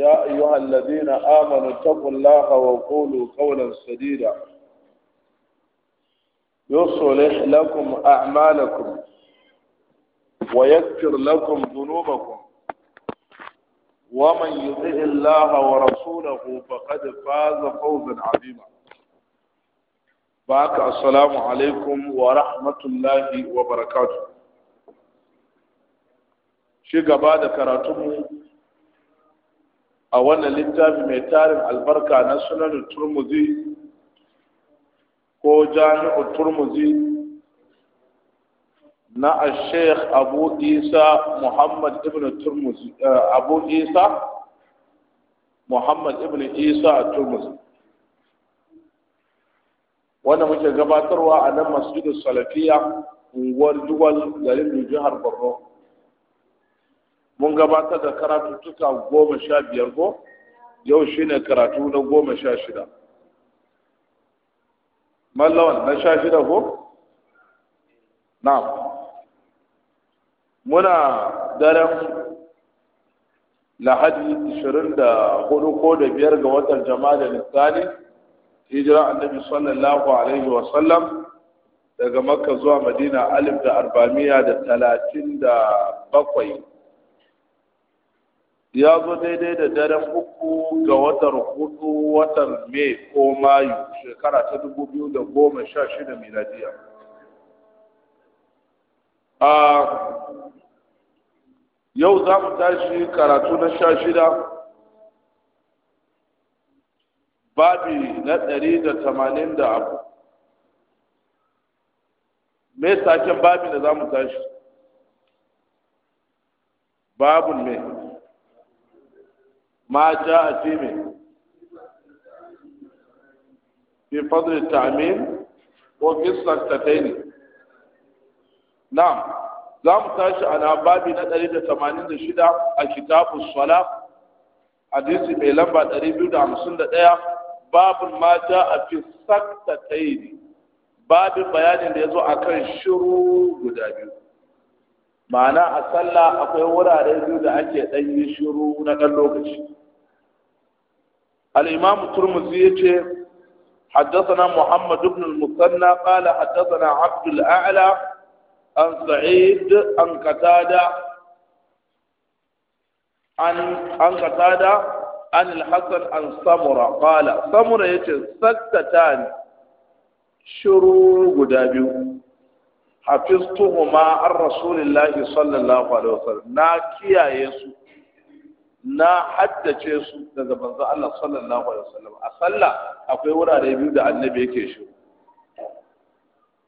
يا أيها الذين آمنوا اتقوا الله وقولوا قولا سديدا يصلح لكم أعمالكم ويكفر لكم ذنوبكم ومن يطع الله ورسوله فقد فاز فوزا عظيما باك السلام عليكم ورحمة الله وبركاته شيء بعد كراتمه a wannan littafi mai tarin albarka na sunan turmuzi ko jami'u turmuzi na sheikh abu isa muhammad ibn turmuzi eh, abu isa muhammad ibn isa turmuzi wanda muke gabatarwa a nan masjidin salafiya unguwar duwal garin jihar borno mun gabatar da karatuttuka goma sha biyar ko yau shi ne karatu na goma sha shida mallawan na sha shida ko na muna daren lahadi 24 ko da biyar ga watan jama'a lissani hijira annabi sallallahu alaihi wa sallam daga makka zuwa madina alif da arba'amiya da talatin da bakwai ya zo daidai da daren uku ga watan hudu watan mai ko mayu shekara ta dubu biyu da goma sha shida miladiya a yau za mu tashi karatu na sha shida babi na ɗari da tamanin da abu me saken babi da za mu tashi babun mai ma jaa fi min fi fadl at-ta'min wa fi as-saktatayn na'am za mu tashi a babi na dari da da tamanin shida a kitabu sala hadisi mai lamba dari da da 251 babin mata a fi sakta ta yi babin bayanin da ya zo a kan shiru guda biyu ma'ana a sallah akwai wurare biyu da ake ɗan yi shiru na ɗan lokaci الإمام الترمذي حدثنا محمد بن المثنى قال حدثنا عبد الأعلى عن سعيد عن قتادة عن عن قتادة عن الحسن عن سمرة قال سمرة يتي سكتان شرو غدابيو حفظتهما عن رسول الله صلى الله عليه وسلم ناكيا يسوع na haddace su daga manzo Allah sallallahu alaihi wasallam a sallah akwai wurare biyu da annabi yake shi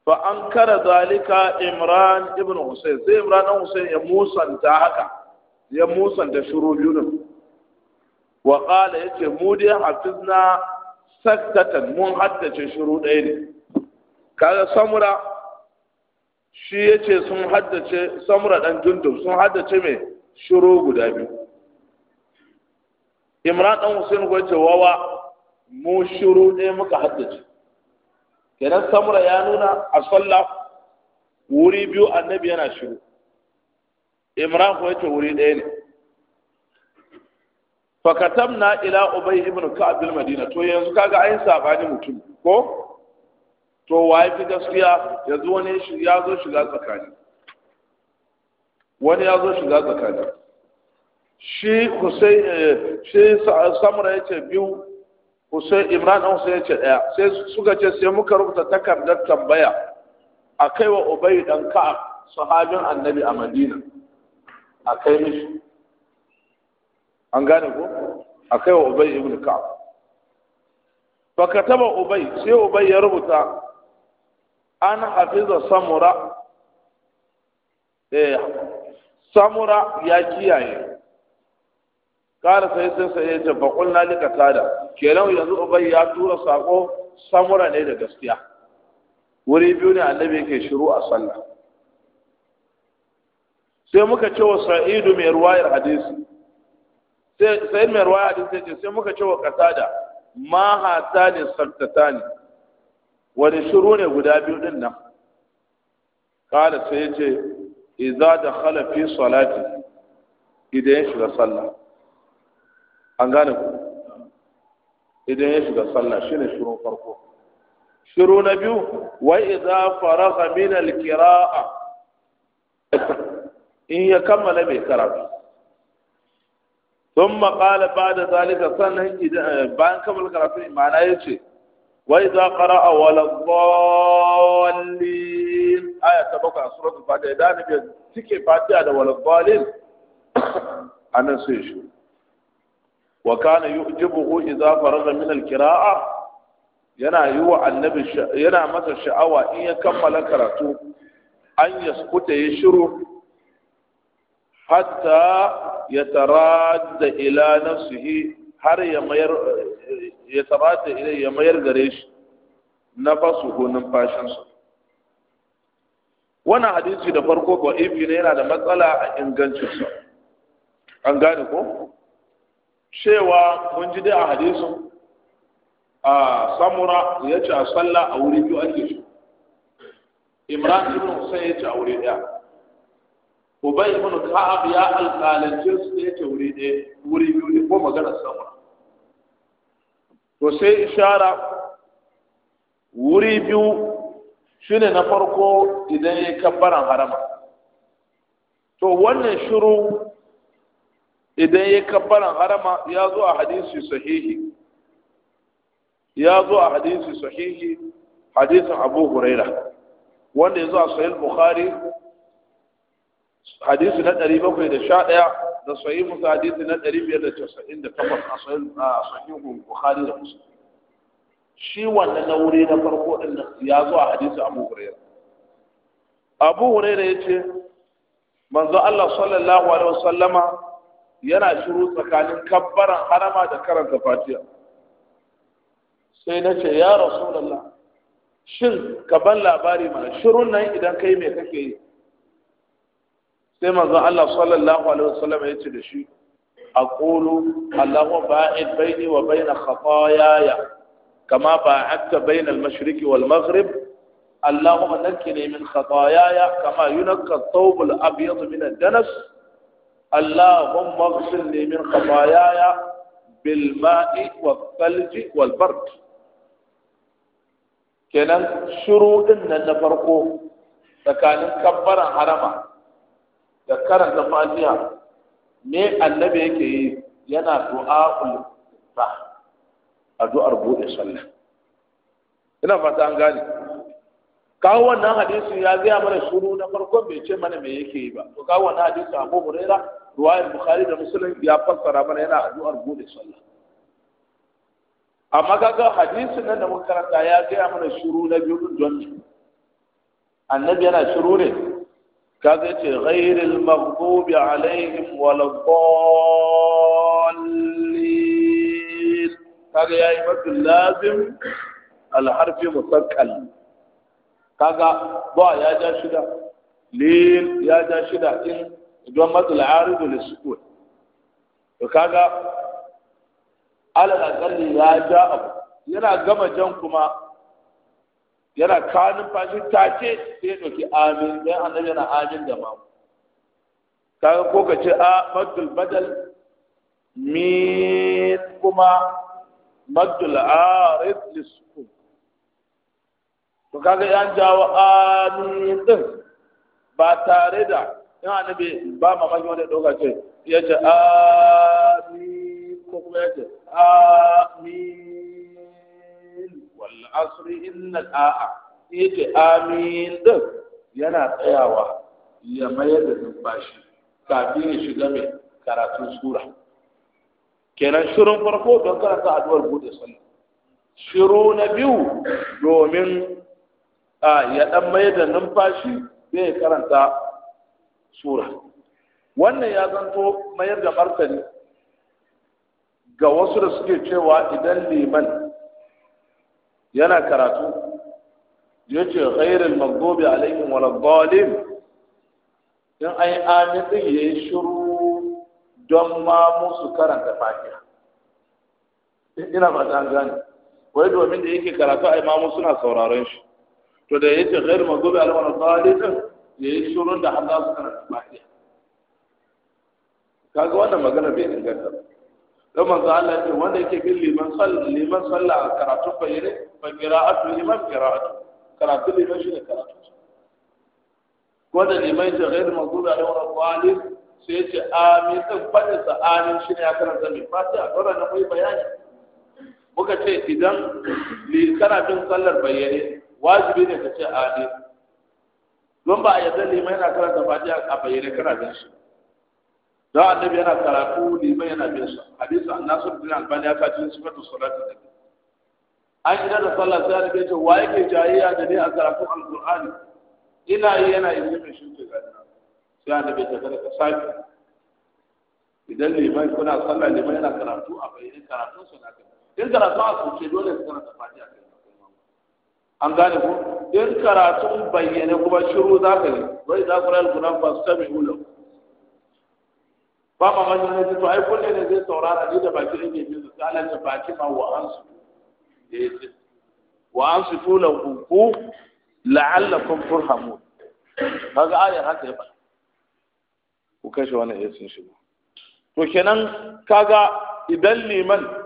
fa ankara zalika imran ibn husayn sai imran ibn husayn ya musanta haka ya musanta shuru biyu wa qala yace mu dai hafizna saktatan mun haddace shuru ɗaya ne kaga samura shi yace sun haddace samura dan jundub sun haddace me shuru guda biyu imran dan husain ko yace wawa mu shuru ne muka haddace kenan samura ya nuna a sallah wuri biyu annabi yana shiru imran ko yace wuri ɗaya ne fakatamna ila ubay ibn ka'ab al madina to yanzu kaga ayin sabani mutum ko to waye fi gaskiya yanzu wani ya zo shiga tsakani wani ya zo shiga tsakani shi kusai eh, shi samura ya ce biyu kusai imran an sai ya ce ɗaya sai suka ce sai muka rubuta takardar tambaya a kai wa ubai ɗan ka'ab sahabin annabi a madina a kai mishi an gane ko a kai wa ubai ibn ka'ab fa kataba ubai sai ubai ya rubuta an hafiza samura eh samura ya kiyaye kala sai sai sai ya ce bakul na lika tada kenan yanzu ubai ya tura sako samura ne da gaskiya wuri biyu ne annabi yake shiru a sallah sai muka ce wa sa'idu mai ruwayar hadisi sai sai mai ruwayar hadisi ce sai muka ce wa kasada ma hatani sattatani wani shiru ne guda biyu din nan kala sai ya ce idza dakhala fi salati idan ya shiga sallah an gane ku idan ya shiga sallah shi ne shirin farko shiru na biyu wa idza faragha min alqira'a in ya kammala mai karatu ثم قال بعد ذلك سنه اذا بان كمل قراءه معناه يجي واذا قرأ ولا الضالين ايه تبقى سوره الفاتحه اذا نبي تكي فاتحه ولا الضالين انا سيشوف wa kana yu'jibuhu idza faraga min al yana yi wa annabi yana masa sha'awa in ya kammala karatu an yaskuta ya shiru hatta ya taradda ila nafsihi har ya mayar ya tabata ila ya mayar gare shi nafasuhu numfashinsa wannan hadisi da farko ko ifi ne yana da matsala a sa an gane ko cewa mun ji dai a hadisin a samura ya ce a salla a wuri biyu ake so imran ibn husayn ya ce a wuri daya ubay ibn ka'ab ya alƙalance su ya ce wuri daya wuri biyu ne ko maganar samura to sai ishara wuri biyu shine na farko idan ya kabbaran harama to wannan shiru idan ya kabbaran harama ya zo a hadisi sahihi ya zo a hadisi sahihi hadisin abu huraira wanda ya zo a sahih bukhari hadisi na 711 da sahih musa hadisi na 598 a sahih bukhari da muslim shi wanda na wuri na farko din ya zo a hadisi abu huraira abu huraira ce manzo Allah sallallahu alaihi wasallama yana shiru tsakanin kabbaran harama da karanta fatiha sai na ce ya rasulallah shin ka ban labari mana shirun nan idan kai mai kake yi sai manzon Allah sallallahu alaihi wasallam ya ce da shi aqulu allahumma ba'id baini wa baina khataaya kama ba'adta baina al-mashriq wal maghrib اللهم نكني Kama خطاياي كما ينقى الثوب الابيض من danas. اللهم اغسلني من خطاياي بالماء والثلج والبرد kenan shuruɗin nan na farko tsakanin kabbaran harama da karanta fatiha me annabi yake yi yana du'a'ul fa addu'ar buɗe sallah ina fata an gane kawo wannan hadisi ya gaya mana shuru na farko bai ce mana me yake yi ba to kawo wannan hadisi Abu Hurairah ruwayar bukhari da muslim ya fassara mana yana addu'ar bude sallah amma kaga hadisin nan da muka karanta ya gaya mana shiru na biyu don annabi yana shiru ne kaga yace ghairil maghdubi alaihim waladdallin kaga yayi mafi lazim alharfi musakkal kaga ba ya ja shida lil ya ja shida in don matul aridu da sukun to kaga alal akalli ya ja abu yana gama jan kuma yana kanin fashi take sai ya dauki amin dan annabi yana amin da ma kaga ko ka ce a matul badal min kuma matul arid lisukun to kaga yan jawo amin din ba tare da in annabi ba mamaki wanda ɗauka ce ya ce amin ko kuma ya ce amin wal asri inna a'a ya ce amin din yana tsayawa ya mayar da numfashi kafin ya shiga mai karatun sura kenan shirin farko don karanta addu'ar bude sallah shiru na biyu domin ya dan mayar da numfashi bai karanta sura wannan ya zanto mayar da martani ga wasu da suke cewa idan liman yana karatu ya ce ghairul maghdubi alaihim wal zalim in ai amin din yayi shiru don ma musu karanta fatiha ina ba ta gane wai domin da yake karatu ai ma suna sauraron shi to da yace ghairul maghdubi alaihim wal zalim ya yi shirin da har za su karanta fatiha kaga wannan magana bai inganta ba don manzo Allah ce wanda yake bin liman sallah liman sallah karatu bayyane fa qira'atu liman qira'atu karatu liman shi ne karatu ko da liman ce ghairu maghdubi alaihi wa dhalim sai ce amin din fadin sa amin shi ne ya karanta mai fatiha dole na mai bayani muka ce idan li kana bin sallar bayyane wajibi ne ka ce amin mun ba a yadda liman yana karanta fatiha a bayyane kana bin shi don annabi yana karatu liman yana bin shi hadisi annasir bin albani ya kaji sifatu salatu da an yi da sallah sai annabi ya ce wa yake jayayya da ne a karatun alqur'ani ina yi yana yi mai shi ke gani sai annabi ya ce ka sake idan liman kuna sallah liman yana karatu a bayyane karatun sunna in karatu a sauke dole ka karanta fatiha an gane ku? in karatun bayyane kuma shiru za ka yi wai za ku rayu guna ba su sami ulo ba ma mashi ne to ai kulle ne zai saurara ni da baki ne mai bisu sai Allah baki ma wa an su da ya ce wa an su tula la'alla kun furhamu kaga ayar haka ya ba. ku kashe wani yasin shi to kenan kaga idan liman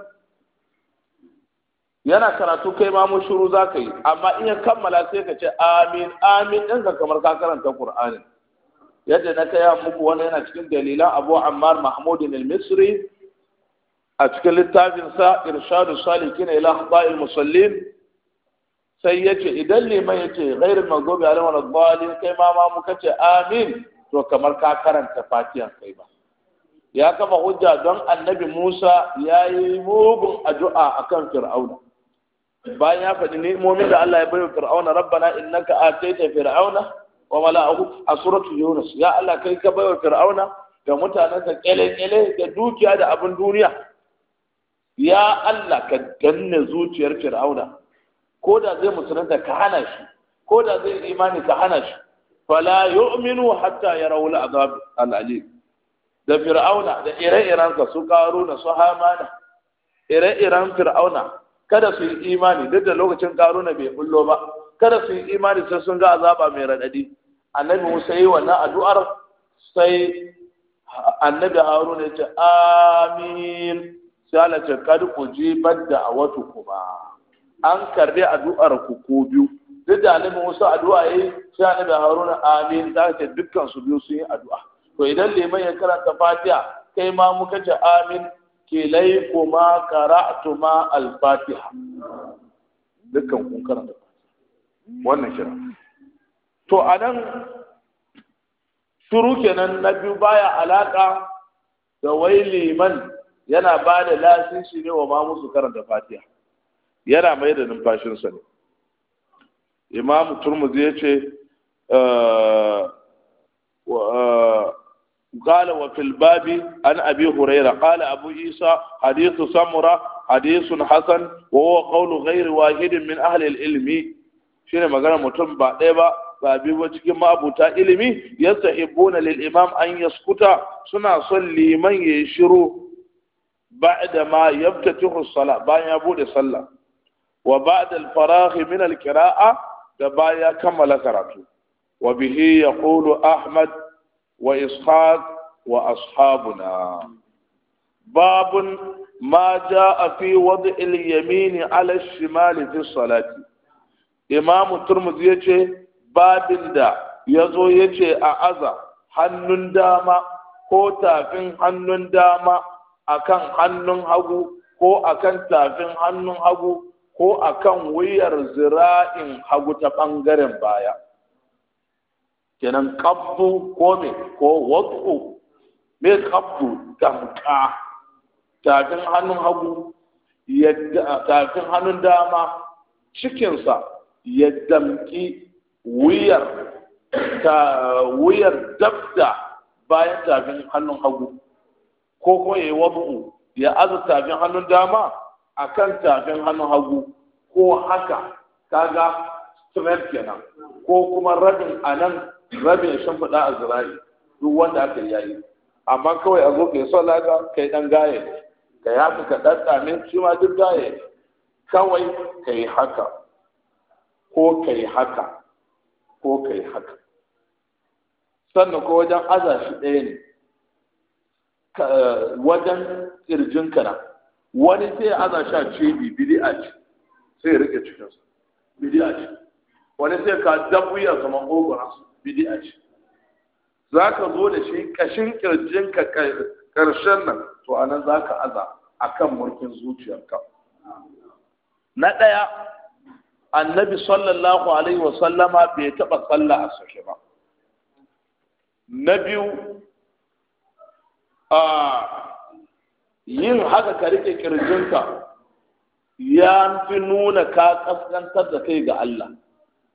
yana karatu kai ma mun shiru za ka yi amma in ya kammala sai ka ce amin amin ɗin ka kamar ka karanta qur'anin yadda na kaya muku wani yana cikin dalilan abu ammar mahmudin al-misri a cikin littafinsa irshadu salikin ila hada'il musallin sai yace idan liman ya ce ghairin magobi a lamar kai ma ma muka ce amin to kamar ka karanta Fatiya kai ba ya kafa hujja don annabi musa ya yi mugun addu'a akan fir'auna bayan ya faɗi ni'imomin da Allah ya bai wa fir'auna rabbana innaka ataita fir'auna wa mala'ahu a suratul yunus ya Allah kai ka bai wa fir'auna da mutanensa kele-kele da dukiya da abin duniya ya Allah ka danne zuciyar fir'auna ko da zai musulunta ka hana shi ko da zai imani ka hana shi fala yu'minu hatta yarawul azab al-alim da fir'auna da ire-irensa su karuna su hamana ire-iren fir'auna kada su yi imani duk da lokacin karuna bai bullo ba kada su yi imani sai sun ga azaba mai radadi annabi Musa yi wannan addu'ar sai annabi Haruna ya ce amin sai Allah ce kad ujibat ba. an karbi addu'ar ku ko biyu duk da annabi Musa addu'a yi sai annabi Haruna amin da ce dukkan su biyu sun yi addu'a to idan liman ya karanta Fatiha kai ma muka ce amin kilaykuma qara'tuma al-fatiha dukkan kun karanta wannan kira to anan shuru kenan na biyu baya alaka da wai liman yana ba da lasisi ne wa ma musu karanta fatiha yana mai da numfashinsa ne imamu turmuzi ya ce eh, eh, قال وفي الباب عن أبي هريرة قال أبو عيسى حديث سمرة حديث حسن وهو قول غير واحد من أهل العلم شنو مقال متم بعدها babi ba cikin ma'abuta ilimi Yasa sahibuna lil imam an yaskuta suna son liman ya shiru ba'da ma yaftatihu sala bayan ya buɗe sallah wa ba'da Farahi faragh min al da baya kammala karatu wa bihi yaqulu ahmad wa ishaq wa ashabuna babun ma jaa fi wad'i al ala al-shimal fi salati imamu turmuzi yace babin da ya yazo yace a aza hannun dama ko tafin hannun dama akan hannun hagu ko akan tafin hannun hagu ko akan wuyar zira'in hagu ta ɓangaren baya kenan qabdu ko me ko wakku me qabdu tamka tafin hannun hagu yadda tafin hannun dama cikinsa ya damki wuyar ta wuyar dabda bayan tafin hannun hagu ko ko ya wabu ya aza tafin hannun dama akan tafin hannun hagu ko haka kaga straight kenan ko kuma rabin anan rabin shimfiɗa a zirari duk wanda aka yi yayi amma kawai a zo ka yi sallah ka yi ɗan gaye ka yi haka ka ɗame shi ma duk gaye kawai ka yi haka ko ka yi haka ko ka yi haka sannan ko wajen aza shi ɗaya ne wajen ƙirjin na wani sai aza shi a cibi bidi a ci sai ya rike cikinsa bidi a ci wani sai ka dabu ya zama ogonansa bid'a ce za ka zo da shi kashin ƙirjinka karshen nan to a nan za ka aza a kan murkin zuciyarka na ɗaya annabi sallallahu alaihi wasallama bai taɓa sallah a sake ba na biyu a yin haka ka riƙe kirjinka ya fi nuna ka kaskantar da kai ga Allah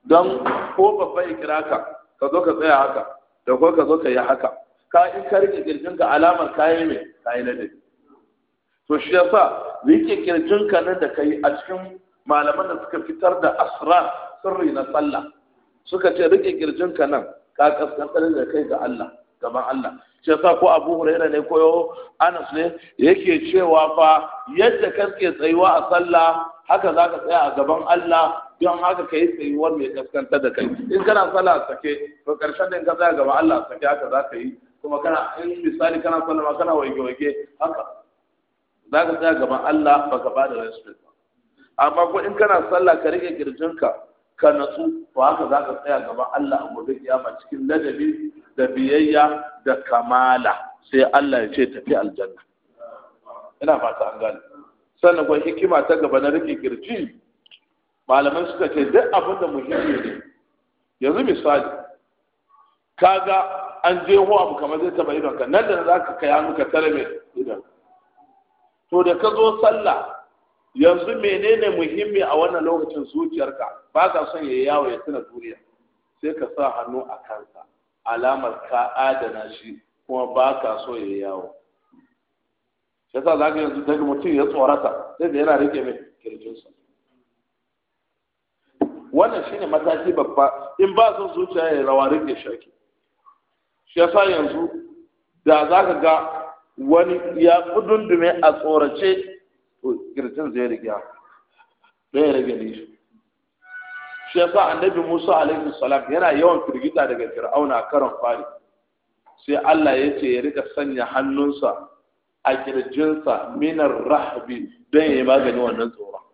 don ko babba ka. ka zo ka tsaya haka da ko ka zo ka yi haka ka in ka rike ka alamar kayi mai kayi ladabi to shi yasa rike ka nan da kai a cikin malaman da suka fitar da asrar sirri na sallah suka ce rike ka nan ka kaskantar da kai ga Allah gaban Allah shi yasa ko Abu Hurairah ne ko Anas ne yake cewa fa yadda kake tsayuwa a sallah haka zaka tsaya a gaban Allah don haka ka yi, kai tsayuwar mai kaskanta da kai in kana sallah sake to karshen din ka tsaya gaba Allah sake haka za ka yi kuma kana in misali kana sallama kana waige waige haka za ka tsaya gaban Allah ka ba da respect ba amma ko in kana sallah ka rike kirjinka ka natsu to haka za ka tsaya gaban Allah a gobe kiyama cikin ladabi da biyayya da kamala sai Allah ya ce tafi aljanna ina fata an gane sannan ko hikima ta gaba na rike kirji Malaman suka ce duk abin da muhimmi ne yanzu misali kaga an je ho abu kamar zai taba idon nan da za ka kai muka tare mai idon to da ka zo sallah yanzu menene muhimmi a wannan lokacin zuciyarka ba ka son ya yawo ya tuna duniya sai ka sa hannu a kansa alamar ka adana shi kuma ba ka so ya yawo yasa za ka yanzu daga mutum ya tsorata sai da yana rike mai kirjinsa wannan shine mataki babba in ba son zuciya ya rawa rike shaki shi yasa yanzu da za ka ga wani ya kudundume a tsorace girtin zai rike zai rage ne shi shi yasa annabi Musa alaihi salam yana yawan firgita daga Fir'auna karan fari sai Allah ya ce ya rika sanya hannunsa a kirjinsa minar rahabi don ya yi magani wannan tsoron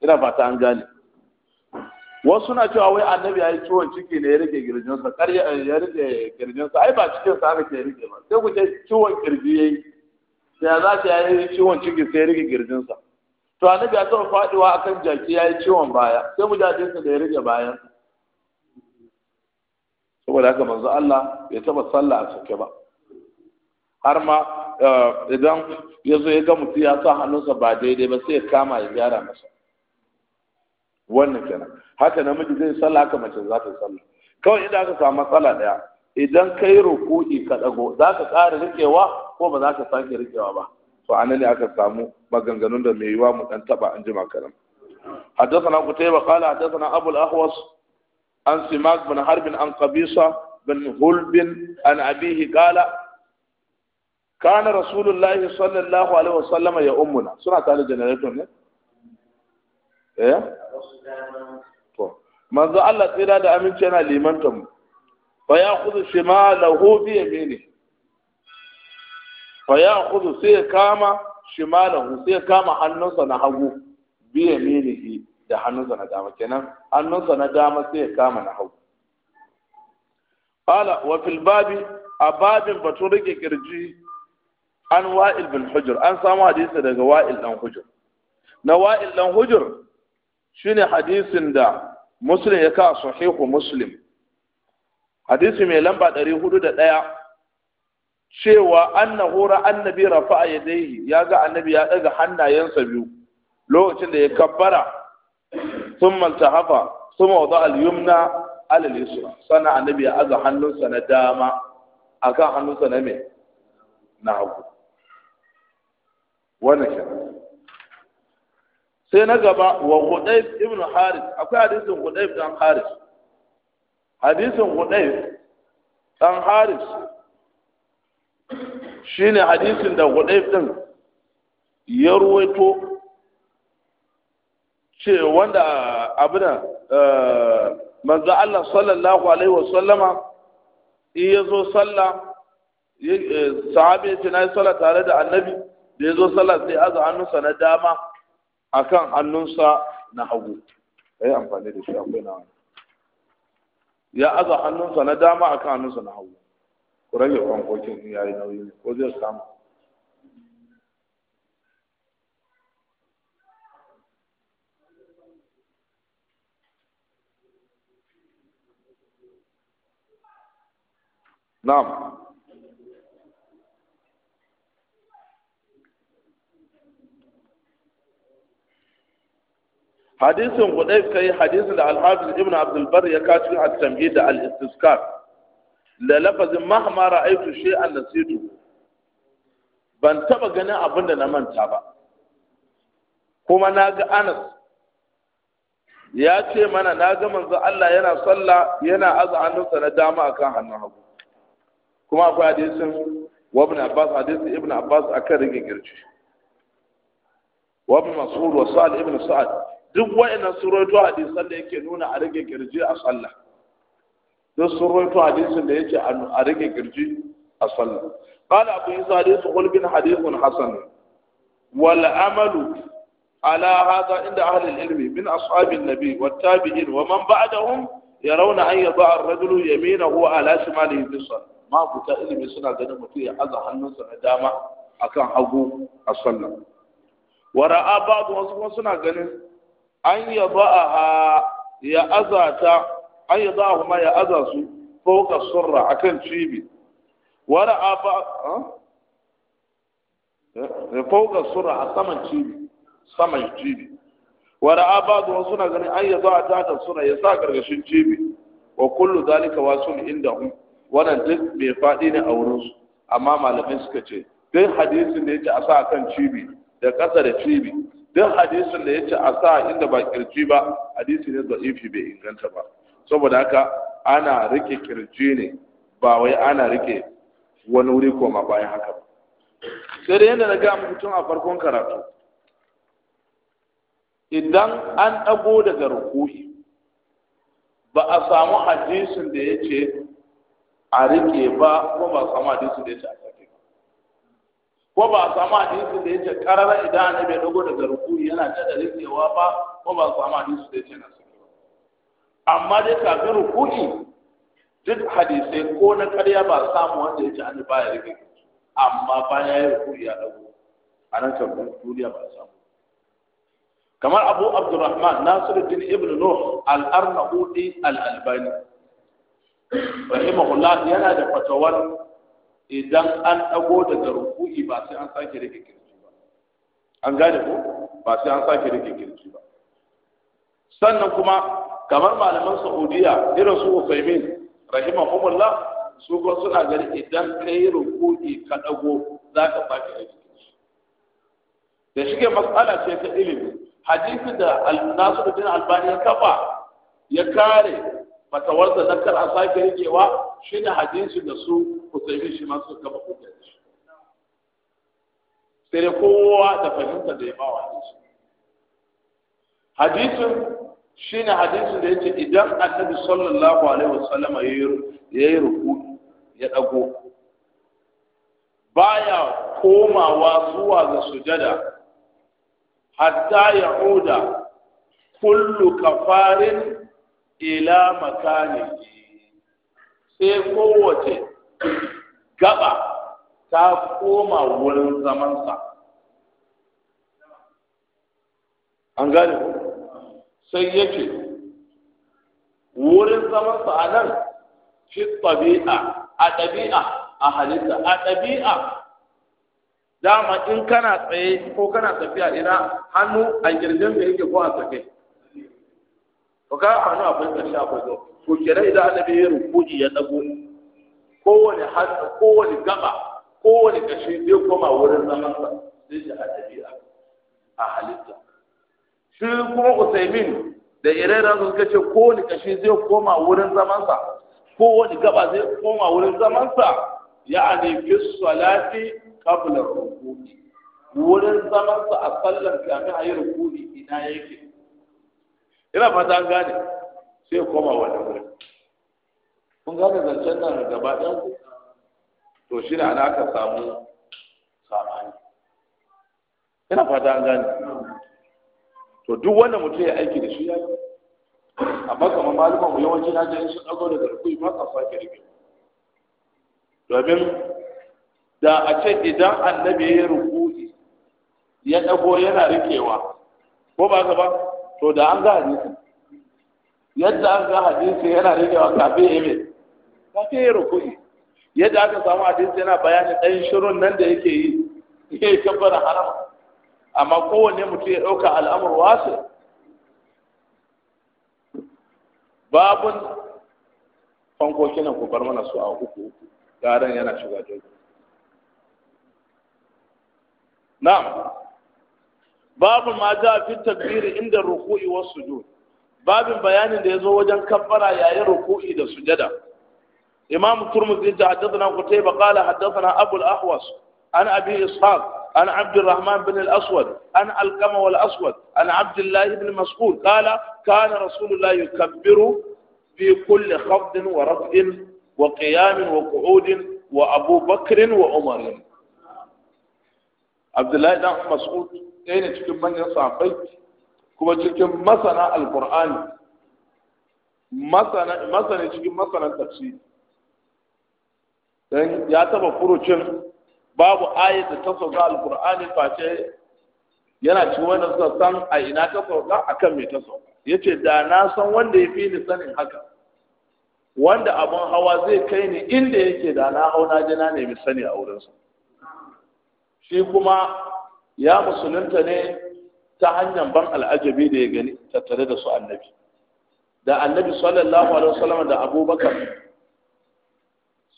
ina fata an gane wasu na cewa wai annabi ya yi ciwon ciki ne ya rike girjinsa kar eh, ya rike girjinsa ai ba cikin sa aka ke rike ba sai ku ce ciwon kirji yayi sai za ta yi ciwon ciki sai ya rike girjinsa to annabi ya taɓa faɗiwa akan jaki ya yi ciwon baya sai mu sa da ya rike bayan saboda haka manzo Allah bai taɓa sallah a sake ba har ma eh, idan ya zo ya ga mutum ya sa hannunsa ba daidai ba sai ya kama ya gyara masa wannan kenan haka namiji zai salla haka mace za ta salla kawai idan aka samu matsala daya idan kai ruku'i ka dago za ka ƙara rikewa ko ba za ka sake rikewa ba to anan ne aka samu maganganun da mai yiwa mu dan taba an jima karam حدثنا قتيبة قال حدثنا أبو الأحوص عن سماك بن حرب عن قبيصة بن هلب عن أبيه قال كان رسول الله صلى الله عليه وسلم يا أمنا سنة تعالى ne? eh to manzo Allah tsira da aminci yana limanta mu fa ya'khudhu shimalahu bi yamini fa ya'khudhu sai kama shimalahu sai kama hannunsa na hagu bi yaminihi da hannunsa na dama kenan hannunsa na dama sai ya kama na hagu qala wa fil babi a babin batun rike kirji an wa'il bin hujur an samu hadisi daga wa'il dan hujur na wa'il dan hujur shine hadisin da muslim ya ka sahihu muslim hadisi mai lamba ɗari da ɗaya cewa annahu ra annabi rafa'a yadayhi ya ga annabi ya ɗaga hannayensa biyu lokacin da ya kabbara thumma tahafa thumma wada al-yumna ala al-yusra sana annabi ya aga hannunsa na dama kan hannunsa na mai na hagu wannan kenan sai na gaba wa hudayf ibn haris akwai hadisin hudayf dan haris hadisin hudayf dan haris shine hadisin da hudayf din ya ruwaito ce wanda abuna eh, manzo Allah sallallahu alaihi wasallama in ya zo sallah eh, sahabi tana ce na yi sallah tare da annabi da ya zo sallah sai azu hannunsa na dama akan hannunsa na hagu ka yi amfani da shi akwai na ya aza hannunsa na dama akan hannunsa na hagu ku rage kwankokin ya yi nauyi ne ko zai samu na'am hadisin kudai kai hadisin da alhafiz ibn abdul bar ya kawo cikin at-tamhid da al-istizkar la lafazin mahma ra'aytu shay'an nasitu ban taba ganin abin da na manta ba kuma na ga anas ya ce mana na ga manzo Allah yana sallah yana aza hannunsa na dama akan hannun hagu kuma akwai hadisin wa ibn abbas hadisin ibn abbas akan rige girci wa ibn mas'ud wa sa'ad ibn sa'ad duk na suratu hadisan da yake nuna a rage kirji a sallah duk suratu hadisan da yake a rage kirji a sallah qala abu isa hadisu qul bin hadithun hasan wal amalu على هذا عند أهل العلم من أصحاب النبي والتابعين ومن بعدهم يرون أن يضع الرجل يمينه على شماله في الصلاة ما بتا علم سنة غني متي هذا حنون سنة أكان حقو الصلاة ورأى بعض وصفهم سنة an yada'aha ya azata an yada'ahu ma ya azasu fawqa surra a kan cibi wani a ba fawqa surra a saman cibi saman cibi wani a ba suna wasu na ganin an yada'a ta ta surra ya sa gargashin cibi wa kullu zalika inda hu wannan duk mai fadi ne a wurin su amma malamai suka ce duk hadisin da yake a sa kan cibi da ƙasa da cibi duk hadisin da yace a sa inda ba kirji ba hadisi ne ifi bai inganta ba saboda haka ana rike kirji ne ba wai ana rike wani wuri koma bayan haka ba sai da yadda na ga mutum a farkon karatu idan an ɗago daga rukuhi ba a samu hadisin da ya ce a rike ba kuma ba a samu hadisin da ya ce a ko ba samu hadisi da yake karara idan bai dogo daga garku yana ta da rikewa ba ko ba samu hadisi da yake na amma dai ga rukuyi duk hadisai ko na karya ba samu wanda an ba ya rike amma bayan ya rukuyi ya dago anan ga duniya ba samu kamar abu abdurrahman nasiruddin ibn nuh al-arnaudi al-albani rahimahullah yana da fatawar idan an dago daga ruku'i ba sai an sake rike kirji ba an gane ko ba sai an sake rike kirji ba sannan kuma kamar malaman saudiya irin su ufaimin rahimahumullah su ko suna gani idan kai ruku'i ka dago za ka sake rike kirji da shige mas'ala ce ta ilimi hadisi da al jin Albani ya kafa ya kare fatawarsa na kar a sake rikewa shi da hadisi da su kusurbi shi ma suka gaba kuka da shi sai kowa da fahimta da ya ba wa hadisi hadisin shi ne hadisin da yake idan annabi sallallahu alaihi wasallama ya yi ruku ya ɗago baya komawa zuwa ga sujada hatta ya oda kullu kafarin ila makani sai kowace gaba ta koma wurin zamansa an gane sai yake wurin zamansa a nan fi tabi'a a ɗabi'a a halitta a ɗabi'a dama in kana tsaye ko kana tafiya ina hannu a girgin da yake ko a tsakai to ga hannu a ƙarshe akwai zo ko kira idan annabi ya rukuji ya dago kowane hannu kowane gaba kowane kashi zai koma wurin zaman sa zai ji a tabi'a a halitta shi kuma usaimin da ire da su suka ce kowane kashi zai koma wurin zaman sa kowane gaba zai koma wurin zaman sa ya'ani fi salati qabla rukuji wurin zaman sa a sallar kafin a yi rukuji ina yake ina fata an gane sai koma wani wurin kun gane zancen nan gaba ɗaya ku to shi ne ana aka samu samani ina fata an gane to duk wanda mutum ya aiki da shi ya yi amma kamar mu yawanci na jin shi ɗago daga rukui ba sa sake rike domin da a ce idan annabi ya rubuɗi ya ɗago yana rikewa ko ba ka ba to da an ga hadisi yadda an ga hadisi yana rigewa kafin ime kafin ya rukuni yadda aka samu hadisi yana bayanin ɗan shirin nan da yake yi ya yi kabbar haram amma kowanne mutum ya ɗauka al'amur wasu babun fankoki nan ku bar mana su a uku garan yana shiga jirgin na'am babu ma za fi takbiri inda ruku'i wa sujud babin bayanin da ya zo wajen kabbara yayin ruku'i da sujada imam turmuzi ta haddathana qutayba qala haddathana abu al-ahwas an abi an abd الرحمن بن الأسود عن القمة والأسود عن عبد الله بن مسعود قال كان رسول الله يكبر في كل خفض ورفع وقيام وقعود وأبو بكر وعمر عبد الله بن مسعود ɗaya ne cikin manyan sahabbai kuma cikin masana alkur'ani masana masana cikin masana tafsiri dan ya taba furucin babu ayat da ta sauka alkur'ani face yana cikin wanda suka san a ina ta sauka akan me ta sauka yace da na san wanda ya fi ni sanin haka wanda abun hawa zai kai ni inda yake da na hau na je na nemi sani a wurinsa shi kuma ya musulunta ne ta hanyar ban al'ajabi da ya gani tattare da su annabi da annabi sallallahu alaihi wasallam da abubakar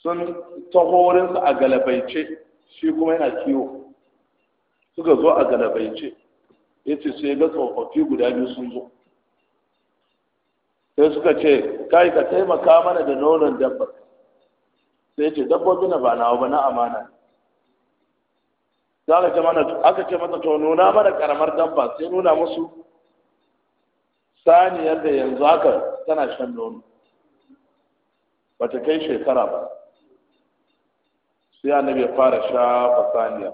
sun taho wurinsa a galabaice shi kuma yana kiwo suka zo a galabaice ya ce sai ga tsofaffi guda biyu sun zo sai suka ce kai ka taimaka mana da nonon dabba sai ce dabbobi na ba nawa ba na amana za ka ce mana aka ce mata to nuna mana karamar dabba sai nuna musu saniyar da yanzu haka tana shan nono ba ta kai shekara ba sai annabi ya fara shafa saniya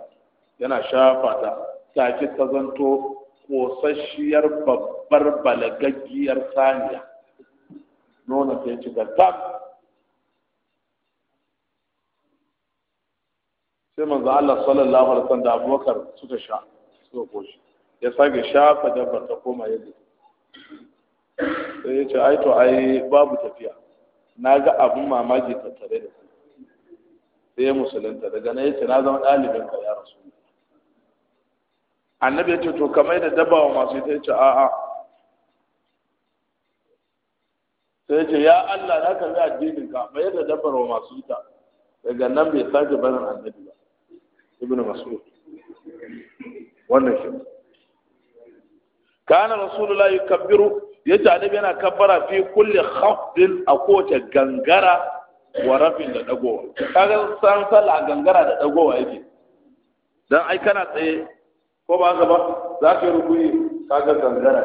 yana shafa ta ki ta zanto kosasshiyar babbar balagaggiyar saniya nono ta ci ga sai manzo Allah sallallahu alaihi wasallam da Abubakar suka sha suka koshi ya sake shafa dabbar ta koma yadda sai ya ce ai to ai babu tafiya na ga abin mamaki tattare da su sai ya musulunta daga nan ya ce na zama ɗalibin ka ya rasu annabi ya ce to kamar da dabawa masu ita ya ce a'a sai ya ce ya Allah na karbi addinin ka mai da dabarwa wa masu ita daga nan bai sake barin annabi ba ibn mas'ud wannan shi kana rasulullahi yukabbiru yace annabi yana kabbara fi kulli khafdin a kowace gangara wa rafin da dagowa kaga san sallah gangara da dagowa yake dan ai kana tsaye ko ba haka ba za ka yi kaga gangara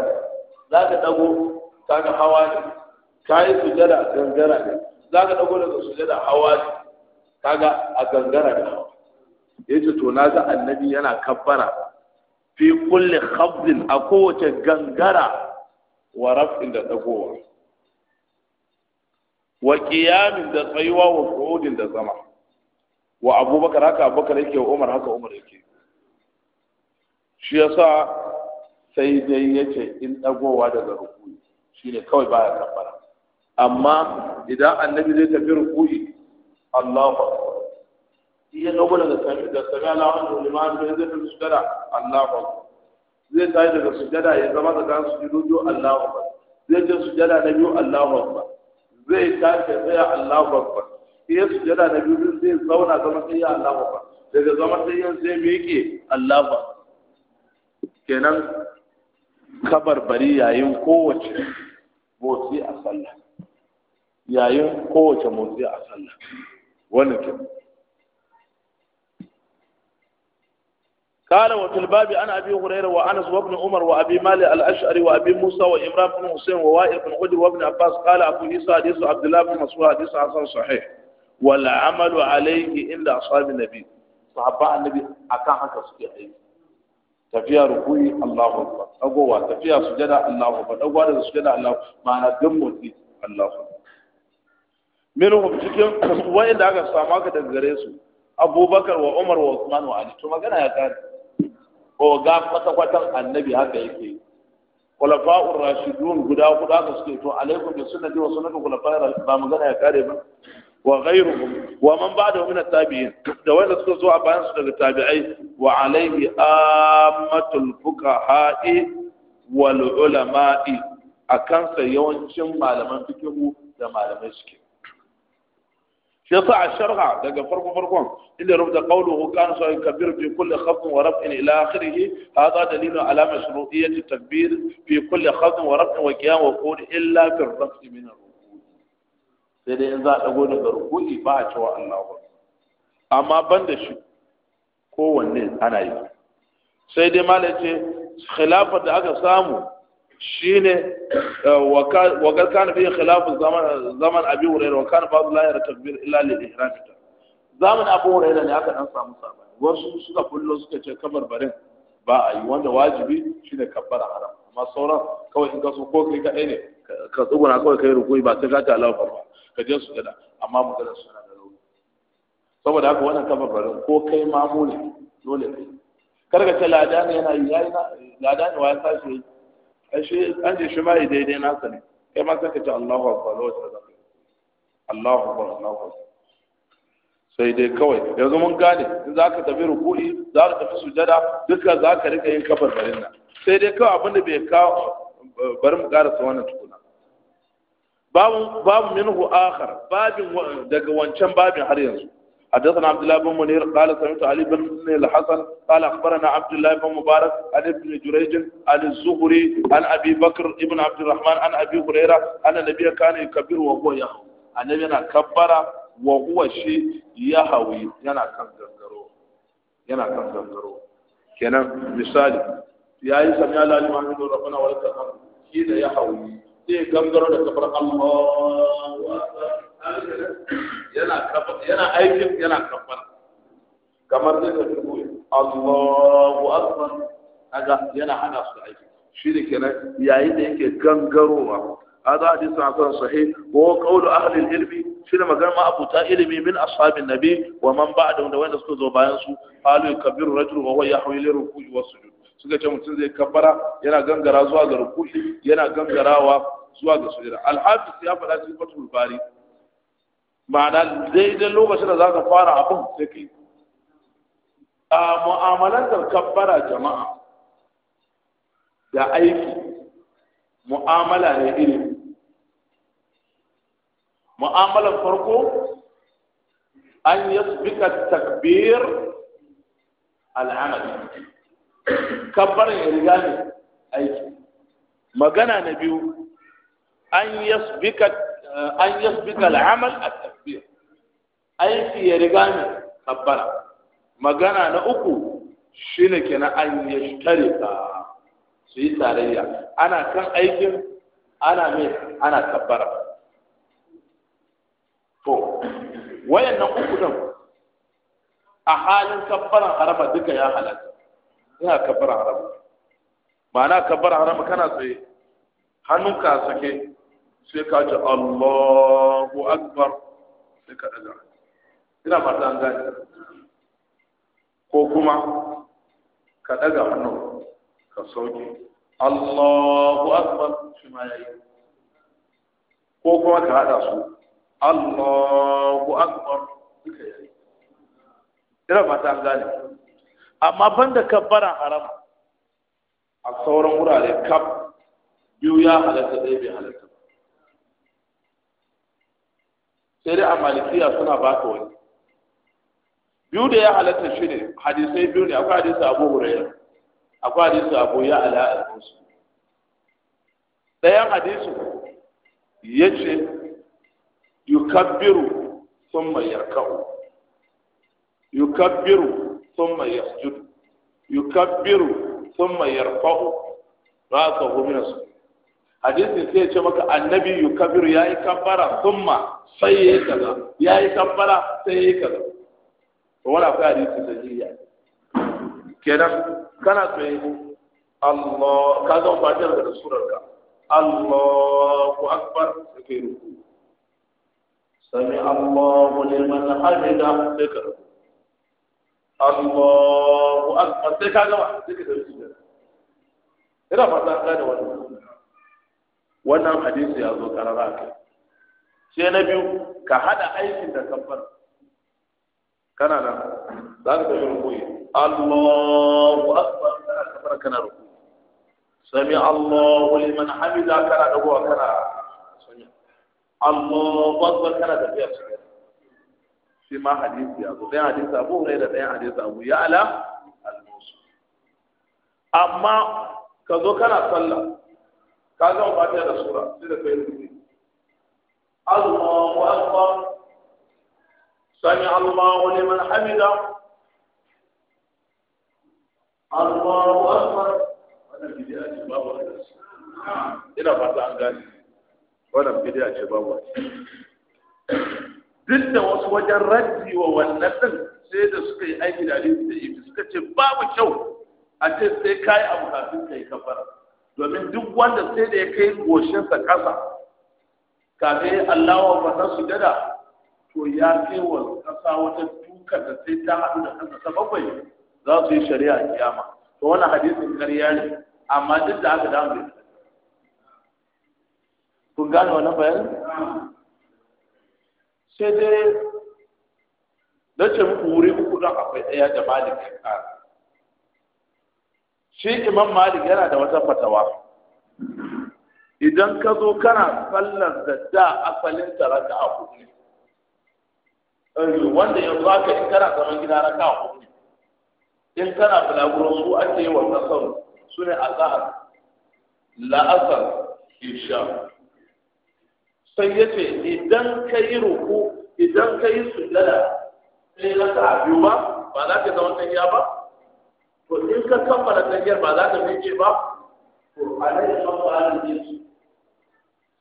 za ka dago kaga hawa ne ka yi sujada gangara ne za ka dago daga sujada hawa ne kaga a gangara da hawa ya ce to na ga annabi yana kabbara fi kulli khabdin a kowace gangara wa raf'in da dagowa wa qiyamin da tsayuwa wa qu'udin da zama wa abubakar haka abubakar yake wa umar haka umar yake shi yasa sai dai yace in dagowa daga rukuni shine kawai baya kabbara amma idan annabi zai tafi rukuni Allahu shi ya daga sami da sami alawan da liman da zai tafi sujada Allahu akbar zai tafi daga sujada ya zama tsakanin sujudu biyu Allahu akbar zai je sujada na biyu Allahu akbar zai tafi ya tsaya Allahu akbar iya sujada na biyu zai zauna zama sai ya Allahu akbar daga zama sai ya zai miƙe Allahu akbar kenan kabarbari yayin kowace motsi a sallah yayin kowace motsi a sallah wannan kenan قال وفي الباب عن ابي هريره وانس وابن عمر وابي مالك الاشعري وابي موسى وامران بن حسين ووائل بن غدر وابن عباس قال ابو عيسى حديث عبد الله بن مسعود حديث حسن صحيح والعمل عليه عند اصحاب النبي صحابه النبي اكان haka suke aiki tafiya rukuyi Allahu akbar dagowa tafiya sujada Allahu akbar dagowa da sujada Allahu ma'ana duk motsi Allahu akbar minhum cikin wa'inda aka samu aka daga gare su Abubakar wa Umar wa Uthman wa Ali ya kare ko ga kwata-kwatan annabi haka yake kulafa'ur rashidun guda guda ka suke to alaikum bi sunnati wa sunnati kulafa'ir ba magana ya kare ba wa ghayruhum wa man ba'da min at-tabi'in da wanda suka zo a bayan su daga tabi'ai wa alaihi ammatul fuqaha'i wal ulama'i akan sa yawancin malaman fikihu da malamai suke shi yasa a sharha daga farko farkon inda rubuta qawluhu kana sa yakbir fi kulli khafdin wa raf'in ila akhirih hadha dalilun ala mashru'iyyati takbir fi kulli khafdin wa raf'in wa qiyam wa qud illa fi raf'i min ruku sai dai in za a dago daga ruku'i ba a cewa Allahu amma banda shi kowanne ana yi sai dai malai ce khilafar da aka samu shine uh, wa kad kana fi khilafu zaman zaman abi hurairah wa kana ba'd la yara takbir illa lil ihram zaman abu hurairah ne aka dan samu sabani wasu suka kullo suka ce kabar barin ba a wanda wajibi shine kabbara haram amma sauran kawai in ka so ko kai kadai ne ka tsuguna kawai kai rukuni ba sai ka ta Allah ba ka je su gada amma mu gada na da rauni saboda haka wannan kabar barin ko kai mamuli ne dole kai kar ka ce ladani yana yi yayi ladani wa ya sashi ashe an ce shi ma yi daidai nasa ne kai ma sai ka ce Allahu akbar lokacin da Allahu akbar Allahu akbar sai dai kawai yanzu mun gane in za ka tafi ruku'i za ka tafi sujada duka za ka rika yin kafar garin nan sai dai kawai abinda bai kawo bari mu karasa wannan tukuna babu babu minhu akhar babin daga wancan babin har yanzu حدثنا عبد الله بن منير قال سمعت علي بن الحسن قال اخبرنا عبد الله بن مبارك عن ابن جريج عن الزهري عن ابي بكر ابن عبد الرحمن عن ابي هريره ان النبي كان يكبر وهو يهوي النبي انا كبر وهو شيء يهوي yana kan gangaro yana kan gangaro kenan misali yayi sami Allah liman min rabbana wa lakal hamd shi da yahwi sai gangaro da kabar Allahu akbar yana yana aikin yana kamar da kafi Allahu akbar yana hana su aiki shi ne kenan yayin da yake gangarowa هذا حديث حسن صحيح وهو قول أهل العلم في المكان ما أبو علمي من أصحاب النبي ومن بعده من وين سكوا زبائن قالوا يكبر الرجل وهو يحوي للركوع والسجود suka ce mutum zai kabbara yana gangara zuwa ga ruku'i yana gangarawa zuwa ga sujada al ya faɗa cikin zai daidai lokacin da za ka fara abin sai kai a mu'amalantar kabbara jama'a da aiki mu'amala ne iri mu'amalan farko an yi yasbika takbir al'amal kabbarin ya riga ne aiki magana na biyu an yi yasbika an yi yasbika al'amal at-takbir aiki ya riga ne tabbara magana na uku shi shine kenan an yi yashtarika su yi tarayya ana kan aikin ana mai ana kabbara to wayannan uku din a halin kabbaran harama duka ya halatta ina kabbaran harama ma'ana kabbaran harama kana tsaye hannunka a sake sai ka ji Allahu Akbar sai ka daga ina fata an gane ko kuma ka daga hannu ka sauke Allahu Akbar shi ma yayi ko kuma ka hada su Allahu Akbar duka yayi ina fata an gane amma banda kabbara harama a sauran wurare kab biyu ya halatta ɗaya bai halatta sai dai a malikiya suna ba ta wani biyu da ya halatta shi ne hadisai biyu ne akwai hadisi abu huraira akwai hadisi abu ya ala al-musu ɗayan hadisi ya ce yukabbiru mayar yarka'u yukabbiru sun yasjudu yukabbiru thumma yarfa'u ra'sahu min su. hadisin sai ya ce maka annabi yukabiru yayi kabbara thumma sai yi kaza yayi kabbara sai yi kaza to wala akwai hadisin sahihiya kenan kana tsaye Allah ka ga fatiha da ka Allahu akbar sai ruku sami Allahu liman hamida sai ka Allahu akbar sai ka gaba sai ka ruku ina fata da wannan wannan hadisi ya zo karara ka sai na biyu ka hada aikin da kabbar kana nan za ka tafi rukuyi Allahu akbar kana kabbar kana rukuyi sami Allahu liman hamida kana dagowa kana sami Allahu akbar kana tafiya cikin shi ma hadisi ya zo ɗayan hadisi abu ne da ɗayan hadisi abu ya ala al-musu amma ka zo kana sallah ka zama fatiha da sura sai da kai rubuce Allahu akbar sami Allahu liman hamida Allahu akbar wannan bidiya ce babu wannan ina fata an gani wannan bidiya ce babu duk da wasu wajen raddi wa wannan din sai da suka yi aiki da alif da ibi suka ce babu kyau a ce sai kai abu kafin kai kafara domin duk wanda sai da ya kai goshinsa ƙasa kafin wa fata su dada, to ya kai wa ƙasa wata dukar da sai ta haɗu da kasa ta bakwai za su yi shari'a kiyama to wannan hadisin ƙarya ne amma duk da aka damu da kun gane wannan bayani sai dai na ce muku wuri uku don akwai ɗaya da malik a shi imam malik yana da wata fatawa idan ka zo kana sallar da da asalin ta raka a hudu eh, wanda yanzu ka in kana zaman gida raka a hudu in kana bulaguro su ake yi wa kasar su ne a zahar la'asar isha sai ya ce idan ka yi ruku idan ka yi sujada sai raka a biyu ba ba za ka zama ta ba to in ka kammala tafiyar ba za ka miƙe ba to a nan ya fara halin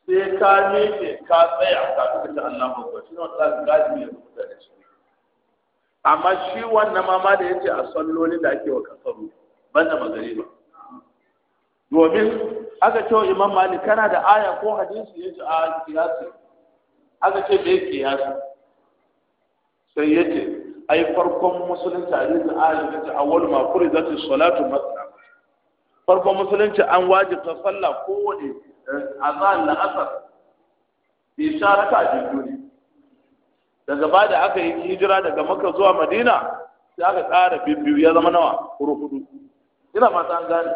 sai ka miƙe ka tsaya kafin ka ta Allah ko shi ne wata gaji ya rubuta da shi amma shi wannan mama da yace a sallolin da ake wa kasaru banda ba. domin aka ce wa imam malik kana da aya ko hadisi yace a kiyasi aka ce bai kiyasi sai yace ay farkon musulunci hadisin yanzu ta awwalu ma furizatu salatu masna farkon musulunci an wajibta sallah kowane eh, azan na asar isha raka biyu ne daga ba da aka yi hijira daga maka zuwa madina sai aka ƙara biyu ya zama nawa kuru hudu ina ma ta gane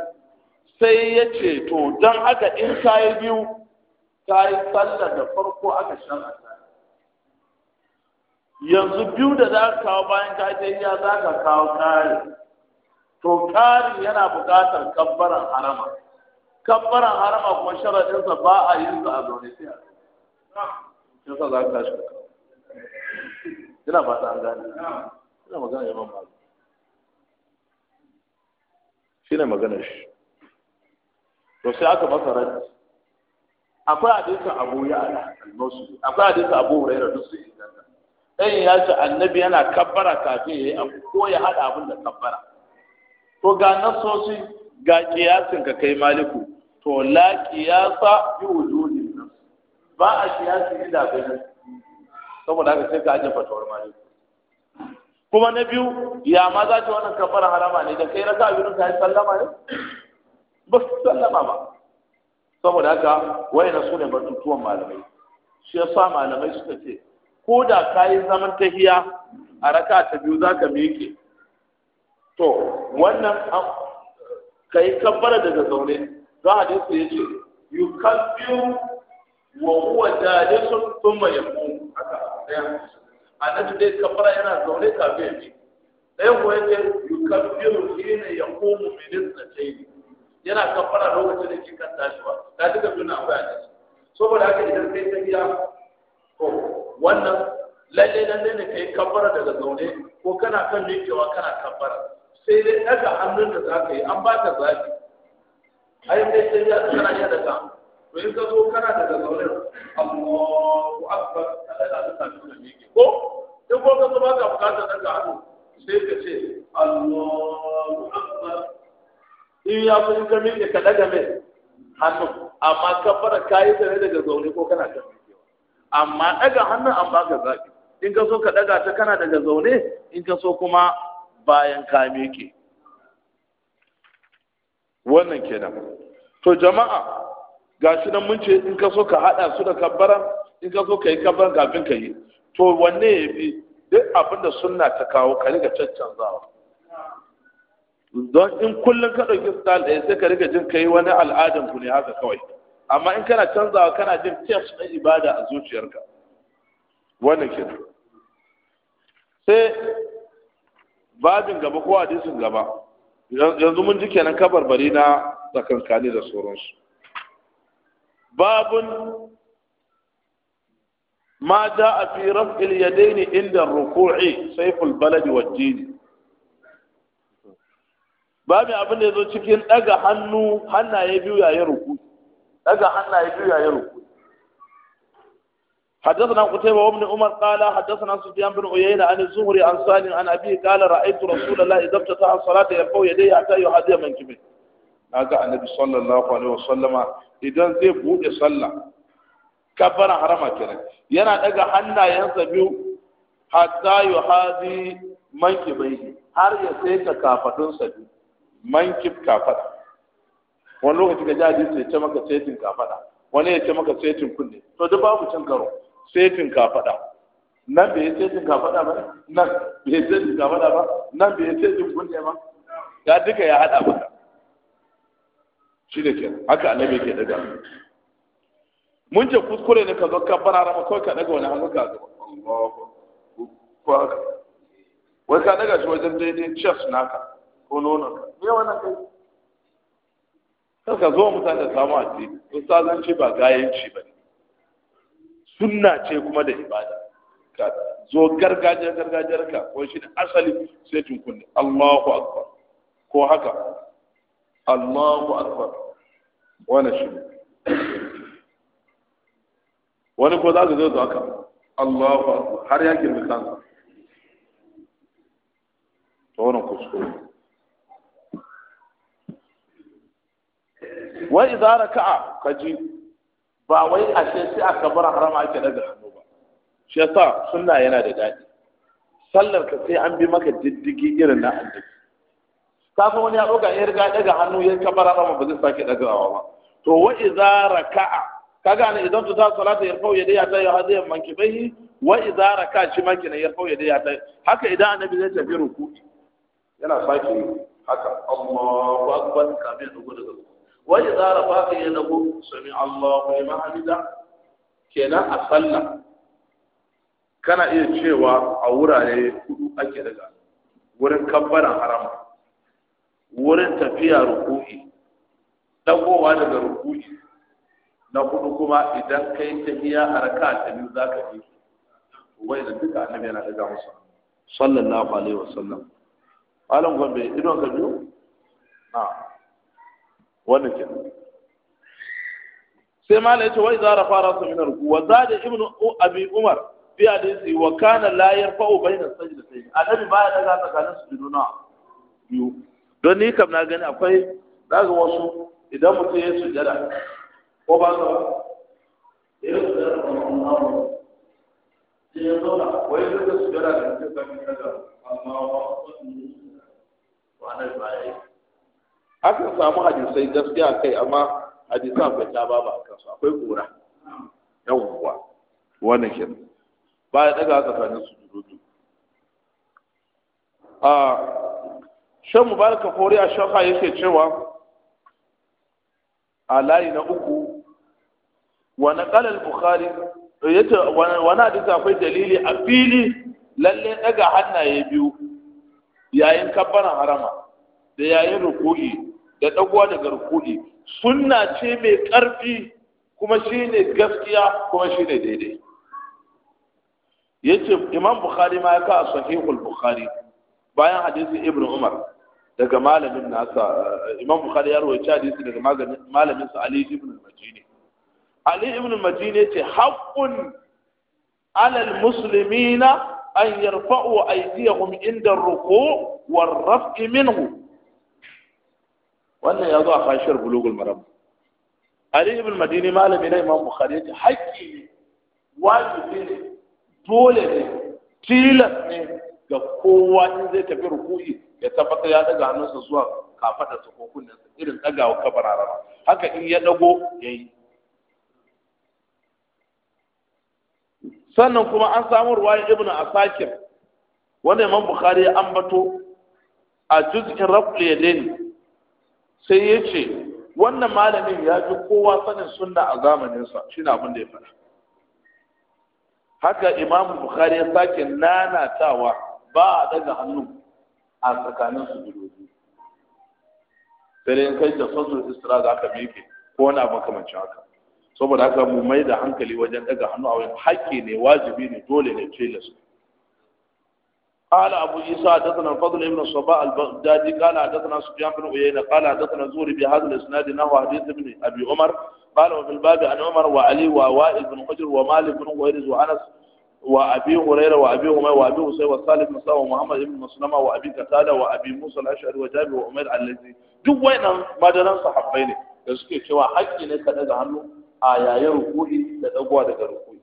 sai ya ce to don haka in ka yi biyu ka yi sallar da farko aka shan yanzu biyu da za ka kawo bayan ka iya za ka kawo kari to kari yana buƙatar kabbaran harama kabbaran harama kuma sharaɗinsa ba a yin sa a zaune sai a yasa za ka tashi ka kawo ina ba ta gane ina magana ya ban shi ne maganar shi to sai aka masa rai akwai hadisin abu ya ala almasu akwai hadisin abu hurairah dusu inganta ɗan ya ce annabi yana kabbara kafin ya yi ko ya haɗa abin da kabbara to ga nasosi ga kiyasin ka kai maliku to la kiyasa bi wujudin nan ba a kiyasi ila bayan saboda haka sai ka ajiye fatawar maliku kuma na biyu ya ma za ta wannan kabbara harama ne da kai raka abin ka yi sallama ne ba su sallama ba saboda haka wayna sune batutuwan malamai shi sa malamai suka ce ko da ka yi zaman tahiya a raka ta biyu za ka miƙe to wannan ka yi kabbara daga zaune a hadisi ya ce yu kabbiru wa huwa jalisun thumma yaqumu haka ɗaya annabi dai kabbara yana zaune kafin ya miƙe ɗaya ko yake yu kabbiru hina yaqumu min ithnatayn yana kabbara lokacin da ke kan tashi ba ta duka suna akwai hadisi saboda haka idan kai tahiya ko wannan lalle nan ne kai kabbara daga zaune ko kana kan rikewa kana kabbara sai dai daga hannun da zaka yi an ba ta zafi ai sai sai ya kana iya daga to in ka zo kana daga zaune Allahu akbar Allah ta tuna miƙe ko in ko ka zo ba ka bukatar daga hannu sai ka ce Allahu akbar in ya fi ka miƙe ka daga mai hannu amma kabbara kayi da daga zaune ko kana kan amma daga hannun an baka zaɓi in ka so ka daga ta kana daga zaune in ka so kuma bayan ka miƙe wannan kenan to jama'a ga shi nan mun ce in ka so ka haɗa su da kabbara in ka so ka yi kabbara kafin ka yi to wanne ya fi duk abin da sunna ta kawo ka riga caccanzawa don in kullum ka ɗauki style ɗaya sai ka riga jin ka yi wani al'adanku ne haka kawai amma in kana canzawa kana jin test na ibada a zuciyarka wannan ke sai babin gaba ko hadisin gaba yanzu mun ji kenan kabarbari na tsakankani da sauransu babun ma a fi raf'il ne inda ruku'i saiful baladi wad dini babin abin da ya zo cikin daga hannu hannaye biyu yayin ruku'i Daga annaye biyu a yau. Haddasa na ku taimaki Umar ƙala, haddasa na suke yi a bin'uwa ya yi na'ani. Zuhur Al-Salin ana biyu, ƙala, ra'ayin, turance, hulalla, izabtata, asarar da 'yan bauye. Zai yi akayi a ajiye mankima. Na idan zai buɗe sallah. Ka bana harama kenan. Yana daga hannayensa biyu a dawo ajiye mankimaiki. Har ya saita kafatunsa biyu, manki kafata. wani lokaci ka ji hadisi ya ce maka setin kafada wani ya ce maka setin kunne to duk babu cin karo setin kafada nan bai setin kafada ba nan bai setin kafada ba nan bai setin kunne ba ya duka ya hada maka shi da kenan haka annabi ke daga mun ce kuskure ne ka zo ka barara ma kawai ka daga wani hannu ka zo wai ka daga shi wajen daidai chest naka ko nonon ka me wannan kai kar ka zo mutane da samu zan ce ba gayanci ba ne sunna ce kuma da ibada ka zo gargajiyar gargajiyar ka ko shi ne asali sai tunkunni Allahu akbar ko haka Allahu akbar wani shi wani ko za ka zo zo haka Allahu akbar har yakin da kansa to wannan kuskure wa idza raka'a kaji ba wai ashe sai a kabar harama ake daga hannu ba shi yasa sunna yana da dadi sallar ka sai an bi maka diddigi irin na annabi kafin wani ya ɗauka ya riga daga hannu ya kabar harama ba zai sake dagawa ba to wa idza raka'a kaga ne idan tuta salata dai ya ta ya hadiyan bai wa idza raka shi ma ya dai ya ta haka idan annabi zai tafi ruku, yana sake haka Allahu akbar kafin ya dago daga wani zara ba ka na nago sami Allah mai ke kenan a sallah kana iya cewa a wurare hudu ake daga wurin kabbaran harama, wurin tafiya ruku'i dagowa daga ruku'i na hudu kuma idan kai tafiya a raka ta biyu za ka yi wai da duka annabi yana daga musu sallallahu alaihi wasallam alam gombe idon ka biyu na'am wannan ke sai mala yace wai zara fara su min ruku wa zada ibnu abi umar fi hadisi wa kana la yarfa'u baina sajdatayn annabi baya daga tsakanin sujudu na biyu don ni kam na gani akwai daga wasu idan mutum ya sujada ko ba ka ya sujada ko Allah sai ya zauna wai zai sujada da kake kan daga amma wa annabi baya akan samu hadisai gaskiya kai amma hadisa akwai ta ba ba akan su akwai kura yawwa wannan ke ba ya daga tsakanin su dudu a shan mubaraka fori a shafa yake cewa a layi na uku wa naqala al-bukhari yace wani hadisi akwai dalili a fili lalle daga hannaye biyu yayin kabbaran harama da yayin ruku'i da ɗaguwa daga rukudi sunna ce mai ƙarfi kuma shi ne gaskiya kuma shi ne daidai yace imam bukhari ma ya ka sahihul bukhari bayan hadisi ibn umar daga malamin nasa eh, imam bukhari ya rawaita hadisi daga malamin sa ali ibn majini ali ibn majini yace haqqun ala al muslimina an yarfa'u aydiyahum inda ar-ruku' war-raf'i minhu wannan ya zo a fashiyar bulugul maram ali ibn madini malami na imam bukhari ya ce haƙƙi ne wajibi ne dole ne tilas ne ga kowa in zai tafi ruku'i ya tabbata ya daga hannunsa zuwa kafada su ko kunnensa irin dagawa kabarara haka in ya dago yayi sannan kuma an samu ruwayar ibnu asakir wanda imam bukhari ya ambato a juz'in rafli yadaini sai ya ce wannan malamin ya ji kowa sanin sunna a zamaninsa shi na abin da ya faɗa haka imamu bukhari ya sake nanatawa ba a daga hannu a tsakanin su biyu sai in kai da sosu isra da aka miƙe ko wani abu makamancin haka saboda haka mu mai da hankali wajen daga hannu a wani haƙƙi ne wajibi ne dole ne su قال أبو عيسى حدثنا الفضل بن الصباء البغدادي قال حدثنا سفيان بن عيينة قال حدثنا زوري بهذا الإسناد نحو حديث ابن أبي عمر قال وفي الباب عن عمر وعلي ووائل بن حجر ومالك بن غيرز وأنس وأبي هريرة وأبي أمير وأبي حسين وصالح بن صالح ومحمد بن مسلمة وأبي قتادة وأبي موسى الأشعري وجابر وأمير الذي duk wayannan madaran sahabbai ne da suke cewa haƙƙi ne ka daga hannu a yayin ruku'i da dagowa daga ruku'i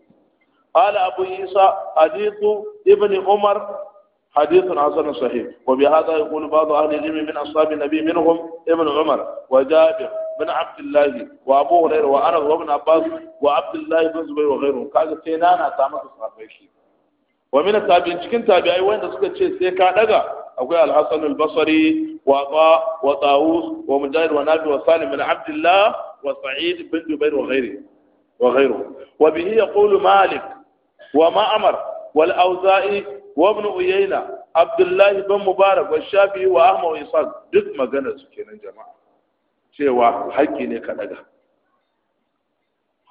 qala abu isa hadithu ibn umar حديث حسن صحيح وبهذا يقول بعض أهل العلم من أصحاب النبي منهم ابن عمر وجابر بن عبد الله وأبو هريرة وأنا وابن عباس وعبد الله بن زبير وغيرهم قال تينانا تامك الصحابيشي ومن التابعين كن تابعي وين نسكت شيء كان نجا أقول الحسن البصري وابا وطاووس ومجاهد ونبي وصالح بن عبد الله وسعيد بن جبير وغيره وغيره وبه يقول مالك وما أمر والاوزاعي وابن أيينة عبد الله بن مبارك والشافعي وأحمد وإسحاق duk magana su kenan jama'a cewa haƙƙi ne ka daga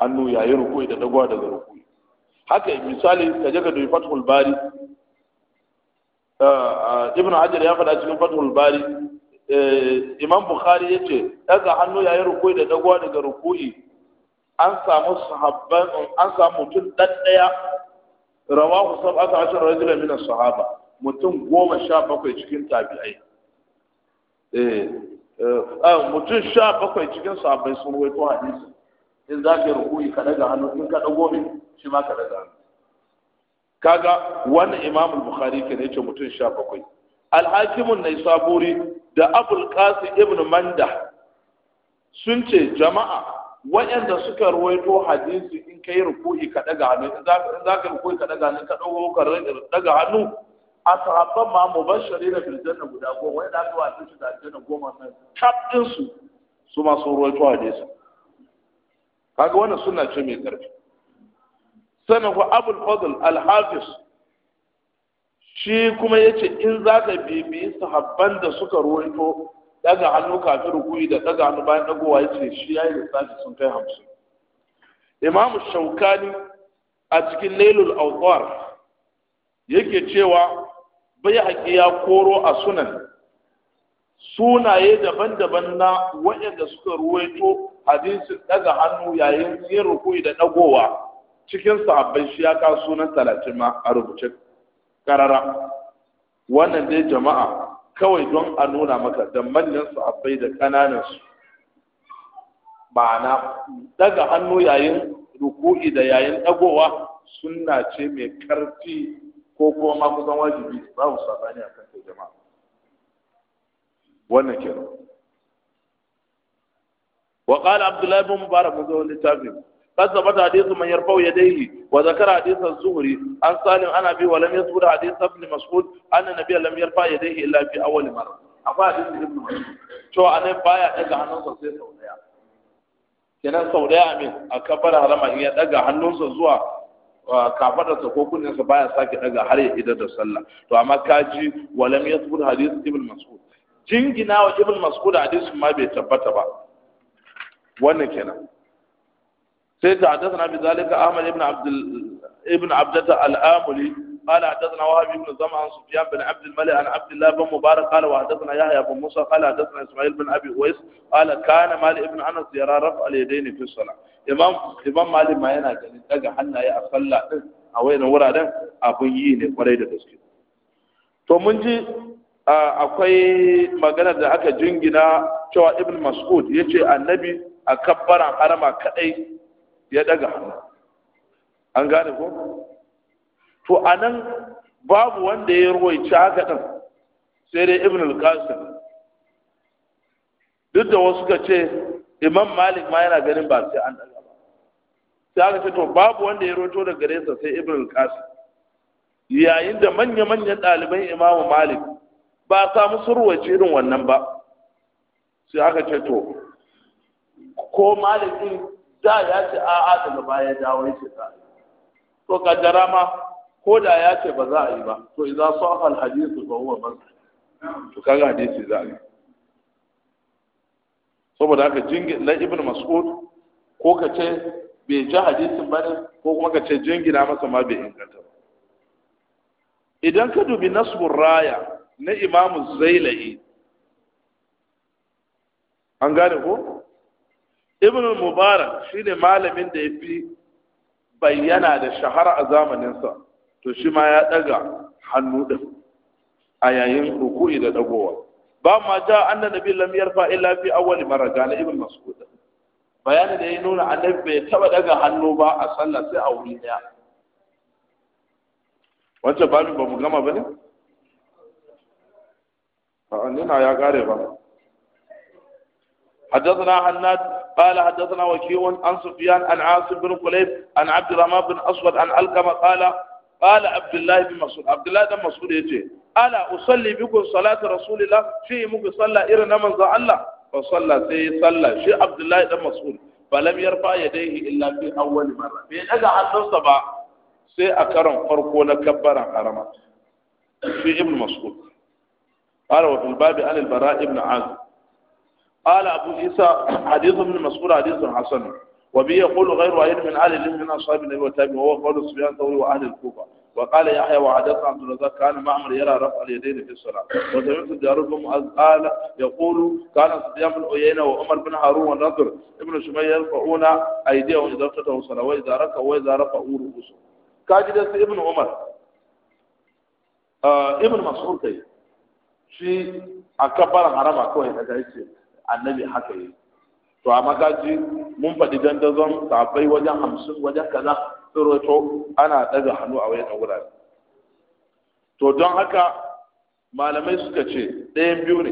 hannu yayin rukui da dagwa daga rukui haka misali ka je ka dubi fathul bari eh, ibnu hajar ya faɗa cikin fathul bari eh, imam bukhari ya ce daga hannu yayin rukui da dagwa daga rukui an samu sahabban an samu mutum ɗaɗɗaya rawahu sab'atu ashar rajulan min as-sahaba mutum goma sha bakwai cikin tabi'ai eh, eh ah, mutum sha bakwai cikin sahabbai sun rawaito hadisi in za ka yi rukuyi ka daga hannu in ka dago min shi ma ka daga hannu kaga wannan imam bukhari ke ne ce mutum sha bakwai alhakimun na saburi da abul qasim ibn manda sun ce jama'a waɗanda suka ruwaito hadisi in kai rukuhi ka ɗaga hannu in za ka rukuhi ka ɗaga hannu ka hannu ka ɗaga hannu a sahabban ma mu bar da fil na guda goma wai ɗaga wa wace su da janna goma nan tab din su su ma sun ruwaito hadisi kaga wannan suna ce mai karfi sannan ku abul fadl al hafiz shi kuma yace in za ka bibiyi sahabban da suka ruwaito daga hannu kafin rukuni da daga hannu bayan dagowa ya ce shi ya yi lissafi sun kai hamsin imamu shaukani a cikin lailul autar yake cewa bai haƙi ya koro a sunan sunaye daban-daban na waɗanda suka ruwaito hadisin daga hannu yayin yin rukuni da dagowa cikin sahabbai shi ya ka sunan talatin ma a rubuce karara wannan dai jama'a kawai don a nuna maka da manyan sahabbai da ƙananan su ma'ana daga hannu yayin ruku'i da yayin dagowa sunna ce mai karfi ko kuma ma kusan wajibi babu sabani a kan jama'a wannan kenan wa qala abdullahi bin mubarak mun zo littafin قد ثبت حديث من يرفع يديه وذكر حديث الزهري عن سالم عن ابي ولم يذكر حديث ابن مسعود ان النبي لم يرفع يديه الا في اول مره akwai hadisin ibn cewa anai baya daga hannunsa sai sau daya kenan sau daya amin a kafara harama in ya daga hannunsa zuwa kafadarsa ko kunninsa baya sake daga har ya idar da sallah to amma kaji walam yasbut hadis ibn mas'ud jingina wa ibn ma bai tabbata ba wannan kenan sai ta haddathana bi zalika ahmad ibn abd ibn abdata قال حدثنا وهب بن زمع عن سفيان بن عبد الملك عن عبد الله بن مبارك قال وحدثنا يحيى بن موسى قال حدثنا اسماعيل بن ابي اويس قال كان مالك بن انس يرى رفع اليدين في الصلاه امام امام مالك ما yana ganin daga hannaye a sallah a wayan wuraren abin yi ne kwarai da gaske to mun ji akwai magana da aka jingina cewa ibn mas'ud ya ce annabi a kabbaran harama kadai ya daga hannu an gane ko to anan babu wanda ya ci haka din sai dai ibn al-qasim duk da wasu ka ce imam malik ma yana ganin ba sai an daga ba sai aka ce to babu wanda ya roto daga gare sa sai ibn al-qasim yayin da manya-manyan ɗaliban imamu malik ba a samu surwaci irin wannan ba sai aka ce to ko malik din da ya ce a'a daga baya dawo ya ce to kaddara ma ko da ya ce ba za a yi ba to idan su aka alhadisu ba huwa ba to kaga hadisi za a yi saboda haka jingi na ibn mas'ud ko ka ce bai ji hadisin ba ne ko kuma ka ce jingina masa ma bai inganta ba idan ka dubi nasbur raya na imamu zailai an gane ko ibn mubarak shine malamin da ya fi bayyana da shahara a zamaninsa to shi ma ya daga hannu din a yayin ruku'i da dagowa ba ma ja anna nabi lam yarfa illa fi awwal maraja na ibn mas'ud bayanin da ya nuna annabi bai taba daga hannu ba a sallah sai a wuri daya wancan babu ba mu gama bane a'a nina ya kare ba حدثنا حناد قال حدثنا وكيع عن سفيان عن عاصم بن قليب عن عبد الرحمن بن اسود عن القمه قال قال عبد الله بن مسعود عبد الله بن مسعود يجي الا اصلي بكم صلاه رسول الله في مك صلى ارنا من الله فصلى سي صلى شي عبد الله بن مسعود فلم يرفع يديه الا في اول مره بين اجا حدث با سي اكرم فرقو لكبر حرمه في ابن مسعود قال وفي الباب عن البراء بن عازب قال أبو عيسى حديث من مسعود حديث حسن وبي يقول غير واحد من أهل العلم من أصحاب النبي والتابعين وهو قول سفيان الثوري وأهل الكوفة وقال يحيى وعدت عبد الرزاق كان معمر يرى رفع اليدين في الصلاة وسمعت الدار بن قال يقول كان سفيان بن عيينة وعمر بن هارون والنضر ابن شمية يرفعون أيديهم إذا افتتحوا الصلاة وإذا ركعوا وإذا رفعوا رؤوسهم كاجد ابن عمر آه ابن مسعود كي شي أكبر حرام أكوه هذا الشيء annabi haka yi to amma kaji mun faɗi dandazon sabai wajen hamsin wajen kaza tsirrato ana daga hannu a wajen wurare to don haka malamai suka ce ɗayan biyu ne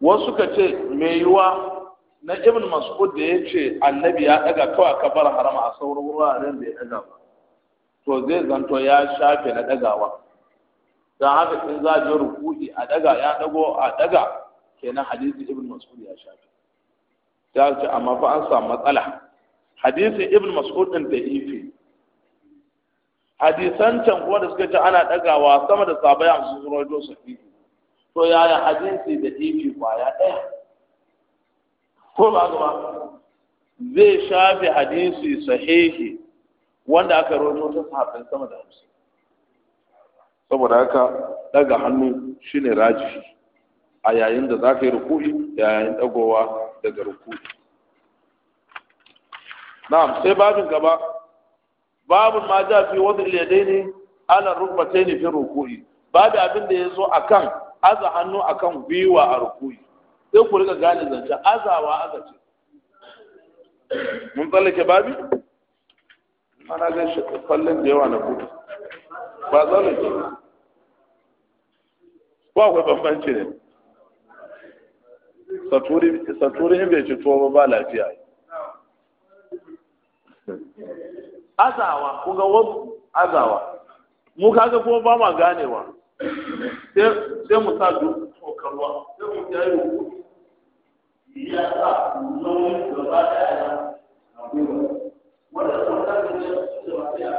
wasu suka ce mai yiwa na ibn mas'ud da ya ce annabi ya ɗaga kawai ka bar harama a sauran wuraren da ya daga ba to zai zanto ya shafe na ɗagawa. don haka in za a ruku'i a daga ya dago a daga kenan hadisi ibn mas'ud ya shafi ta ce amma fa an samu matsala hadisi ibn mas'ud din da ife hadisan can kuma da suka ce ana dagawa sama da sabai hamsin zuwa rawaito su to yaya hadisi da ifi kwaya ɗaya. ko ba ba? zai shafi hadisi sahihi wanda aka rawaito ta sahabbai sama da hamsin saboda haka daga hannu shine rajifi a yayin da ka yi ruku'i da yayin dagowa daga ruku'i na'am sai babin gaba babin ma ja fi wadda ana ala ne fi ruku'i babu abin da a kan aza hannu akan gwiwa a ruku'i sai ku rika gane zance azawa aza ce mun tsallake babi ana ga shi kallon da yawa na kudu ba zaune ba ko akwai bambanci ne saturi bai ci tuwo ba lafiya azawa ku ga wasu azawa mu kaga ko ba ma ganewa sai mu sa duk tokarwa sai mu ya yi ya sa nauyin gaba ya na gwiwa wanda sun kasance da masu ya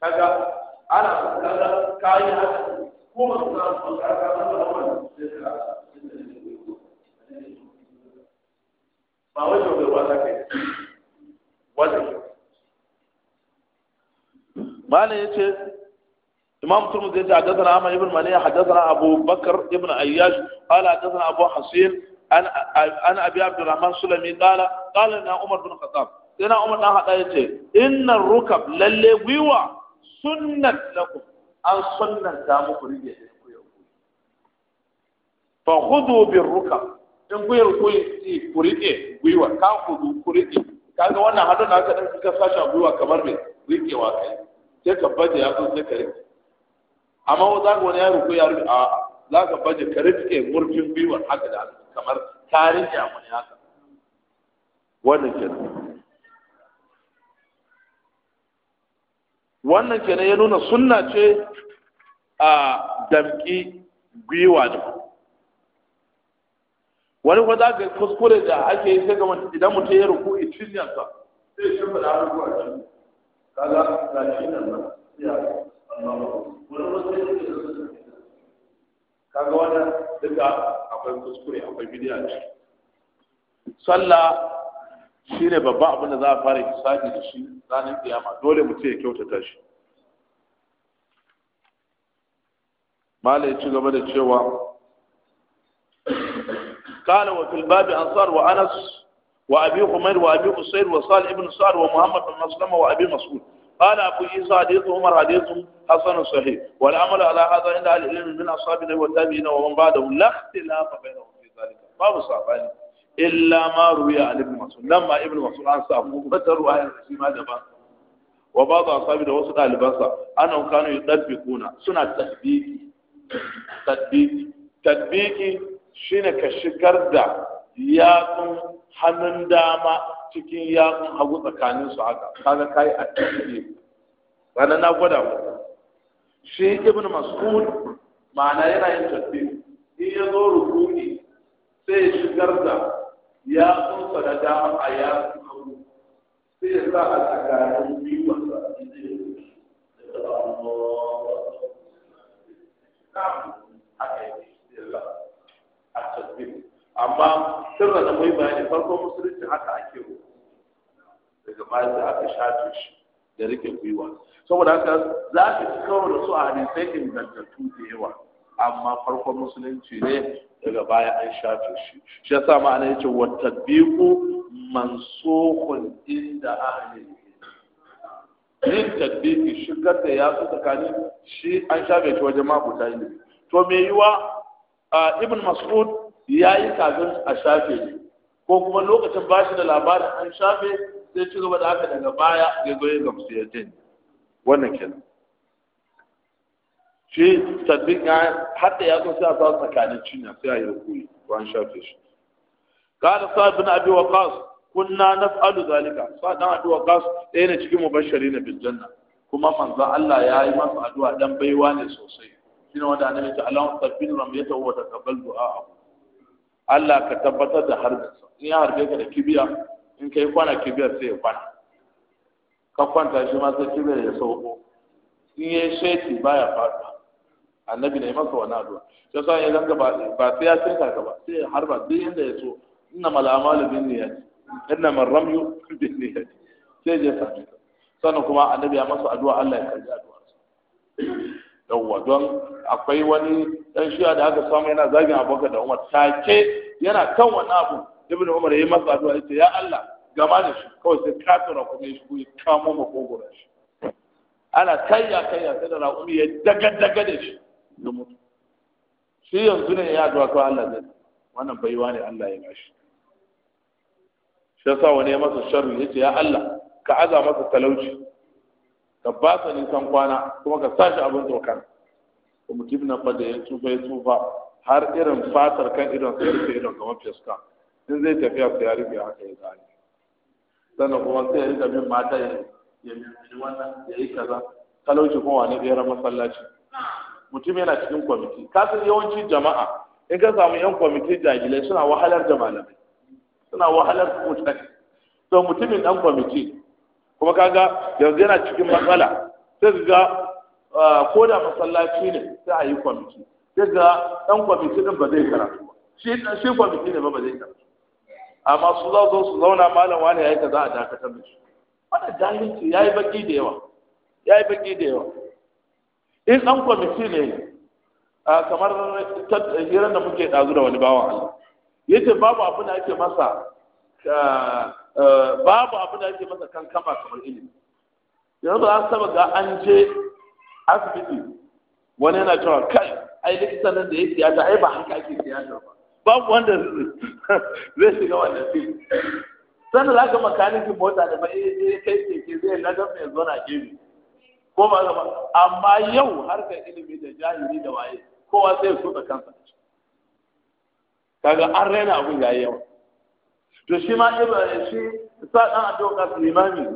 kaga ana kaga kayi haka kuma suna suka kaga da wannan sai ba wai da ba ta kai wannan mana yace Imam Turmuz yace hadathan Ahmad ibn Maliya hadathan Abu Bakr ibn Ayyash qala hadathan Abu Hasin an an Abi Abdurrahman Sulaimi qala qala na Umar ibn Khattab sai na Umar dan hada yace innar rukab lalle gwiwa. na lakum an ta muku rige da ku yau fa khudu bir ruka in ku yau ku yi ku rike gwiwa ka khudu ku rike kaga wannan hadu na ka dan ka sasha gwiwa kamar me rikewa kai sai ka baje ya zo sai ka rike amma wa za ka wani yaro ko yaro a za ka baje ka rike murfin gwiwa haka da kamar tarin ya mun haka wannan kenan wannan kenan ya nuna sunna ce a damki gwiwa ne wani kuma za ka kuskure da ake yi sai ga idan mutum ya ruku a cinyarsa sai ya shi da hannu a cikin kaga ga shi nan nan ya wani wasu ya ke da kaga wannan duka akwai kuskure akwai bidiyar ciki sallah shi ne babban abin za a fara hisabi da shi ranar kiyama dole mutum ya kyautata shi mala ya ci gaba da cewa kala wa filbabi an sa'ar wa anas wa abi humar wa abi usair wa sal ibn sa'ar wa muhammad bin maslama wa abi mas'ud qala abu isa hadithu umar hadithu Hassan sahih wal amal ala hadha inda al ilm min yi wa tabi na wa da man ba'dahu la ikhtilafa bainahum wani dhalika babu sahabani illa ma ruya a ibn mas'ud nan ma ibn mas'ud an samu wata ruwaya shi ma daban wa ba za sabi da wasu ɗalibansa ana kanu yi kuna, suna tadbiki tadbiki tasbiki shine ka shigar da yatsun hannun dama cikin yatsun hagu tsakanin su haka kaga kai a tadbiki bana na gwada mu shi ibn mas'ud ma'ana yana yin tadbiki in ya zo rukuni sai shigar da ya tsoka da dama a ya kawo sai ya sa a tsakanin biyuwan sa amma sirra da mai bayani farko musulunci haka ake roƙo daga bayan da aka shafe shi da rike gwiwa saboda haka za ka ci da su a sai ingantattu da yawa amma farkon musulunci ne daga baya an shafe shi shi yasa ma'ana yace wa tatbiqu mansukhun inda ahli yin tatbiqi shigar da ya su tsakani shi an shafe shi wajen mabuta ne to me yiwa ibn mas'ud yayi kafin a shafe shi ko kuma lokacin bashi da labarin an shafe sai ci gaba da haka daga baya ya zo ya gamsu ya wannan kenan shi sabbin ya hatta ya zo sai a sa tsakanin cinya sai a yi rukuni ko an shafe shi Kada قال صاحب بن ابي وقاص كنا نفعل ذلك صاحب بن ابي وقاص ɗaya ne cikin mubashirin bil janna kuma manzo Allah ya yi masa addu'a dan baiwa ne sosai shine wanda annabi ta Allah sabbin ramyata wa taqabbal du'a Allah ka tabbatar da harbinsa in ya harbe ka da kibiya in kai kwana kibiyar sai ya kwana ka kwanta shi ma sai kibiyar ya sauko in yayi shaiti baya faɗuwa annabi ne masa wani addu'a sai sa yanzu ga ba sai ya shirka ka ba sai har ba duk inda ya so inna mal amalu bin niyyat inna mar ramyu bin niyyat sai ya sami sannan kuma annabi ya masa addu'a Allah ya karbi addu'a yawwa don akwai wani dan shiya da aka samu yana zagin abokan da Umar take yana kan wani abu ibn Umar yayi masa addu'a yace ya Allah gama da shi kawai sai kafira kuma shi ku ya kamo makogoron shi ana kayya kayya sai da ra'umi ya daga daga da shi na mutu shi yanzu ne ya zuwa kawai Allah zai wannan baiwa ne Allah ya bashi shi sa wani ya masa sharri yace ya Allah ka aza masa talauci ka ba sa nisan kwana kuma ka sa shi abin tsokar ko mutum na da ya tsufa ya tsufa har irin fatar kan idon sai rufe idon kamar fiska in zai tafiya sai ya rufe haka ya gane sannan kuma sai ya rika bin mata ya yi wannan ya yi kaza talauci kuma wani ɗaya masallaci mutum yana cikin kwamiti kasan yawanci jama'a in ka samu yan kwamiti jahilai suna wahalar da malamai suna wahalar mutane to mutumin dan kwamiti kuma kaga yanzu yana cikin matsala sai ga ko da masallaci ne sai a yi kwamiti sai ga dan kwamiti din ba zai karatu ba shi shi kwamiti ne ba ba zai karatu amma su za su zauna malam wani yayi kaza a dakatar da shi wannan jahilci yayi baki da yawa yayi baki da yawa in ɗan kwamiti ne kamar hirar da muke ɗazu da wani bawan Allah ya ce babu abin da ake masa babu abin da ake masa kan kama kamar ilimi yanzu an saba ga an je asibiti wani yana cewa kai ai likitan nan da ya tiyata ai ba haka ake tiyata ba babu wanda zai shiga wannan fi sannan za ka makanikin mota da ma'aikai ya kai keke zai lagar mai zona gini ko ba zama amma yau har ka ilimi da jahili da waye kowa sai so da kansa kaga an raina ya yi yawa to shi ma shi sa dan su limami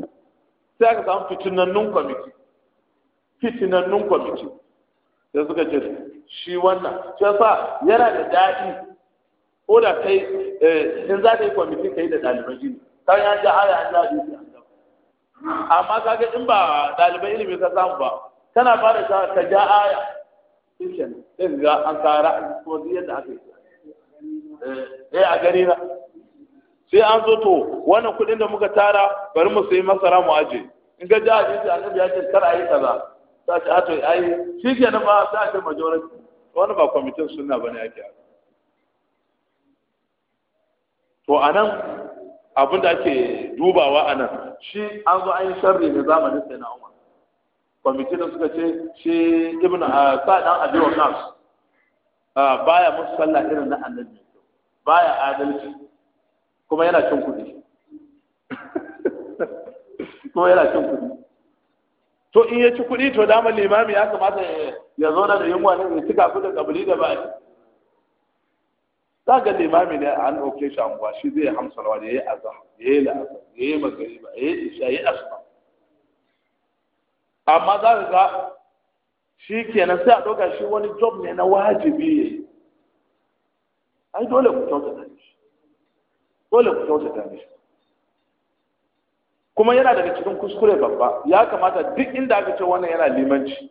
sai aka samu fitinannun kwamiti fitinannun kwamiti Da suka ce shi wannan shi sa yana da daɗi ko da kai eh, in za ka yi kwamiti ka yi da ɗaliban shi kan ya ji haya an ji amma kage in ba ɗaliban ilimi ka samu ba kana fara ta ta ja aya shin din ga an tsara, ko yadda aka yi eh, eh a gari na sai an zo to wannan kuɗin da muka tara bari mu sai masara mu aje in ga jihar hadisi annabi ya ce kar a yi kaza ta ce ato yi. shi ke nan ba ta ce majority wani ba kwamitin sunna bane yake to anan abin da ake dubawa a nan shi an zo an yi sharri ne zamanin sai na umar kwamitin da suka ce shi ibn ah, sa'adan abiwa nas ah, baya musu sallah irin na annabi baya adalci kuma yana cin kuɗi kuma yana cin kuɗi to in ya ci kuɗi to dama limami ya kamata ya zo da yunwa ne ya cika kuɗin kabili da ba za ga limami ne an ɗauke shi anguwa shi zai hamsarwa da ya yi azam ya yi la'azam ya yi ba. ya yi isha ya yi asuma. amma za ka ga shi kenan sai a ɗauka shi wani job ne na wajibi ya yi ai dole ku kyautata shi dole ku kyautata shi kuma yana daga cikin kuskure babba ya kamata duk inda aka ce wannan yana limanci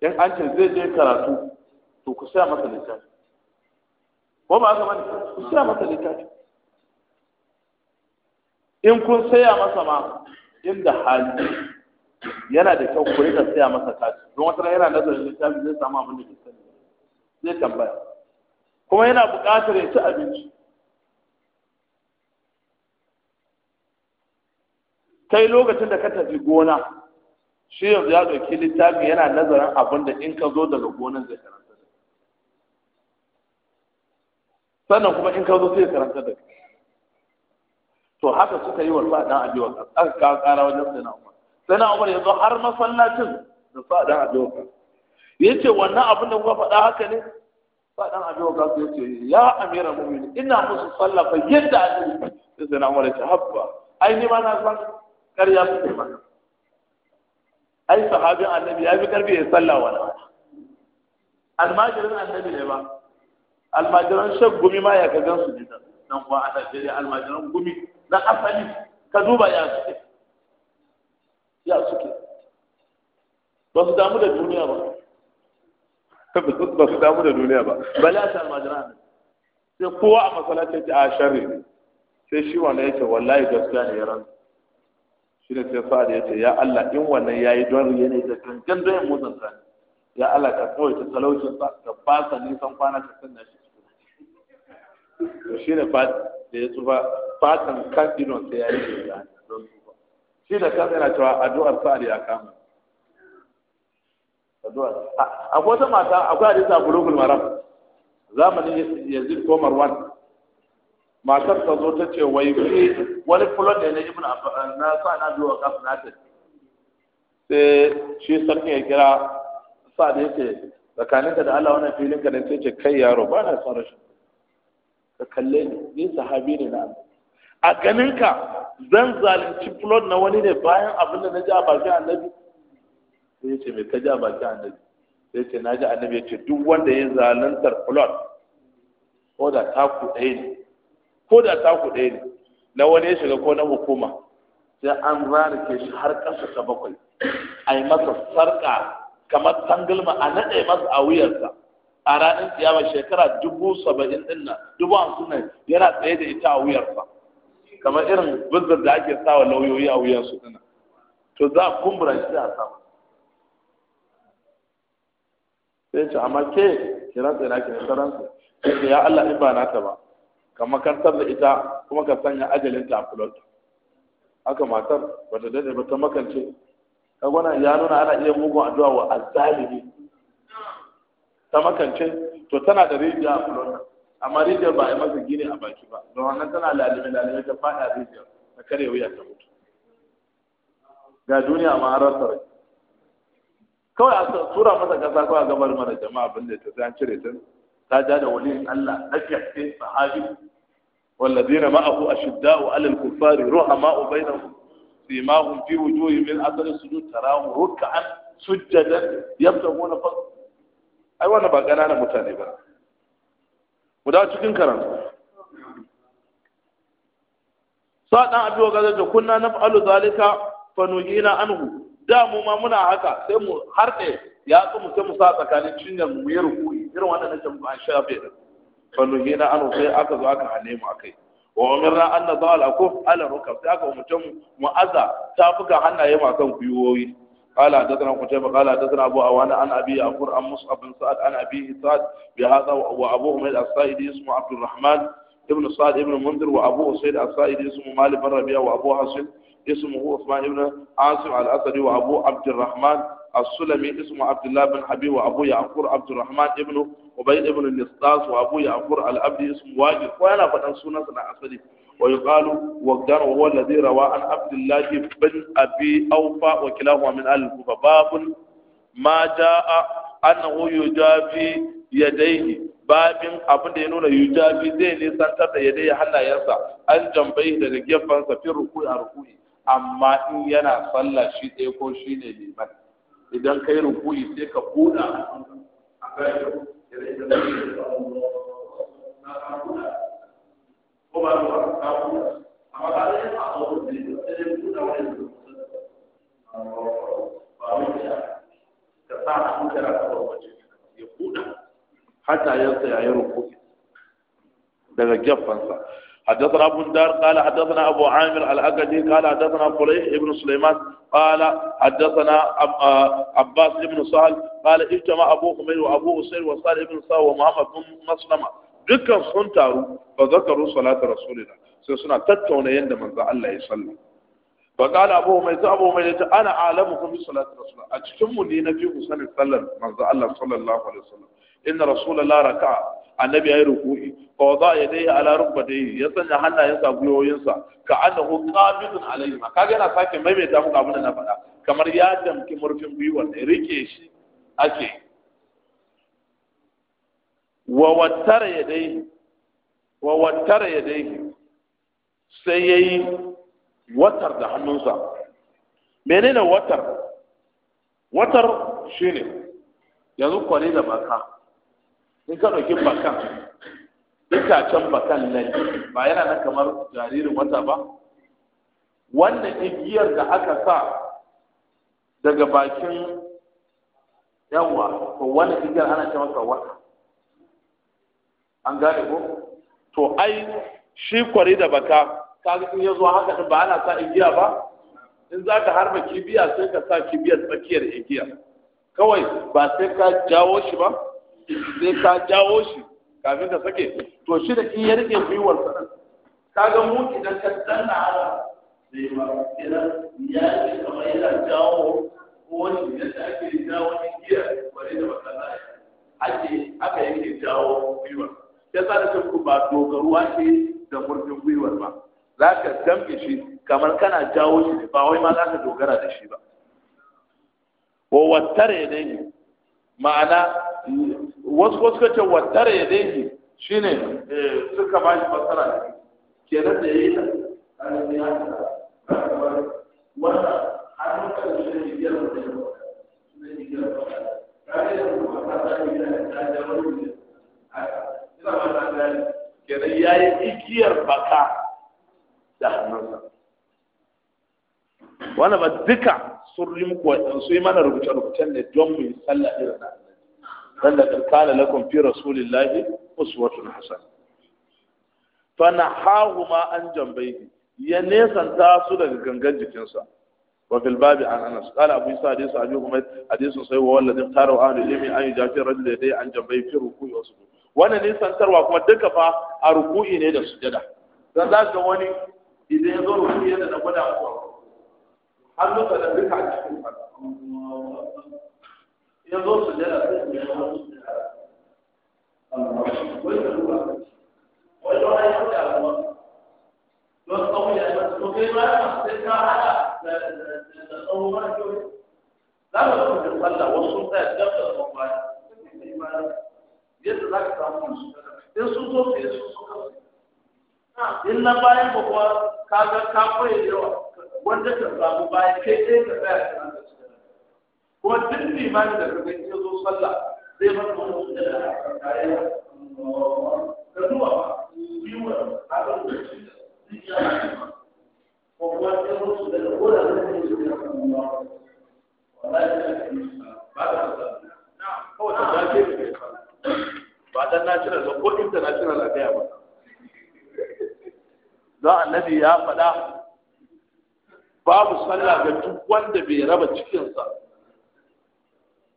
in an ce zai je karatu to ku saya masa littafi ko ba haka bane ku siya masa littafi in kun saya masa ma inda hali yana da kyau ku rika saya masa kati don wata yana nazarin littafi zai samu abin da ke sani zai tambaya kuma yana buƙatar ya ci abinci kai lokacin da ka tafi gona shi yanzu ya ɗauki littafi yana nazarin abin da in ka zo daga gonan zai karanta sannan kuma in ka zo sai karanta da to haka suka yi wa sa'adan abiwa aka kawo kara wajen sai na umar sai na umar yanzu har masallacin da sa'adan abiwa ya ce wannan abin da kuka faɗa haka ne sa'adan abiwa ka su ya ce ya amira mumin ina musu fa yadda a ce sai na umar ya ce habba ai ni ma na san ƙarya su ke mana ai sahabin annabi ya fi ƙarfi ya salla wala almajirin annabi ne ba almajiran shan gumi ma ya ka gan su jita? nan kuwa a Najeriya almajiran gumi na asali ka duba ya suke ya suke ba su damu da duniya ba ba su damu da duniya ba bala sa almajiran sai kowa a masalacin ta a sharri ne sai shi wannan yake wallahi gaskiya ne ya rantsa shi ne sai sa'ad ya ce ya Allah in wannan ya yi don riye ne da gangan don ya motsa ya Allah ka kawai ta talaucin sa ka ba sa nisan kwana ka sanna shi shi ne da ya tsufa fatan kan idon sai ya yi da don tsufa shi da kan yana cewa addu'ar sa'ad ya kama addu'ar akwai wata mata akwai hadisi a bulugul maram zamanin yazid ko marwan matar ta zo ta ce wai wani fulon da na ibn na sa na biyo kafin na ta sai shi sarki ya kira sa da yake tsakaninka da Allah wannan filin ka da sai ce kai yaro ba na son rashin ka kalle ni ni sahabi ne na a ganin ka zan zalunci plot na wani ne bayan abin da na ji a bakin annabi sai ce me ka ji a bakin annabi sai ce na ji annabi ya ce duk wanda ya zaluntar plot ko da taku ɗaya ne ko da taku ɗaya ne na wani ya shiga ko na hukuma sai an rarrake shi har ƙasa ta bakwai a yi masa sarƙa kamar tangulma a naɗe masa a wuyarsa a ranar kiyama shekara dubu saba'in din nan dubu hamsin nan yana tsaye da ita a wuyarsa kamar irin bizar da ake sawa lauyoyi a wuyarsu din to za a kumbura shi a sama sai ce amma ke kira tsaye na ke saransa sai ya Allah in ba nata ba ka makantar da ita kuma ka sanya ajalinta a kulot haka matar bata dade ba ta makance Ka gwana ya nuna ana iya mugun addu'a wa azzalimi ta makance to tana da rijiya a fulon amma rijiyar ba a yi masa gini a baki ba don wannan tana lalime lalime ta faɗa rijiyar ta kare wuya ta mutu ga duniya ma har rasa rai kawai a tura masa kasa kawai a gabar mana jama'a abin da ta san cire ta ta ja da wani Allah na gaske sahabi والذين معه أشداء على الكفار رحماء بينهم سيماهم في وجوههم من أثر السجود تراهم ركعا سجدا يبتغون فضلا ai wannan ba ƙananan mutane ba guda da cikin karanta sa dan abi wa gaza kunna fa'alu zalika fa nuhina anhu da mu ma muna haka sai mu harde ya tsu mu sai mu sa tsakanin cinyar mu yi rukuyi irin wannan nake mu an shafe da fa nuhina anhu sai aka zo aka hane mu akai wa umirna an nadal akuf ala rukab sai aka umurce mu mu aza tafuka hannaye ma kan kuyoyi قال حدثنا قتيبة قال حدثنا أبو أوانا عن أبي أفر عن مصعب بن سعد عن أبي سعد بهذا وأبوه من الصائد اسمه عبد الرحمن ابن سعد ابن منذر وأبوه سيد الصائد اسمه مالك بن ربيعة وأبوه حسن اسمه عثمان بن عاصم الأسدي وأبو عبد الرحمن السلمي اسمه عبد الله بن حبيب وأبو يعقور عبد الرحمن ابن وبيد ابن النصاص وأبو يعقور الأبدي اسمه واجد وأنا فتن سنة أسدي ويقال وقدر هو الذي Abdullahi, عن عبد الله بن أبي أوفى وكلاهما من أهل الكوفة باب ما babin abin da ya nuna yujafi zai nisantar da yadda ya hannayensa an jambayi daga gefen fin rukui a rukui amma in yana sallah shi ɗaya ko shi ne liman idan kai rukui sai ka buɗa a ko ba ba ka ku amma ba dai a ko da ne da ne ku da wani ba wai ya ka sa ku da ka ba wace ya kuda hatta yansa yayi ruku daga geffansa حدثنا ابو الدار قال حدثنا ابو عامر الاكدي قال حدثنا قريح بن سليمان قال حدثنا عباس بن سهل قال اجتمع ابو حميد وابو اسير وصالح بن سهل ومحمد بن مسلمه dukkan sun taru fa zakaru salatu rasulina sai suna tattauna yanda manzo Allah ya salla fa qala abu mai ta abu mai ta ana alamukum bi salati rasul a cikin mu ne fi ku sanin sallar manzo Allah sallallahu alaihi wasallam inna rasulullahi raka'a annabi yayi ruku'i fa wada yadayhi ala rukbatayhi ya sanya hannayensa guyoyinsa ka annahu qabidun alayhi kaga yana sake maimaita muku abin da na faɗa kamar ya damki murfin gwiwar ne rike shi ake wa wattara ya dai, sai ya sai watar da hannunsa menene watar watar shi ne, yanzu kwane da baka in ka ɗauki bakan itacen bakan nan ba yana na kamar jaririn wata ba wannan igiyar da aka sa daga bakin yawa ko wannan igiyar ana ce masa wata an gane ko to ai shi kwari da baka kaga in ya zo haka din ba ana sa igiya ba in za ka harba kibiya sai ka sa kibiyar tsakiyar igiya kawai ba sai ka jawo shi ba sai ka jawo shi kafin ka sake to shi da in ya rike gwiwar Ka kaga mu idan ka danna ala sai ma idan ya ce kamar yana jawo ko wani yadda ake jawo igiya bare da baka ya sa da ku ba dogaruwa ce da murfin gwiwar ba za ka damke shi kamar kana jawo shi ba wai ma za ka dogara da shi ba wa wattare ne ma'ana wasu wasu kace wattare ne shine shi eh, ne suka ba shi ya ne biyar da ya yi ta da ne biyar ne biyar da ne kenan ya yi igiyar baka da hannunsa wani ba duka surri muku wajen su yi mana rubuce-rubucen ne don mu yi tsalla irin na don da kankana na kwamfiyar sulin lafi musu wasu na hasan fana hahu ma an jambai ya nesan ta su daga gangan jikinsa wafil babi an ana su kala abu isa hadisu abu kuma hadisu sai wa wallazin tarawa an ilimi an yi jafi rajul da ya dai an jambai firu kuyi wasu wannan nisantarwa kuma duka fa a ruku'i ne da sujada dan za ka wani idan ya zo ruku'i yana da gwada ko hannuka da duka a cikin fa ya zo sujada sai ya Allah wai da ya da da don ya sai da tsawon za da kuma wasu sai da ba yadda za ka samu musu in sun zo fiye su suka in na bayan ba kuwa ka ga ka koya yawa wanda ka samu bayan kai ɗaya ka tsaya kana da su ko duk da ka gani ya zo sallah zai ba mu musu da ka zuwa ba biyu a kan da shi ko kuma ya zo su da da ne su da ba ta da da ba ba dan national da ko international a gaya ba don annabi ya faɗa babu sallah ga duk wanda bai raba cikinsa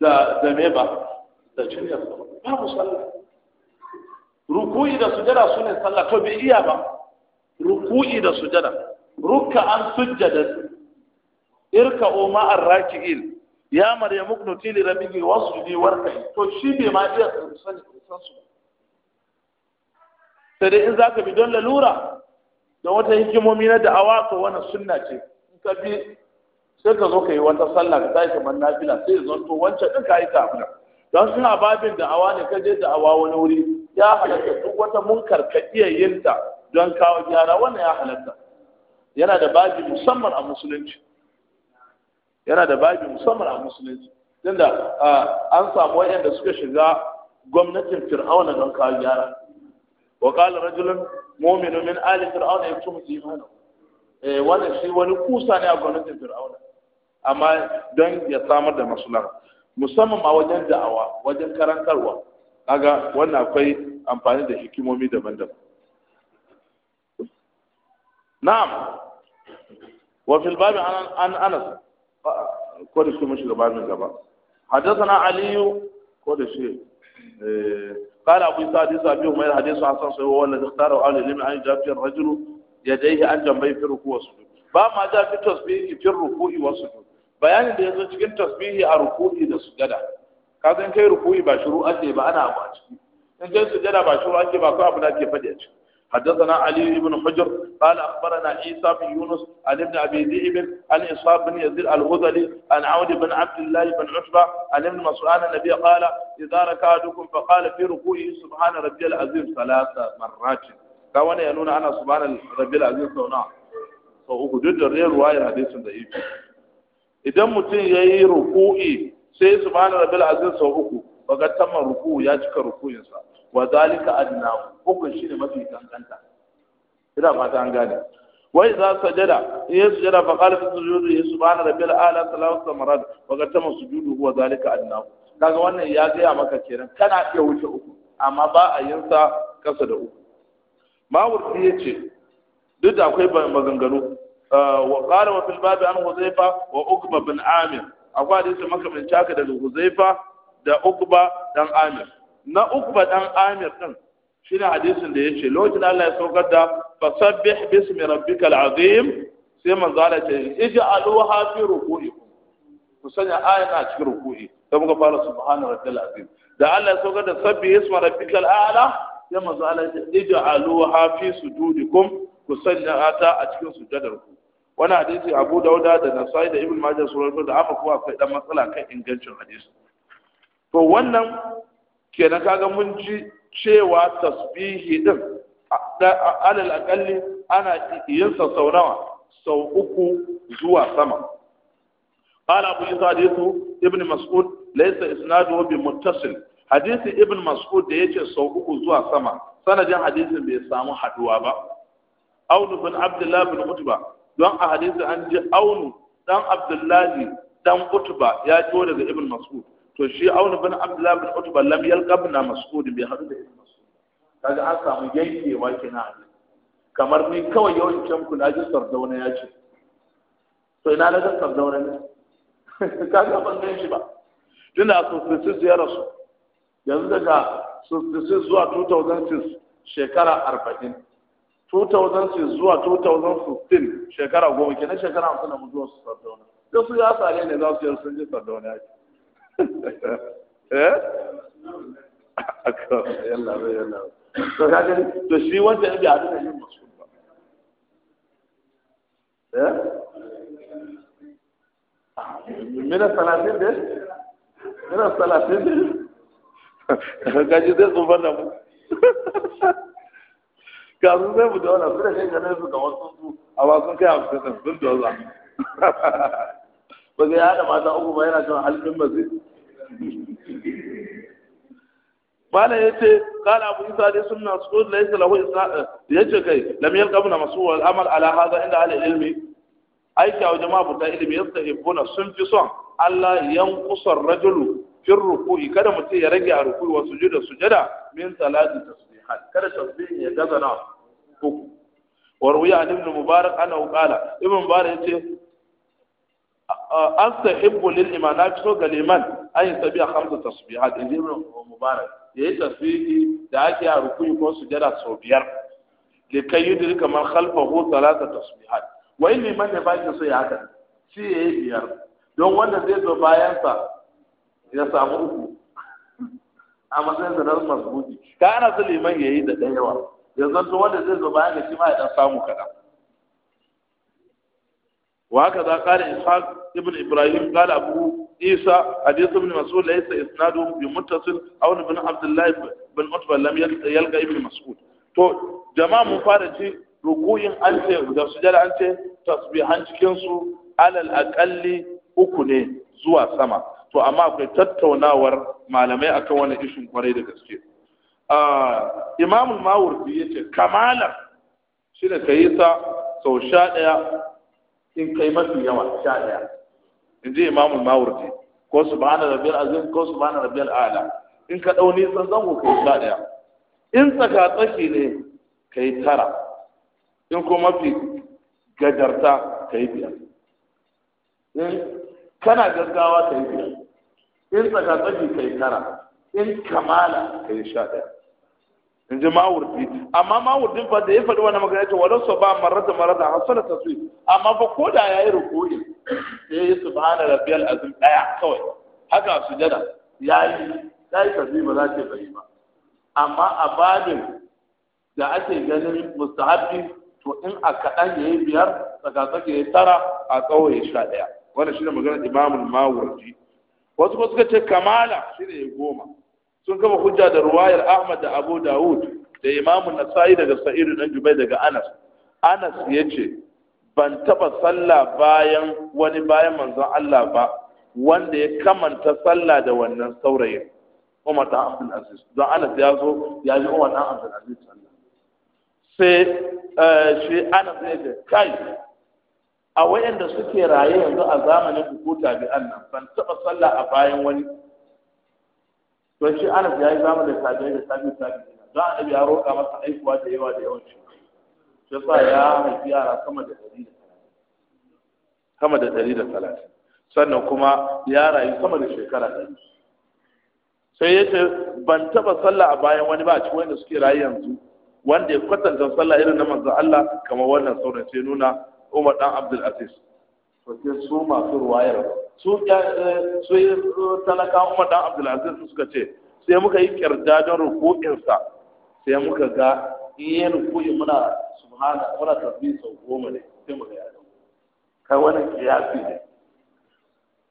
da zame ba da cikinsa babu sallah ruku'i da sujada su ne sallah to bai iya ba ruku'i da sujada rukka an sujjada irka o ma'ar raki'il ya maryamu kunuti li wasu wasjudi warkai to shi bai ma iya sani san su Ta dai in zaka bi don lalura don wata hikimomi na da'awa to wani sunna ce in ka bi sai ka zo ka yi wata sallah ka tashi kamar nafila sai ya zanto wancan din ka yi ta abuna don suna babin da'awa ne ka je da'awa wani wuri ya halatta duk wata munkar ka iya yin ta don kawo gyara wannan ya halatta yana da babi musamman a musulunci yana da babi musamman a musulunci tunda an samu da suka shiga gwamnatin fir'auna don kawo gyara wa kala rajulun mu'minu min ali fir'auna tumu imanu eh wannan shi wani kusa ne a gwamnatin fir'auna amma don ya samar da maslaha musamman ma wajen da'awa wajen karantarwa kaga wannan akwai amfani da hikimomi daban-daban na'am wa fil babi an anas ko da shi mu shiga babin gaba حدثنا علي كل شيء قال ابو سعد أبي أمير حديث حسن صحيح هو الذي اختاره أهل العلم أن يجاب فيه الرجل يديه عن جنبيه في الركوع والسجود باب ما جاء في التسبيح في الركوع والسجود بيان da yazo cikin تسبيح الركوع ruku'i da sujada ka san kai اجي ba shiru ake ba ana abu a ciki in kai sujada ba shiru ake ba حدثنا علي بن حجر قال أخبرنا عيسى بن يونس عن ابن أبي ذئب عن إصحاب بن يزيد الهذلي عن عون بن عبد الله بن عتبة عن ابن مسعود النبي قال إذا ركعتكم فقال في ركوعه سبحان ربي العظيم ثلاث مرات كون ينون أنا سبحان ربي العظيم سونا فأقول دير رواية حديث ضعيف إذا متين يي ركوعي sai subhana rabbil azim sau uku baga tamman ruku ya cika rukuyin sa wa zalika adna hukun shi ne mafi kankanta ina fata an gane wa idza sajada in ya sujada fa qala fi sujudi subhana rabbil a'la wa samarat wa gatama sujudu huwa zalika adna kaga wannan ya gaya maka kenan kana iya wuce uku amma ba a yin sa kasa da uku mawurdi yace duk da akwai maganganu uh, wa qala wa fil babi an huzaifa wa ukba bin amir akwai hadisi makamancin haka daga huzaifa da ukba dan amir na ukba dan amir din shi ne hadisin da ya ce lokacin Allah ya saukar da fasabbih bismi rabbikal azim sai manzo Allah ce ij'aluha fi ruku'ikum ku sanya ayata a cikin ruku'i da muka fara subhana rabbil azim da Allah ya saukar da sabbi isma rabbikal a'la sai manzo Allah ya ce ij'aluha fi sujudikum ku sanya ta a cikin sujadar ku wani hadisi Abu Dauda da Nasa'i da Ibn Majah sun rawaito da aka kuma akwai dan matsala kan ingancin hadisi to wannan kenan kaga mun ji cewa tasbihi din alal akalli ana yin sa sau sau uku zuwa sama قال أبو عيسى Ibn Mas'ud مسعود ليس إسناده بمتصل hadisi Ibn Mas'ud da yace sau uku zuwa sama sanadin hadisin bai samu haduwa ba aunu bin abdullah bin utba don a hadisi an ji aunu dan abdullahi dan utba ya ciwo daga ibn mas'ud to shi auna bin abdullahi bin utba lam yalqabna mas'ud bi hadd da ibn mas'ud kaga an samu yankewa kenan kamar ni kawai yawan can kula ji sardauna ya ce to ina na ga sardauna ne kaga ban gan shi ba tunda a sosai ya rasu yanzu daga sosai zuwa 2006 shekara 40 2006 zuwa 2015 shekara 10 kenan shekara 50 na mu zuwa sardauna da su ya sare ne za su yi sun ji sardauna ya ce Eh? to to shi wanda ya ba eh ah, mina salatin de, mina salatin da ka ji zuwa mu ga sai mu da wannan su da kai ganin su ga wasu su a ba sun kai hamsin sun da ba ga ya da mata uku ba yana cewa halin masjid bala ya ce kala abu isa dai sun su da yasa lahu eh, ya ce kai lam yalka buna masuwar amal ala hada inda ala ilmi aiki a jama'a buta ilmi yasta ibuna sun fi son Allah 'yan kusan rajulu fi ruku'i kada mutum ya rage a ruku'i wa sujuda sujada min salati tasbihat kada tasbihin ya gaza na uku wa ruwiya ibn mubarak ana qala ibn mubarak yace an sahibbu lil iman na fi ga liman an yi sabiya hamsa tasbihat da ibn mubarak ya yi tasbihi da ake a rukuni ko sujada sau biyar da kai yi dirka man ko talata tasbihat wai liman ne ba ki so ya haka shi ya yi biyar don wanda zai zo bayan sa ya samu uku a matsayin sa masu buɗi. ka ana so liman ya yi da ɗayawa ya zanto wanda zai zo bayan da shi ma ya Wa samu kaɗan وهكذا قال إسحاق ابن إبراهيم قال أبو عيسى حديث ابن مسعود ليس إسناده بمتصل أو ابن عبد الله بن عتبة لم يلقى ابن مسعود تو جماعة مفارجة rukuyin an ce da sujada an ce tasbihan cikin su alal akalli uku ne zuwa sama to amma akwai tattaunawar malamai akan wannan ishin kwarai da gaske ah, imamul mawardi yace ce kamala shi da ka yi sa sau sha ɗaya in kai mafi yawa sha ɗaya in ji imamu mawardi ko subhana rabbiyal azim ko subhana rabbiyal a'la in ka dau nisan ku kai sha daya in tsaka tsaki ne kai tara in kuma fi gajarta kai biyar in kana gaggawa kai biyar in tsaka tsaki kai tara in kamala kai sha daya in ji mawurdi amma mawurdin fa da ya faɗi wani magana ta walau so ba marar da da marrata hasala tasbih amma fa ko da ya yi yi su ba na rabbiyal azin ɗaya kawai haka su ya yi ta yi tasbih ba za ta yi ba amma a babin da ake ganin mustahabbi to in a kaɗan ya yi biyar tsakatsaki ya tara a tsawo ya sha ɗaya wannan ne magana imamun mawurti. wasu ko suka ce kamala ne ya goma sun kama hujja da ruwayar Ahmad da Abu Dawud da Imam Nasa'i daga Sa'id dan Jubair daga Anas Anas yace ban taba sallah bayan wani bayan manzon Allah ba wanda ya kamanta sallah da wannan saurayin Umar da Abdul Aziz da Anas ya zo ya ji Umar da Abdul Aziz sallah sai eh, shi Anas ya ce kai a wayanda suke raye yanzu a zamanin hukuta bi Allah ban taba sallah a bayan wani to shi anas ya yi zama da sabi da sabi Za a annabi ya roƙa masa aikuwa da yawa da yawan shi shi sa ya haifi yara sama da ɗari da sama da ɗari da talatin sannan kuma ya rayu sama da shekara ɗari sai ya ce ban taɓa sallah a bayan wani ba a cikin wanda suke rayu yanzu wanda ya kwatanta sallah irin na manzon Allah kamar wannan sauran sai nuna Umar dan Abdul Aziz sai su masu ruwayar su su talaka Umar dan Abdulaziz suka ce sai muka yi don rukuninsa sai muka ga iya rukunin muna subhana muna tafi sau goma ne sai muka yi kai wani kiyasi ne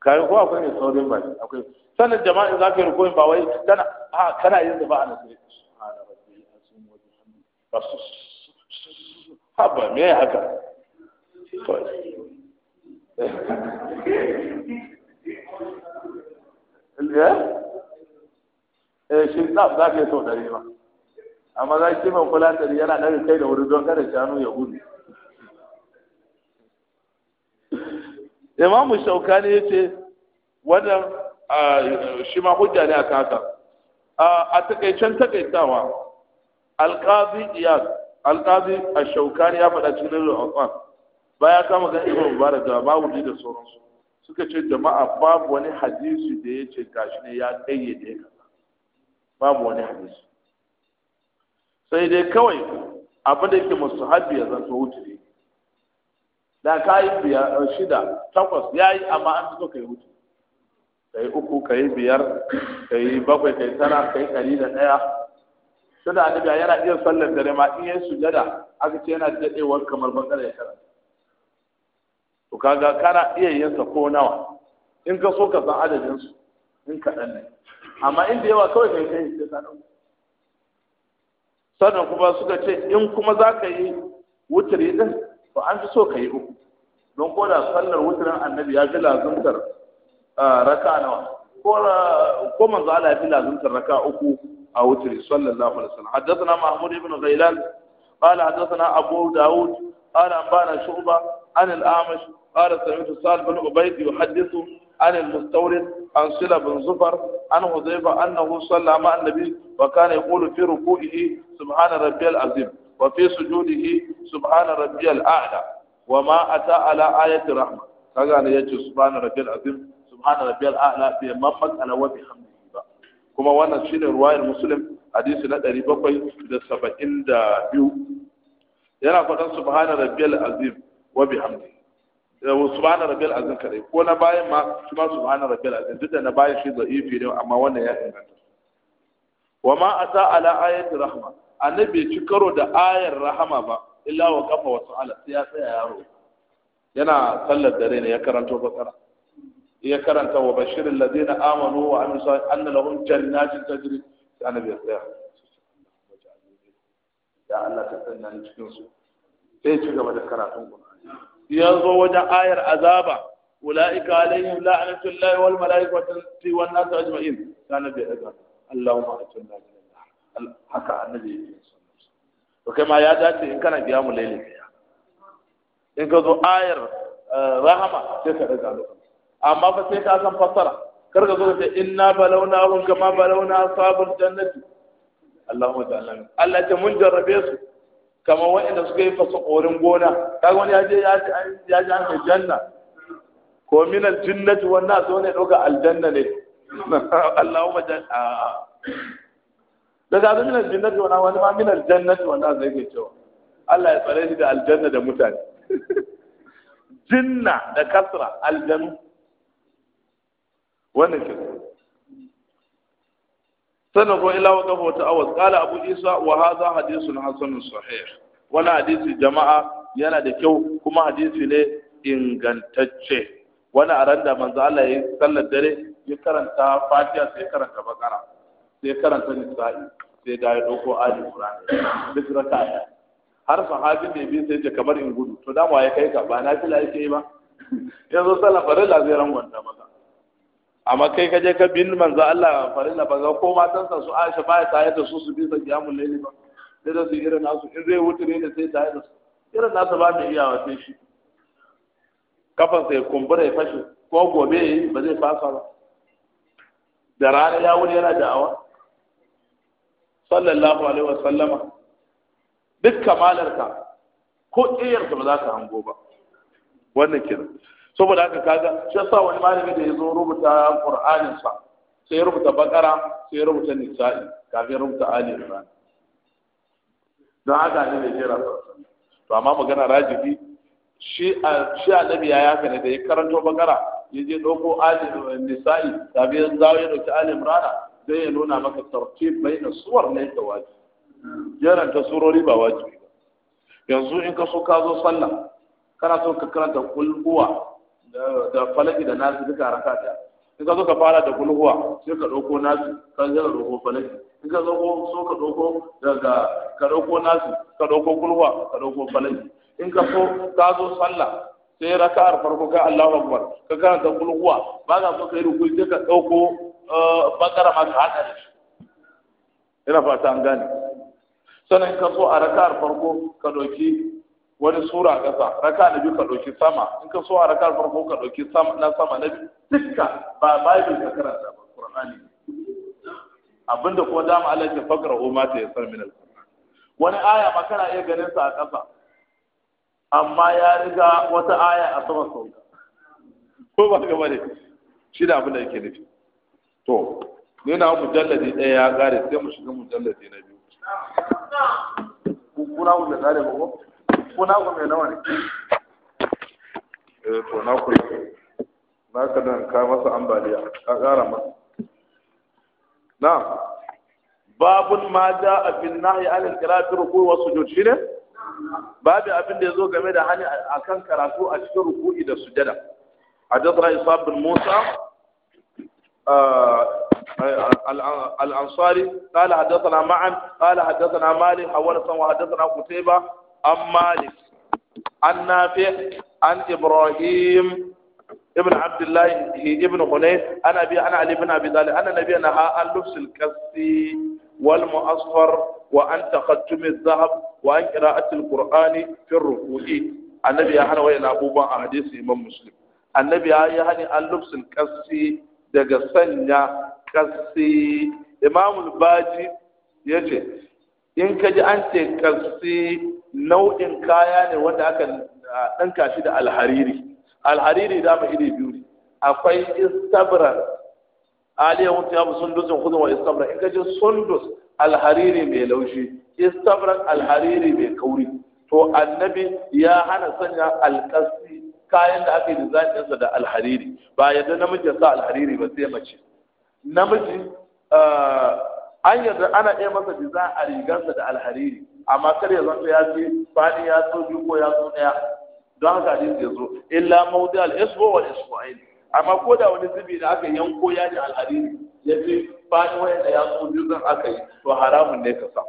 kai ko akwai ne saurin ba akwai sannan jama'a za ka yi rukunin ba wai kana a kana yin da ba ana sai subhana rabbil azim wa bihamdi haba me haka eh shi za ka yi sau ɗari ma amma za ki man kula yana ɗaga kai da wuri don kada shanu ya gudu imamu shaukani ce wannan shi ma a kaka a takaicen takaitawa alƙazi iyas alƙazi a shaukani ya faɗa cikin rurrun baya kama ga ibn mubarak da mawudi da sauransu suka ce jama'a babu wani hadisi da ya ce gashi ne ya kayyade kaza babu wani hadisi sai dai kawai abu da yake musu habbi ya zanto ne. da ka yi biyar shida takwas ya yi amma an fito kai wuce kai uku kai biyar kai bakwai kai tara kai ɗari da ɗaya suna annabi yana iya sallar dare ma in yi sujada aka ce yana daɗewar kamar bangare ya karanta to kaga kana iya yin sa ko nawa in ka so ka san adadin su in kaɗan ne amma in da yawa kawai kai kai sai ka ɗauka sannan kuma suka ce in kuma za ka yi wuturi din to an fi so ka yi uku don ko da sallar wuturin annabi ya fi lazumtar raka nawa ko ko manzo Allah ya fi lazumtar raka uku a wuturi sallallahu alaihi wasallam haddathana mahmud ibn ghailan قال حدثنا أبو داود قال أنبانا شعبة عن الأعمش قال سمعت سعد بن عبيد يحدث عن المستورد عن سلة بن زفر عن حذيفة أنه صلى مع النبي وكان يقول في ركوعه سبحان ربي العظيم وفي سجوده سبحان ربي الأعلى وما أتى على آية رحمة كان يجي سبحان ربي العظيم سبحان ربي الأعلى بمفت على وبحمده kuma wannan shine ruwayar muslim hadisi na 772 yana faɗan subhana rabbiyal azim wa bihamdi subhana rabbil azim kare, ko na bayan ma kuma subhana rabbil azim duk da na bayan shi ifi ne amma wannan ya inganta wa ma ata ala ayati rahma annabi ci karo da ayar rahama ba illa wa kafa wa sala sai ya tsaya yaro yana sallar dare ne ya karanto bakara ya karanta wa bashirin ladina amanu wa amilu salih anna lahum jannatin tajri sai annabi ya tsaya ya Allah ta sanna cikin su sai ci gaba da karatun Qur'ani ينظر وجه آير عذابا أولئك عليهم لعنة الله والملائكة والناس أجمعين كان بأذى اللهم أجمع الله حكى النبي صلى الله عليه وسلم وكما يادات إن كان قيام الليل إن كان آير آه، رحمة تسأل ذلك أما فسيك أسم فصرة كرغة ذلك إنا بلوناهم كما بلونا أصحاب الجنة اللهم اجعلنا الله تمنجر بيسر kama waɗanda suka yi fasakorin gona kaga wani ya je ya ji an janna ko min aljinnati wan nas wani ɗauka aljanna ne Allahumma jan a da ga min aljinnati wan wani ma min jannati wan nas zai cewa Allah ya tsare shi da aljanna da mutane jinna da kasra aljanu wannan kenan sannan kuma ila wa kafa ta awas qala abu isa wa hadha hadithun hasanun sahih Wani hadisi jama'a yana da kyau kuma hadisi ne ingantacce wani a randa manzo Allah ya sallar dare ya karanta fatiha sai karanta bakara sai karanta nisa'i sai da ya dauko ali qur'an duk raka'a har sahabi ne bi sai ya kamar in gudu to da ya kai ka ba na fila yake ba yanzu sallar farilla zai rangonta maka amma kai ka je ka bin manzo Allah farilla ba ga ko sa su Aisha ba ta yadda su su bi sa kiyamul ne ba sai da su irin nasu in zai wuce ne da sai ta yadda su irin nasu ba mai iyawa sai shi kafan sai kumbura ya fashe ko gobe ba zai fasa ba da rana ya wuri yana da'awa sallallahu alaihi wa sallama duk kamalarka ko iyarka ba za ka hango ba wannan kenan saboda haka kaga shi yasa wani malami da ya zo rubuta qur'anin sa sai ya rubuta bakara sai ya rubuta nisa'i kafin rubuta ali imran don haka ne da jira to amma magana rajibi shi shi annabi ya yaka ne da ya karanto bakara ya je dauko ali nisa'i kafin zawo ya dauki ali imran sai ya nuna maka tartib baina suwar ne da wajibi ta surori ba wajibi ba yanzu in ka so ka zo sallah kana so ka karanta kulhuwa da falaki da nasu duka raka ɗaya in ka zo ka fara da gulhuwa sai ka ɗauko nasu ka zai ka ɗauko falaki in ka zo so ka ɗauko daga ka ɗauko nasu ka ɗauko gulhuwa ka ɗauko falaki in ka so ka zo sallah sai raka'ar farko ka Allahu akbar ka karanta gulhuwa ba ka so kai rukui sai ka ɗauko eh, bakara ma ka haɗa da shi ina fata an gane sannan in ka so a raka'ar farko ka ɗauki wani sura ƙasa raka na biyu ka ɗauki sama in ka so a raka farko ka ɗauki sama na sama na biyu dukka ba bible ka karanta ba qur'ani abinda kuma dama Allah ya fakara o ta yasar min al-qur'an wani aya ma kana iya ganin sa a ƙasa amma ya riga wata aya a sama sau ko ba ga bane shi da abin da yake nufi to ne na mujalladi ɗaya ya gare sai mu shiga mujalladi na biyu kuna mu da gare ba ko ko na ku mai nawa ne eh to na ku na ka dan ka masa ambaliya ka ƙara masa na babun ma da abin nahi alil qira'ati ruku wa sujud shine babu abin da yazo game da hali akan karatu a cikin ruku'i da sujada حدثنا إصاب بن موسى الأنصاري قال حدثنا معا قال حدثنا مالك حول وحدثنا قتيبة an an nafi an ibrahim ibn abdullahi ibn hunayf an abi an ali ibn abi talib anna nabiyana ha an lubs al wal mu'asfar wa an taqaddum al wa an qira'at al qur'ani fi al ruku'i annabi ya hana wayan abubuwan a hadisi imam muslim annabi ya yi an daga sanya kasfi Imamul Baji ya yace in kaji an ce kasfi nau'in kaya ne wanda aka ɗanka shi da alhariri alhariri da mu iri biyu ne akwai istabran aliyah wata ya sundusin hudun wa istabran in kaji sundus alhariri mai laushi istabran alhariri mai kauri to annabi ya hana sanya alƙasi kayan da aka yi design da alhariri ba yadda namiji ya sa alhariri ba sai mace namiji an yadda ana iya masa design a rigarsa da alhariri amma kar ya zanto ya ce fadi ya so ko ya so daya don haka hadisi ya zo illa mawdi al isbu wal isbu'ain amma ko da wani zubi da aka yanko ya ji al hadisi ya ce fadi wanda ya so biyu zan aka yi to haramun ne ka sa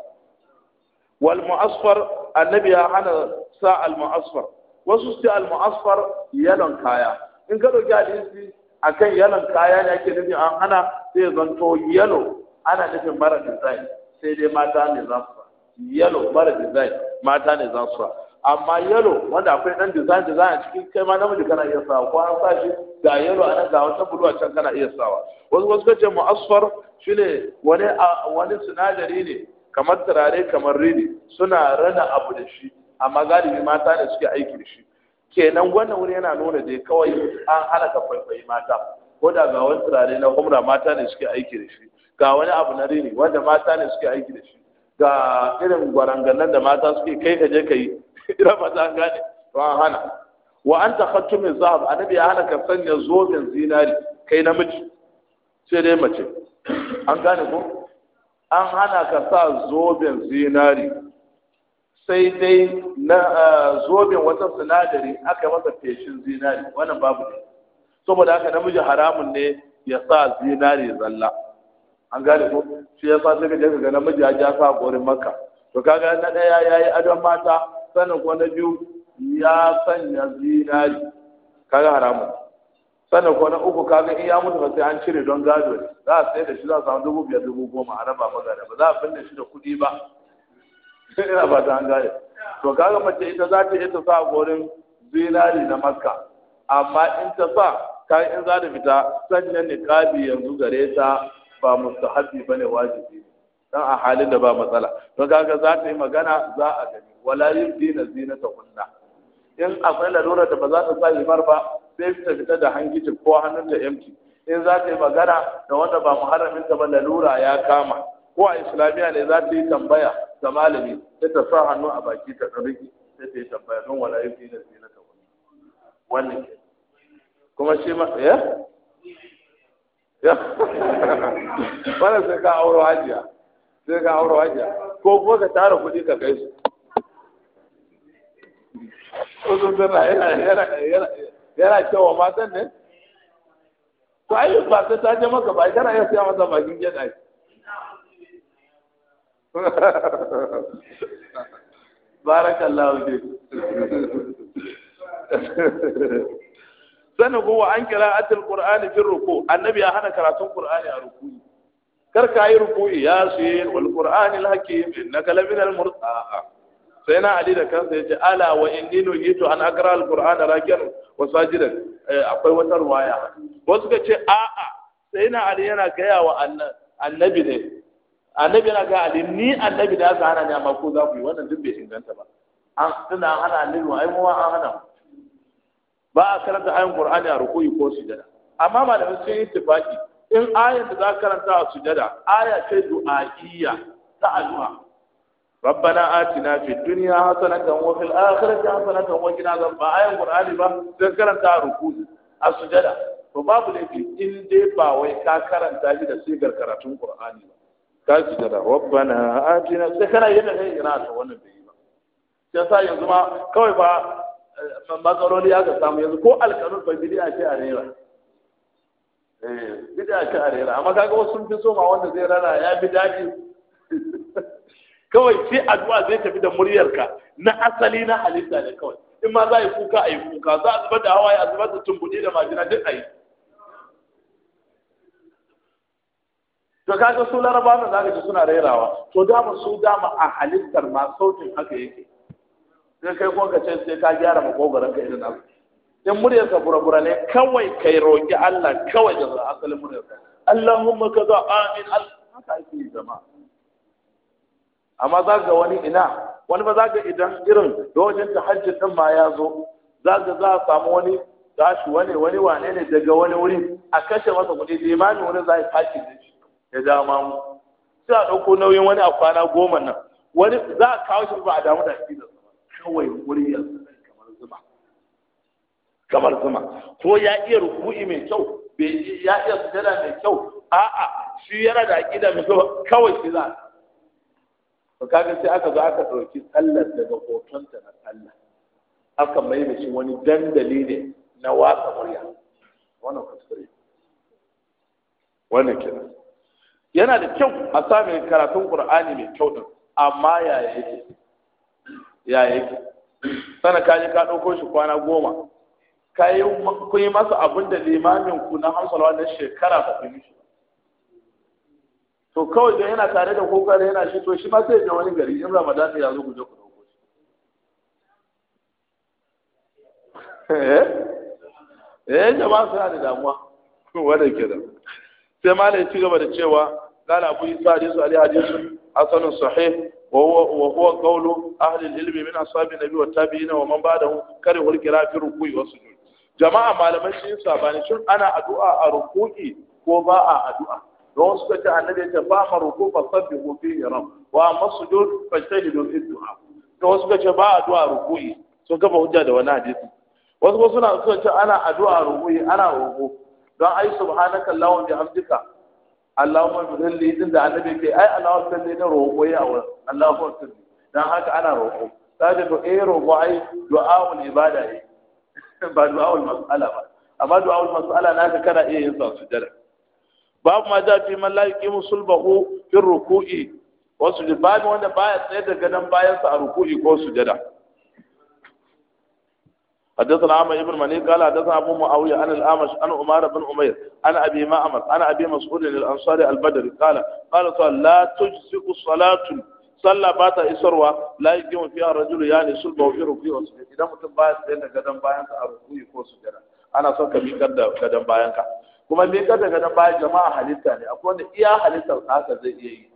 wal mu'asfar annabi ya hana sa al mu'asfar wasu su al mu'asfar yalon kaya in ka dauki hadisi akan yalon kaya ne ake nufi an hana sai zanto yalo ana nufin mara design sai dai mata ne za su yalo mara design mata ne za su sa amma yalo wanda akwai dan design design a cikin kai ma namiji kana iya sawa ko an sa shi ga a anan ga wata bulu a can kana iya sawa wasu wasu kace mu asfar shine wani wani sinadari ne kamar turare kamar rini suna rana abu da shi amma galibi mata ne suke aiki da shi kenan wannan wuri yana nuna dai kawai an halaka kwaikwayi mata ko da ga wani turare na humra mata ne suke aiki da shi ga wani abu na rini wanda mata ne suke aiki da shi ga irin gwarangannan da mata suke kai ka je ka yi ina ba ta gane to an hana wa an takhattu min zahab annabi ya hana ka sanya zoben zinari kai namiji sai dai mace an gane ko an hana ka sa zoben zinari sai dai na zoben wata sinadari aka masa feshin zinari wannan babu ne saboda haka namiji haramun ne ya sa zinari zalla an gane ko shi ya fasa ga je ganin namiji ya sa gorin makka to kaga na daya yi adon mata sannan ko na biyu ya sanya zinari kaga haramun sannan ko na uku kaga in ya mutu ba sai an cire don gado ne za a sai da shi za a samu dubu biyar dubu goma a raba magana ba za a binne shi da kuɗi ba ina ba ta an gane to kaga mace ita za ta ita sa gorin zinari na makka amma in ta sa kai in za ta fita sanya niqabi yanzu gare ta ba mustahabi bane wajibi dan a halin da ba matsala to kaga za ta yi magana za a gani wala zina zinata kunna in akwai lalura da ba za ta sa mar ba sai ta fita da hankicin ko hannun da yamci. in za ta yi magana da wanda ba muharramin ta ba lalura ya kama ko a islamiya ne za ta yi tambaya ga malami sai ta sa hannu a baki ta tsarki sai ta yi tambaya don wala zina zinata kunna wannan kuma shi ma ya. Eh? wala sai ka auro hajiya sai ka auro hajiya ko kuma ka tara kuɗi ka kai su sun tana yana cewa matan ne to ayi ba ta ta je maka ba kana iya siya masa bakin gida barakallahu fik Sani kuwa an kira atil qur'ani fi ruku annabi ya hana karatun qur'ani a ruku kar ka yi ruku ya sayyid wal qur'ani al hakim innaka la min al sai na ali da kansa yace ala wa inni nuhitu an aqra al qur'ana rakian wa sajidan eh, akwai wata ruwaya wasu ka ce a'a sai na ali yana gaya wa annabi ne annabi yana ga ali ni annabi da ka hana ni amma ko za ku yi wannan duk bai inganta ba an tuna hana ruwa ai mu an hana mu ba a karanta ayan qur'ani a ruku'i ko sujada amma malamin sun yi tafaki in ayan da za ka karanta a sujada aya ce du'a'iyya ta addu'a rabbana atina fid dunya hasanatan wa fil akhirati hasanatan wa qina adhaban ayan qur'ani ba sai karanta a ruku'i a sujada to babu laifi in dai ba wai ka karanta shi da sigar karatun qur'ani ba ka sujada rabbana atina sai kana yin da kai ina ta wannan yi ba sai sa yanzu ma kawai ba matsaloli aka samu yanzu ko alkanun bai bidiya ce a rera eh, bidiya ce a rera amma kaga wasu sun fi so ma wanda zai rana ya bi daɗi kawai sai addu'a zai tafi da muryarka na asali na halitta ne kawai in ma za a yi kuka a yi kuka za a zubar da hawaye a zubar da tumbuɗe da majina duk a yi to kaga su laraba za zaka ji suna rerawa to dama su dama a halittar ma sautin haka yake sai kai ko ka ce sai ka gyara makogaran ka idan nasu in muryar ka burabura ne kawai kai roƙi Allah kawai da za asalin muryar ka Allahumma kaza amin Allah haka ake yi zama amma za ga wani ina wani ba za ga idan irin lokacin hajji din ma ya zo za ga za a samu wani gashi wani wani wane ne daga wani wuri a kashe masa kuɗi limamin wani za a yi fashi da shi ya ja mamu sai a ɗauko nauyin wani a kwana goma nan wani za a kawo shi ba a damu da shi da kawai muryar kamar zuma kamar zuma ko ya iya ruku'i mai kyau bai ya iya sujada mai kyau a'a shi yana da aqida mai kyau kawai shi za to kaga sai aka zo aka dauki sallar daga hotonta na sallah aka mai shi wani dandali ne na watsa murya wannan kuskure wannan kenan yana da kyau a sami karatun qur'ani mai kyau din amma yaya yake ya yake sana ka je ka ɗauko shi kwana goma ka yi kun yi masa abin da limamin ku na hamsalwa na shekara ba ku yi shi to kawai da yana tare da kuka da yana shi to shi ma sai ya wani gari in ramadan ya zo ku je ku ɗauko shi eh eh jama'a suna da damuwa wanda ke da sai malai ci gaba da cewa قال أبو يسار يسأل حديث حسن صحيح Wa وهو وهو قول اهل العلم من اصحاب النبي والتابعين ومن kare كره القراءه في الركوع والسجود Jama'a malaman sun sabani shin ana addu'a a ruku'i ko ba a addu'a don wasu kace annabi yace ba ma ruku fa sabbihu fihi rabb wa ma sujud fajtahidu fi du'a don wasu ce ba addu'a ruku'i sun kafa hujja da wani hadisi wasu suna suka ce ana addu'a ruku'i ana ruku don ai subhanaka allahumma bihamdika Allahumma salli din da annabi ke ai Allahumma salli na roƙo ya wa Allahumma salli dan haka ana roƙo sai to eh roƙo ai du'aul ibada ne ba du'aul mas'ala ba amma du'aul mas'ala ka kana iya yin sa sujada babu ma ja fi man la yuqimu sulbahu fi ruku'i wa sujud babu wanda baya tsaye da gadan bayan sa a ruku'i ko sujada حدثنا عمرو بن مني قال حدثنا ابو معاويه عن الامش عن عمار بن عمير عن أبي معمر عن أبي مسعود الأنصاري البدري قال قال صلى لا تجزئ صلاة صلى بات إسروا لا يقيم فيها الرجل يعني صلب وفي ركوع وسجد إذا متم بايت لأن قدم بايت أركوع وسجد أنا صلى بيكر قدم بايت kuma me kada gadan bayan jama'a halitta ne akwai wanda iya halittar haka zai iya yi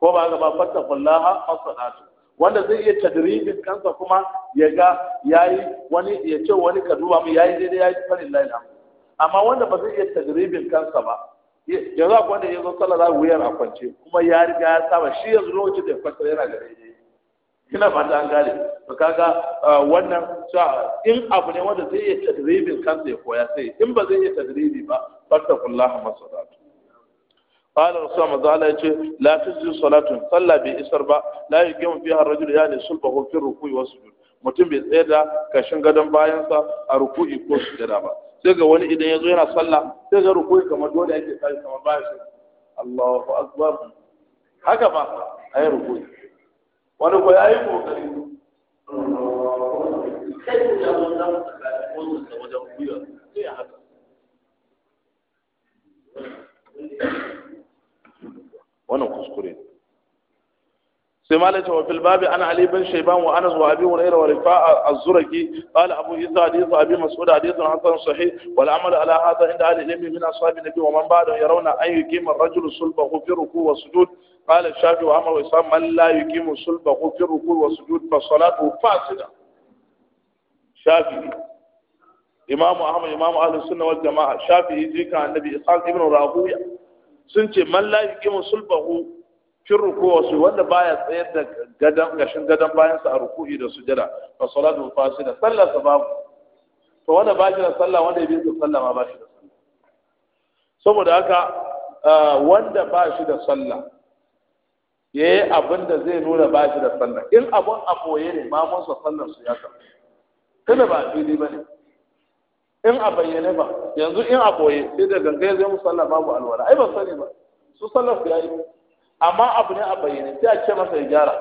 ko ba ga ba fatta kullaha fasalatu wanda zai iya tadribin kansa kuma ya ga yayi wani ya ce wani ka duba mu yayi daidai yayi farin lillahi amma wanda ba zai iya tagribin kansa ba yanzu akwai wanda ya zo sallah za wuyar a kwance kuma ya riga ya saba shi yanzu lokacin da ya kwanta yana da daidai ina fata an gane to kaga wannan in abu ne wanda zai iya tajribin kansa ya koya sai in ba zai iya tajribi ba kullahu masadatu قال رسول الله صلى الله عليه وسلم لا تجزي صلاة صلى بإسر با لا يقيم فيها الرجل يعني صلبه في الركوع والسجود mutum bai tsaye da باينسا gadon bayansa a ruku'i ko ba Daga wani idan ya zo yana sallah sai ga rukui kamar dole yake sai kamar ba shi Allahu akbar haka ba ayi rukui wani ko yayi kokari sai ya zo da wannan da wajen kuya sai haka wannan kuskure sai malaka wa fil babi ana ali bin shaiban wa anas wa abi hurairah wa rifa'a az-zuraki qala abu isa hadith abi mas'ud hadith hasan sahih wal amal ala hadha inda ahli ilmi min ashabi nabi wa man ba'da yarawna an yuqima ar-rajulu sulbahu fi ruku' wa sujud قال الشافعي وعمر وإسلام من لا يقيم صلبه في الركوع والسجود فصلاته فاسدة Shafi imamu ahmad imamu ahlus sunna wal jamaa shafi'i jika annabi ishaq ibn rahuya sun ce man la yuqimu sulbahu fi rukuwa su wanda baya tsayar da gadan gashin gadan bayan sa a ruku'i da sujada fa salatu fasida sallar sa babu to wanda ba shi da sallah wanda ya bi da sallah ma ba shi da sallah saboda haka wanda ba shi da sallah ya yi abin da zai nuna ba shi da sallah in abin a koye ne ma sa sallar su ya karɓi kada ba a fili ba ne in a bayyane ba yanzu in a koye sai da gangaye zai mu sallah babu alwala ai ba sani ba su sallar su ya yi amma abu ne a bayyana sai a ce masa ya gyara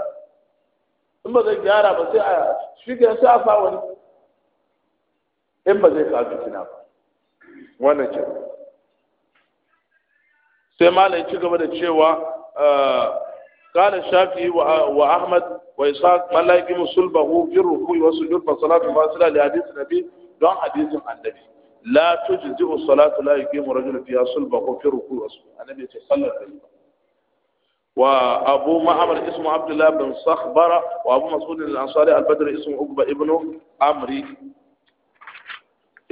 in ba zai gyara ba sai a shi sai a fa wani in ba zai kawo fitina ba wannan ke sai malai ci gaba da cewa قال الشافعي وأحمد وإسحاق من لا يقيم صلبه في الركوع والسجود فصلاة فاصلة لحديث النبي دون حديث النبي لا تجزئ الصلاة لا يقيم رجل فيها صلبه في الركوع والسجود النبي صلى الله عليه وسلم وأبو معمر اسمه عبد الله بن صخبرة وأبو مسعود الأنصاري البدر اسمه عقبة ابن عمري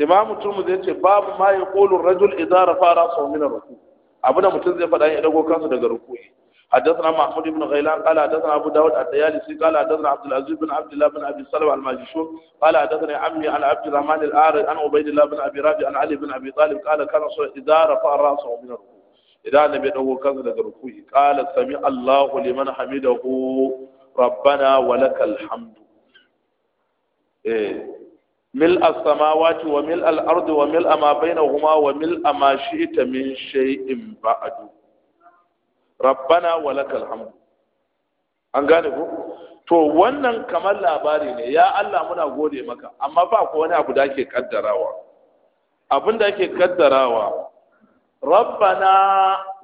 إمام الترمذي باب ما يقول الرجل إذا رفع رأسه من الركوع أبونا متنزل فلا يدعو كاسة دقى ركوعه حدثنا محمود بن غيلان قال حدثنا ابو داود الديالسي قال حدثنا عبد العزيز بن عبد الله بن ابي سلمة الماجشون قال حدثنا عمي عن عبد الرحمن الاعرج عن عبيد الله بن ابي رافع عن علي بن ابي طالب قال كان اذا رفع راسه من الركوع idan annabi ya dago kansa daga ruku'i qala sami Allahu liman hamidahu rabbana walakal lakal hamdu eh mil as-samawati wa mil al-ardi wa mil ma bainahuma wa mil ma shi'ta min shay'in ba'du rabbana walakal lakal hamdu an gane ko to wannan kamar labari ne ya Allah muna gode maka amma ba ko wani abu da ake kaddarawa abin da ake kaddarawa rabbana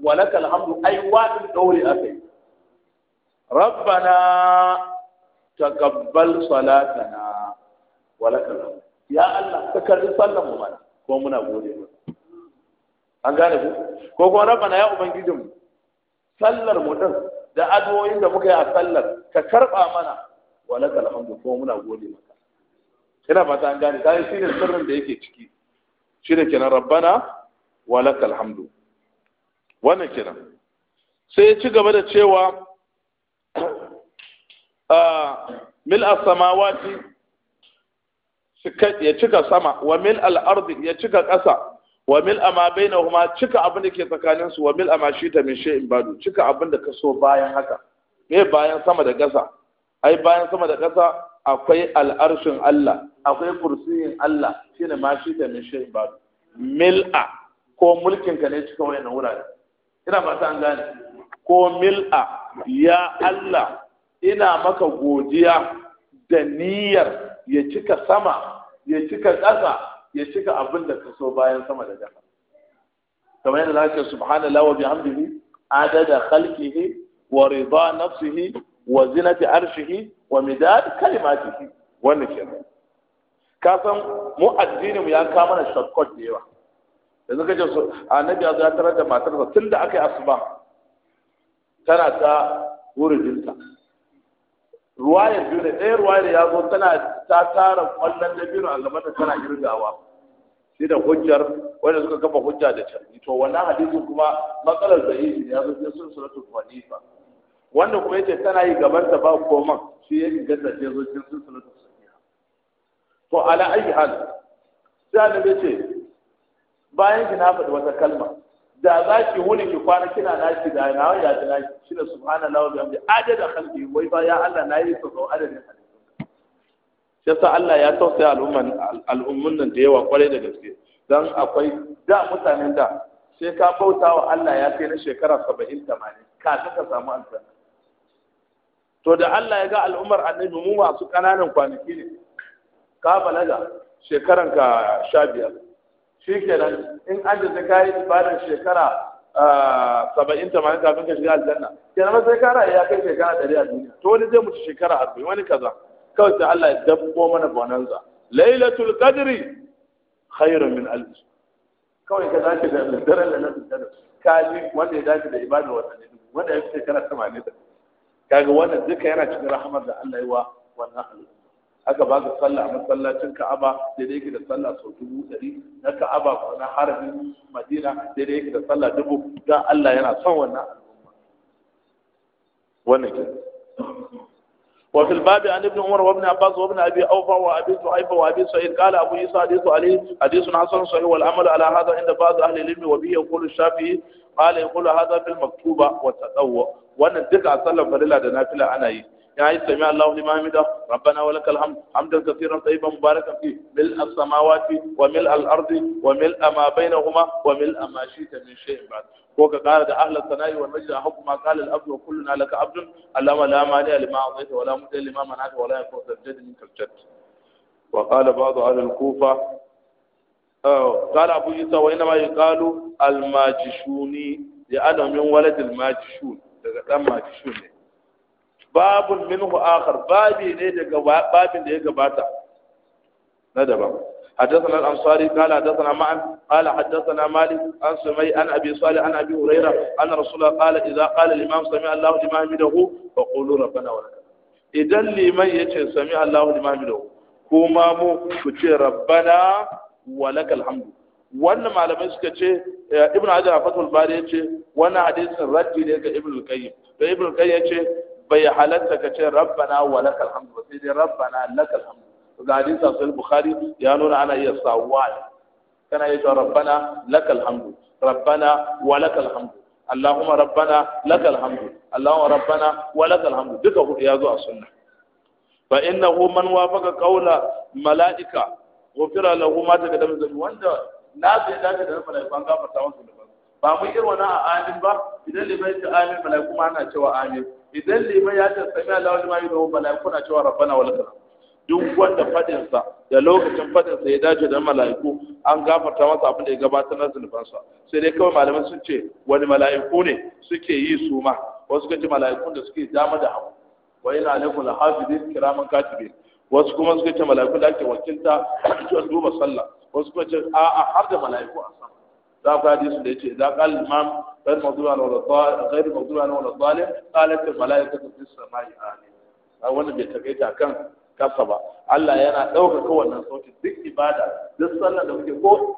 walakal hamdu ai wadin daure akai rabbana taqabbal salatana walakal hamdu ya Allah ka karbi sallar mu mana ko muna gode maka an gane ku ko kuma rabbana ya ubangijinmu sallar mu din da addu'o'in da muka yi a sallar ka karba mana walakal hamdu ko muna gode maka ina fata an gane kai shine sirrin da yake ciki shine kenan rabbana walaka alhamdu. wannan kira sai ya ci gaba da cewa ah, mil as-samawati ya cika sama wa mil al'arbi ya cika ƙasa wa mil na kuma cika abin da ke tsakaninsu, wa mil mashi ta min in badu cika abin da ka so bayan haka me bayan sama da ƙasa ai bayan sama da ƙasa akwai al'arshin Allah akwai kursiyin Allah shine ma ta min shay'in badu a. ko mulkin ka ne cikin wayannan wurare ina ba an gane ko mil'a ya Allah ina maka godiya da niyyar ya cika sama ya cika ƙasa ya cika abin da ka so bayan sama da ƙasa kamar yadda zaka subhanallahi wa bihamdihi adada khalqihi wa rida nafsihi wa zinati arshihi wa midad kalimatihi wannan kenan ka san mu addinin mu ya kama mana shortcut da yawa yanzu su. A annabi ya ya tarar da tun tunda aka yi asuba tana ta wuridinta ruwayar biyu ne ɗaya ruwayar ya zo tana ta tara kwallon da biyu a gaban da tana girgawa sai da hujjar wanda suka kafa hujja da can to wannan hadisin kuma matsalar da yi ne ya zo sai sun suratul hanifa wanda kuma yace tana yi gaban ta ba koman shi ya inganta ce zo cikin sun suratul sahiha to ala ayi hal sai annabi ce bayan ki na faɗi wata kalma da za ki wuni ki kwana kina naki da na ya ji naki shi da subhanallahi wa bihamdi adada khalqi wai ba ya Allah na yi sau adadin halittu shi yasa Allah ya tausa al'umman al'ummun nan da yawa kwarai da gaske dan akwai da mutanen da sai ka bauta wa Allah ya kai na shekara 70 80 kafin ka samu aljanna to da Allah ya ga al'ummar annabi mu masu kananan kwanaki ne ka balaga shekaranka biyar. shi kenan in an da ka yi ibadar shekara saba'in tamanin kafin ka shiga aljanna kenan ba sai kara ya kai shekara ɗari a duniya to wani zai mutu shekara arba'in wani kaza kawai sai Allah ya dabbo mana bonanza lailatul qadri khairun min alf kawai ka dace da daren da na ka ji wanda ya dace da ibadar wannan wanda ya fi shekara 80 kaga wannan duka yana cikin rahamar da Allah ya wa wannan halitta aka ba ka sallah a masallacin Ka'aba daidai yake da sallah sau dubu ɗari na Ka'aba ko na haramin Madina daidai yake da sallah dubu ga Allah yana son wannan wannan ke وفي الباب عن ابن عمر وابن عباس وابن ابي اوفى وابي طائفه وابي سعيد قال ابو عيسى حديث عليه حديث حسن صحيح والعمل على هذا عند بعض اهل العلم وبه يقول الشافعي قال يقول هذا في المكتوبه والتطوع وان الدفع صلى فريلا da nafila ana yi يا أي سمع الله لما حمده ربنا ولك الحمد حمدا كثيرا طيبا مباركا فيه ملء السماوات وملء الأرض وملء ما بينهما وملء ما شئت من شيء بعد وكقال أهل الثناء والمجد أحب ما قال الأب وكلنا لك عبد اللهم لا مانع لما أعطيت ولا مدع لما منعت ولا يكون الجد منك الجد وقال بعض أهل الكوفة أوه. قال أبو يوسف وإنما يقال الماجشوني لأنه من ولد الماجشون daga ɗan majishun ne babun minhu akhar babi ne daga babin da ya gabata na daban حدثنا الأنصاري قال حدثنا معا قال حدثنا مالك عن سمي عن أبي صالح عن أبي هريرة أن رسول الله قال إذا قال الإمام سمع الله لمن حمده فقولوا ربنا ولك إذا لمن يتي سمع الله لمن حمده كما مو كتي ربنا ولك الحمد wannan malamai suka ce ibn hajar a fatul bari ya ce wannan hadisin raddi ne ga ibn al-qayyim da ibn al-qayyim ya ce bai halatta ka ce rabbana wa lakal hamdu ba sai dai rabbana lakal hamdu ga hadisi sahih bukhari ya nuna ana iya sawwa kana iya cewa rabbana lakal hamdu rabbana wa lakal hamdu allahumma rabbana lakal hamdu allahumma rabbana wa lakal hamdu duka hudu ya zo a sunna fa innahu man wafaqa qawla malaika ghufira lahu ma taqaddama min dhanbi wanda na sai da da malaikan gafarta masa da ba mu irin wani a amin ba idan libai ta amin malaiku kuma ana cewa amin idan liman ya ce sami Allah wani mai domin mala'iku na cewa rabbana wal kana duk wanda fadinsa da lokacin fadinsa ya dace da mala'iku an gafarta masa abin da ya gabatar na zulfan sai dai kawai malaman sun ce wani mala'iku ne suke yi su ma wasu ce mala'ikun da suke dama da hagu wa ina alaikum la hafizin kiraman katibin wasu kuma suka ce mala'iku da ake wakilta don duba sallah wasu kuma ce a'a har da mala'iku a sama za ku hadisu da ya ce idan qal imam غير مغضوب عليهم ولا غير مغضوب عليهم ولا الضالين قالت الملائكه في السماء آمين wannan bai takaita kan kasa ba Allah yana ɗaukaka wannan sautin duk ibada duk sallah da muke ko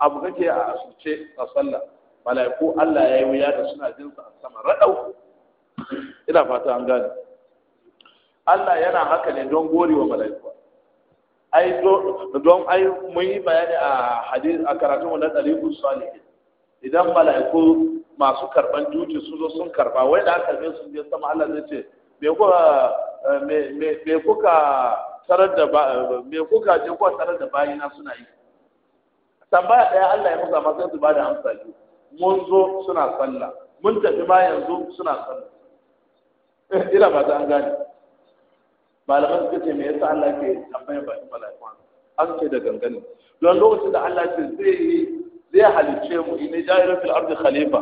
abu kake a asuce a sallah malaiku Allah ya yi wuya da suna jin sa a sama radau ina fata an gane Allah yana haka ne don wa malaiku ai don ai mun yi bayani a hadis a karatun wannan dalilu salihin idan mala'iku masu karban duti su zo sun karba wai da aka karbe su je sama Allah zai ce me kuka eh, me kuka tarar da eh, me kuka je kuka tarar da bayina suna yi tambaya daya Allah ya musa masa su bada amsa ji mun zo suna sallah mun tafi ma yanzu suna sallah ila ba an gane malaman suka ce me yasa Allah ke tambayar ba mala'iku an ce da ganganin don lokacin da Allah ce zai yi zai halice mu in ja ila fil ardi khalifa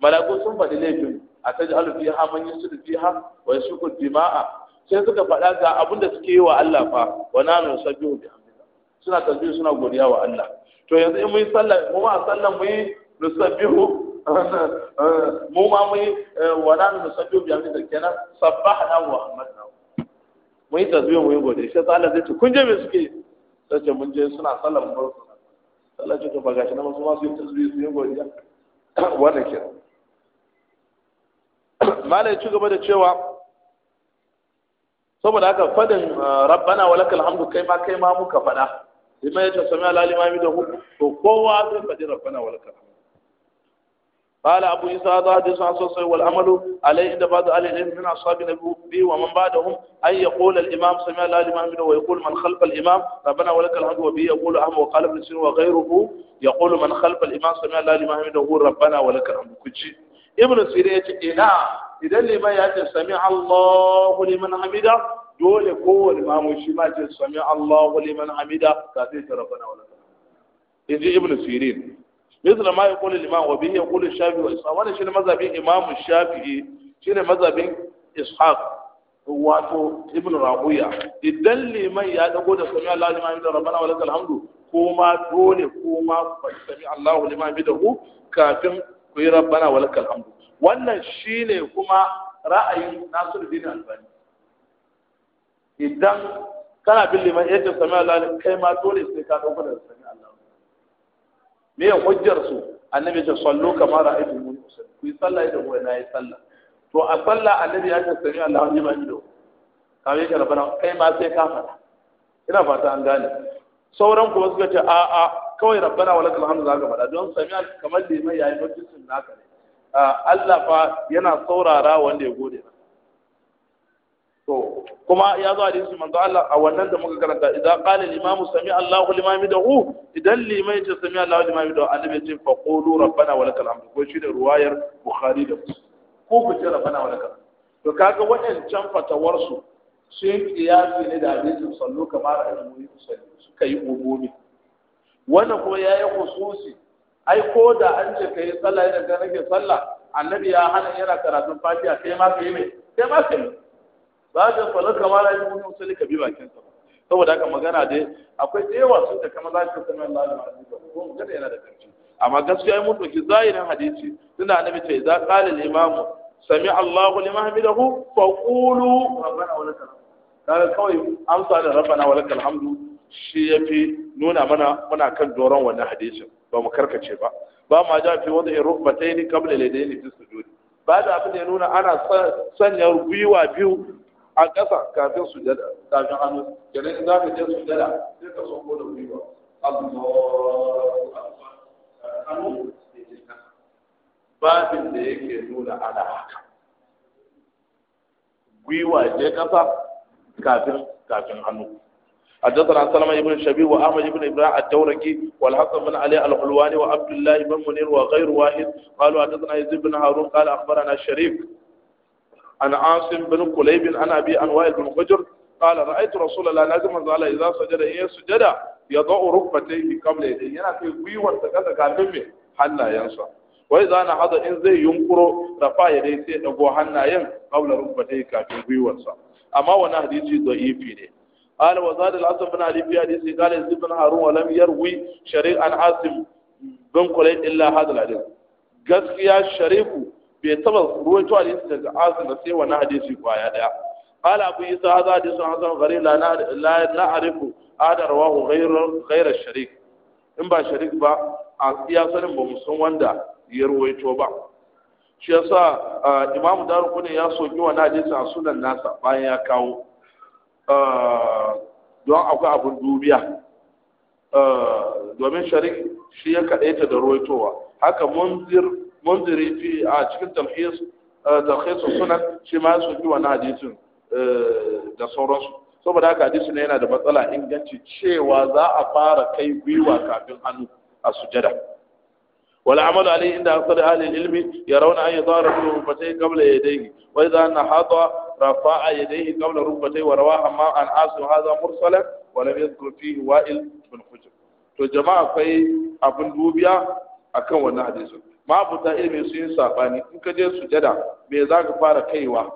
malaku sun faɗi laifin a ta jihalu fi ha man yusudu fi ha wa yusuku dima'a sai suka faɗa ga abin da suke yi wa Allah fa wa nanu sabihu bi hamdika suna tasbihu suna godiya wa Allah to yanzu in mun yi sallah mu ma sallan mu yi nusabbihu mu ma mu yi eh, wa nanu nusabbihu bi hamdika kenan sabbahna wa hamdana mu yi tasbihu mu yi godiya sai Allah zai ce kun je me suke sai ce mun je suna sallan mu Allah ce na masu yin su yi godiya wannan malai ci gaba da cewa saboda haka fadin uh, rabbana walakal hamdu kai ma kai ma muka fada liman ya sami alalima mi da hu to kowa zai fadi rabbana walakal hamdu قال أبو عيسى هذا حديث عن صلى والعمل عليه عند بعض أهل العلم من أصحاب النبي ومن بعدهم أن يقول الإمام سمع لا الإمام منه ويقول من خلف الإمام ربنا ولك الحمد وبه يقول أحمد وقال ابن سيرين وغيره يقول من خلف الإمام سمع لا الإمام منه ربنا ولك الحمد كجي ابن سيرين يتكي idan liman ya ce sami Allahu liman hamida dole kowane mamun shi ma ce sami Allahu liman hamida ka sai ta rabbana wa lakal inji ibnu sirin مثل ما يقول shafi wa يقول الشافعي وإسحاق وانا شنو مذهب shafi. الشافعي شنو مذهب إسحاق wato ibn rahuya idan liman ya dago da sami Allah liman da rabbana walaka alhamdu kuma dole kuma ku sami Allah liman bi dahu kafin ku yi rabbana walaka alhamdu wannan shine kuma ra'ayin Nasiruddin Albani idan kana bin liman ya yadda sami Allah kai ma dole sai ka dauko da sami me hujjar su annabi ya sallu kamar ra'aytu mun ku yi sallah da ku na yi sallah to a sallah annabi ya ce sami ya ba ido kawai ka rabana kai ma sai ka fada ina fata an gane sauran kuma suka ce a a kawai rabbana wa lakal hamdu zaka fada don sami kamar limai yayi mutuncin naka ne ah, Allah fa yana saurara wanda ya gode maka to kuma ya zo hadisi manzo Allah a wannan da muka karanta idan qala al-imamu sami Allahu liman midahu idan limai ta sami Allahu liman midahu annabi ce fa qulu rabbana wa lakal hamdu ko shi da ruwayar bukhari da muslim ko ku ce rabbana wa lakal to kaga waɗancan fatawar su sai kiyasi ne da hadisin sallu kamar al-mu'min sallu suka yi ubumi wannan ko yayi khususi ai ko da an ce kai sallah idan ka nake sallah annabi ya hana yana karatun fatiha kai ma kai mai kai ma kai ba ka fara kamar ya yi mutum sai ka bi bakin sa saboda haka magana dai akwai da yawa sun da kama za ka sanar Allah da ba ko gada yana da karfi amma gaskiya ya mutu ki zahirin hadisi tunda annabi ce idza qala al imam sami Allahu liman hamidahu fa qulu rabbana wa lakal kaga kawai amsa da rabbana wa lakal hamdu shi yafi nuna mana muna kan doron wannan hadisin ba mu karkace ba ba ma ja fi wada'i rukbataini qabla ladaini fi sujud ba da abin da ya nuna ana sanya gwiwa biyu a ƙasa kafin su da kafin hannu kenan in za ka je su dada sai ka sauko da gwiwa Allahu akbar hannu ke babin da nuna ala haka gwiwa je ƙasa kafin kafin hannu حدثنا سلمة بن شبيب وأحمد بن إبراهيم الدورقي والحسن بن علي الحلواني وعبد الله بن منير وغير واحد قالوا حدثنا يزيد بن هارون قال أخبرنا الشريف عن عاصم بن قليب عن أبي عن وائل بن حجر قال رأيت رسول الله لازم قال إذا سجد إيه سجد يضع ركبتيه قبل يديه yana kai gwiwar ta kasa kafin me hannayensa wai za na hada in zai yunkuro rafa ya dai sai dago hannayen qabla rukbatayhi kafin gwiwarsa amma wannan hadisi da'ifi ne قال وزاد العاصم بن علي في حديثه قال يزيد بن هارون ولم يروي شريك عن عاصم بن قليل الا هذا الحديث gaskiya shariku bai taba ruwan cewa da yadda ga azumar sai wani hadisi kwaya daya kala abu yi sa haza hadisun hasan gari la arifu adar wahu gairar sharik in ba sharik ba a siya sanin ba musan wanda ya ruwaito ba shi ya sa imamu kunin ya soki wani hadisi a sunan nasa bayan ya kawo don akwai abun dubiya domin sharik shi ya kadaita da ruwaitowa haka munzir munziri fi a cikin talhis talhis sunan shi ma su wannan da sauransu saboda haka hadisi ne yana da matsala inganci cewa za a fara kai gwiwa kafin hannu a sujada والعمل عليه عند أكثر أهل العلم يرون أن يضع ركبتيه قبل يديه وإذا نهض رفع يديه قبل ركبتيه وروى حمام عن عاصم هذا مرسلا ولم يذكر فيه وائل بن حجر to jama'a kai abin dubiya akan wannan hadisin mabuta ilimi sun yi sabani in ka je sujada me za ka fara kaiwa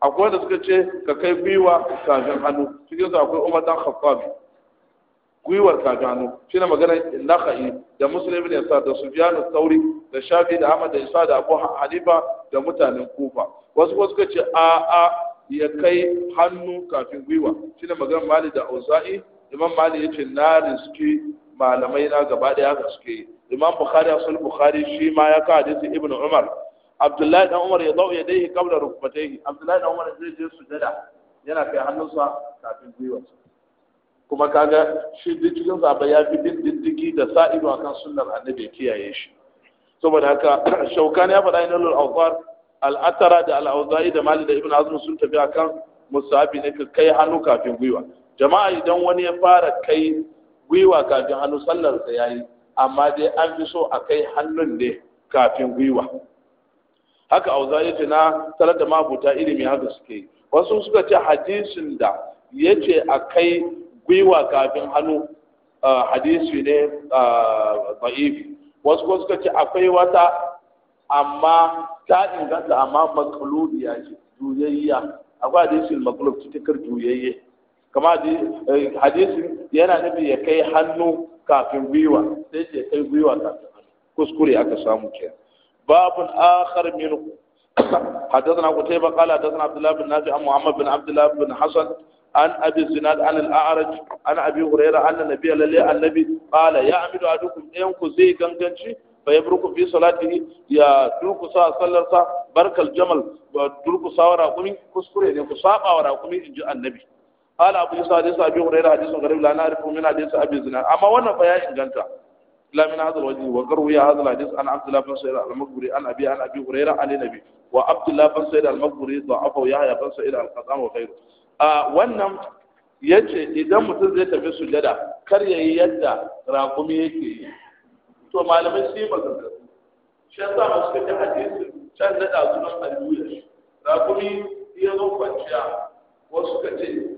akwai wanda suka ce ka kai gwiwa kafin hannu cikin su akwai umar dan khattabi gwiwar kafin hannu shine magana nakhai da musulmi ne sa da sufyan al sauri, da shafi da ahmad da isa da abu halifa da mutanen kufa wasu kuma suka ce a a ya kai hannu kafin gwiwa shine magana mali da ausa'i imam mali yace na riski malamai na gaba daya haka suke yi imam bukhari asul bukhari shi ma ya ka hadisi ibnu umar abdullahi dan umar ya dau yadayhi qabla rukbatayhi abdullahi dan umar zai je sujada yana kai hannunsa kafin gwiwarsa kuma kaga shi cikin zaba ya fi bin diddigi da sa'ido akan sunnar annabi kiyaye shi saboda haka shaukan ya faɗa inalul awfar al'atara da al'auzai da mali da ibn azm sun tafi akan musabi ne kai hannu kafin gwiwa jama'a idan wani ya fara kai gwiwa kafin hannu sallar amma dai an fi so a kai hannun ne kafin gwiwa haka a ya ce na talar da mabuta ilimi haka suke wasu suka ce hadisin da ya ce a kai gwiwa kafin hannu hadisi ne ba'ibi wasu kuma suka ce akwai wata amma ta inganta amma makalubiya ce juyayya akwai hadisin makalub cikin juyayye kama eh, hadisin yana nufin ya kai hannu kafin gwiwa sai ce kai gwiwa kafin kuskure aka samu ke babun akhar minhu حدثنا قتيبة قال حدثنا عبد الله بن نافع عن محمد بن عبد الله بن حسن عن ابي الزناد عن الاعرج عن ابي هريره ان النبي لله النبي قال يا عمد ادكم ينكو زي غنغنشي فيبرك في صلاته يا دوكو سا صلرسا برك الجمل دوكو سا ورا قومي كسكري ne ku saba wa raƙumi in ji annabi قال da يوسف حديث ابي هريره حديث غريب na نعرف من حديث ابي zina. Amma wannan fa ya inganta la min hadhal wajhi wa qaru ya hadhal hadith an abdullah bin sa'id al-maghburi an abi an abi da an nabi wa abdullah bin sa'id al-maghburi da'afa ya ya bin sa'id al-qadam wa ghayru ah wannan yace idan mutum zai tafi sujada kar yayi yadda raqumi yake to malamai sai ba su shan sa su ka hadisi can da sunan al-buyi raqumi ya zo kwanciya wasu ka ce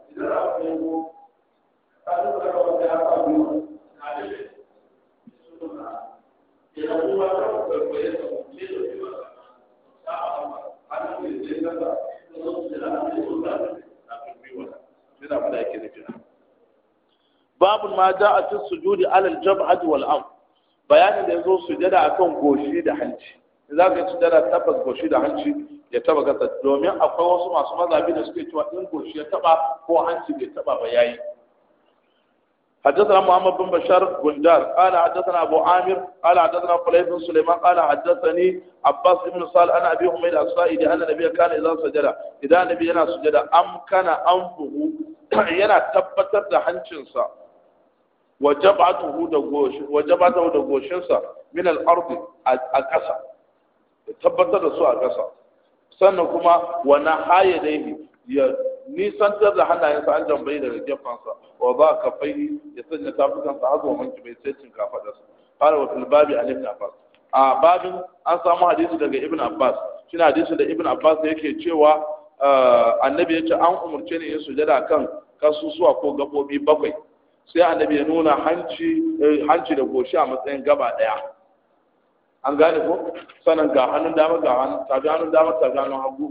Babu ma ja a cikin sujudi alal jam'ati wal am bayanin da yazo sujada akan goshi da hanci za ka sujada tabbas goshi da hanci ya taba gasa domin akwai wasu masu mazhabi da suke cewa in goshi ya taba ko hanci bai taba ba yayi حدثنا محمد بن بشار بندار قال حدثنا ابو عامر قال حدثنا خليل بن سليمان قال حدثني عباس بن صالح انا ابي حميد الصائدي ان النبي كان اذا سجد اذا النبي yana sujada am kana yana tabbatar da hancinsa wajabatuhu da goshi da goshinsa min al-ard a kasa tabbatar da su a kasa sannan kuma wa da dai ya nisantar da hannayensa an jambayi daga gefensa wa ba ka kafai ya sanya tafukansa azuwa manki mai cecin kafadarsa قال وفي الباب a ibn abbas a babin an samu hadisi daga ibn abbas shine hadisi da ibn abbas yake cewa annabi ya ce an umarce ne yin sujada kan kasusuwa ko gabobi bakwai sai annabi ya nuna hanci eh, hanci da goshi a matsayin gaba daya an gane ko sanan ga hannun dama ga hannun ga hannun dama ga hannun hagu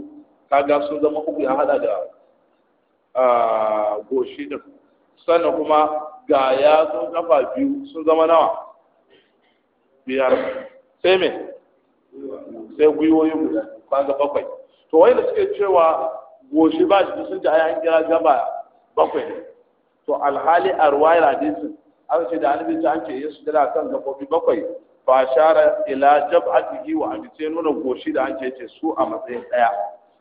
ga sun zama uku ya hada da goshi da sannan kuma ga zo kafa biyu sun zama nawa biyar sai me sai gwiwoyin guda ga bakwai to wai da suke cewa goshi ba shi sun ji an kira gaba bakwai ne to alhali a ruwayar an ce da annabi ta an ce yesu da kan gabobi bakwai fashara shara ila jab'atihi wa an sai nuna goshi da an ce su a matsayin daya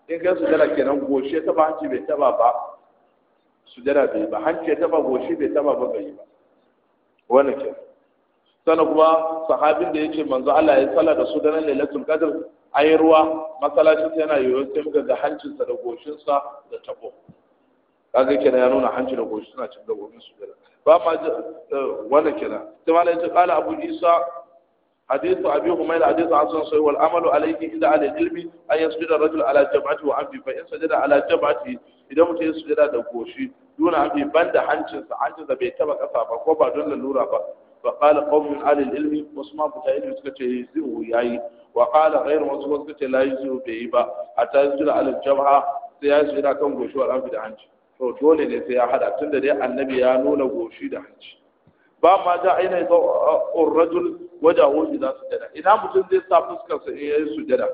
in ga su dara kenan goshi ta ba hanci bai taba ba su dara bai ba hanci ta ba goshi bai taba ba bai ba wannan ke sannan kuma sahabin da yake manzo Allah ya sallar da su da nan lailatul qadr ayi ruwa masallaci yana yiwuwa sai muka ga sa da goshinsa da tabo kaga kenan ya nuna hanci da goshi suna cin gobin su dala ba ma eh, wannan kenan sai malai ya ce qala abu isa حديث أبي هميل حديث عاصم صحيح والعمل عليه عند أهل العلم أن يسجد الرجل على جبعته وأنفه فإن سجد على جبعته إذا متى يسجد دقوشي دون أنفه بند حنشز حنشز بيتبع كفافا كوبا دون اللورا فقال قوم من أهل العلم وسمع بتاع العلم سكتش يزيه ياي وقال غير مسلم سكتش لا يزيه بيبا حتى يسجد على الجبعة سيسجد كم قوشي والأنف ده حنشي to dole ne sai ya hada tunda dai annabi ya nuna goshi da hanci ba ma da aina da urrajul wajahu idza sujada idan mutum zai sa fuskar sa ya yi sujada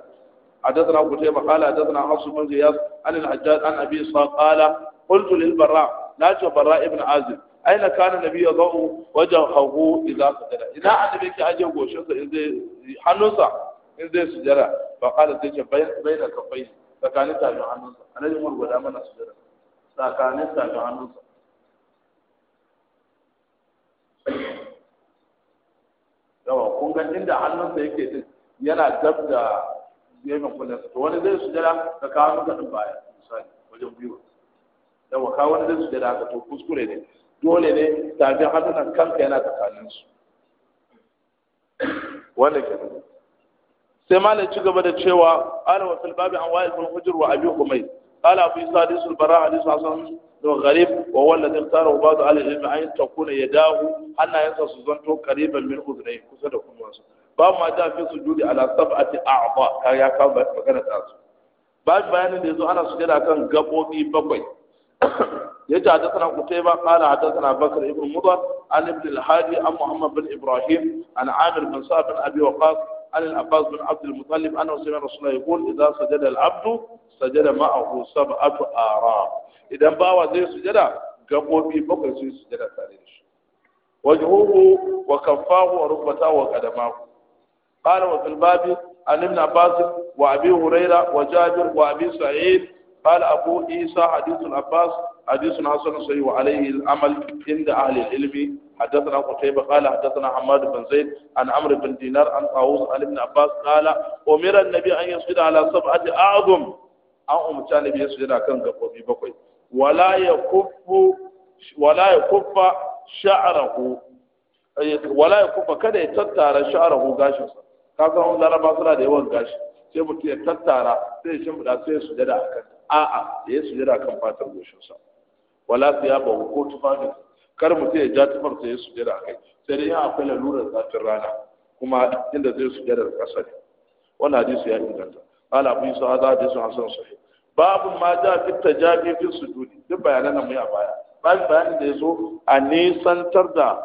adadna ku tayyiba qala a hasu bin ghiyas an al hajjaj an abi sa qala qultu lil barra la ta barra ibn azib aina kana nabi ya zau wajahu idza sujada idan annabi ke aje goshin sa in zai hannun in zai sujada fa qala sai ce bayna kafai tsakanin ta hannun sa annabi mun gwada mana sujada tsakanin ta hannun yawa kun ga inda hannunsa yake din yana gab da yemin kullum to wani zai su jira ka kawo maka din baya misali wajen biyu yawa ka wani zai jira ka to kuskure ne dole ne tafin hannunan kanka yana tsakanin su wanda ke sai malam ci gaba da cewa ala wa fil an wa'il bil hujur wa abi kumai قال أبو صادس البراء حديث حسن غريب وهو الذي اختاره بعض أهل العلم أن تكون يداه أن ينسى سوزنته قريبا من أذنيه كسد واسع باب ما جاء في سجود على سبعة أعضاء كايا كان مكانة أسو بعد بيان اللي أنا سجد كان قبوبي بقوي يجي حدثنا قتيبة قال حدثنا بكر ابن مضر عن ابن الحاج عن محمد بن إبراهيم عن عامر بن صعب بن أبي وقاص عن العباس بن عبد المطلب أنا سمع رسول الله يقول إذا سجد العبد سجد معه سبعة آرام إذا باوى زي سجد قبوا بي بقى زي سجد تاريش وجهه وكفاه وركبته وقدماه قال وفي الباب عن ابن عباس وأبي هريرة وجابر وأبي سعيد قال أبو عيسى حديث العباس حديث حسن صحيح وعليه العمل عند أهل العلم حدثنا قتيبة قال حدثنا حماد بن زيد عن عمرو بن دينار عن طاووس عن ابن عباس قال أمر النبي أن يسجد على سبعة أعظم أن أمت النبي يسجد على كان قبوبي بقوي ولا يكف ولا يكف شعره ولا يكف كذا يتتار شعره غاشن kaga wani laraba suna da yawan gashi sai mutum ya tattara sai ya shimfiɗa sai ya sujada a kan a'a da ya sujada a kan fatar goshinsa wala su ya bahu ko tufafin kar mutum ya ja tufar sai ya sujada a kai sai dai akwai lalurar zafin rana kuma inda zai sujada da ƙasa ne wannan hadisi ya inganta qala abu yusuf hadha hadithun hasan sahih babu ma ja fi tajabi fi sujudi duk bayanan nan mai a baya bayan bayanin da ya zo a nisantar da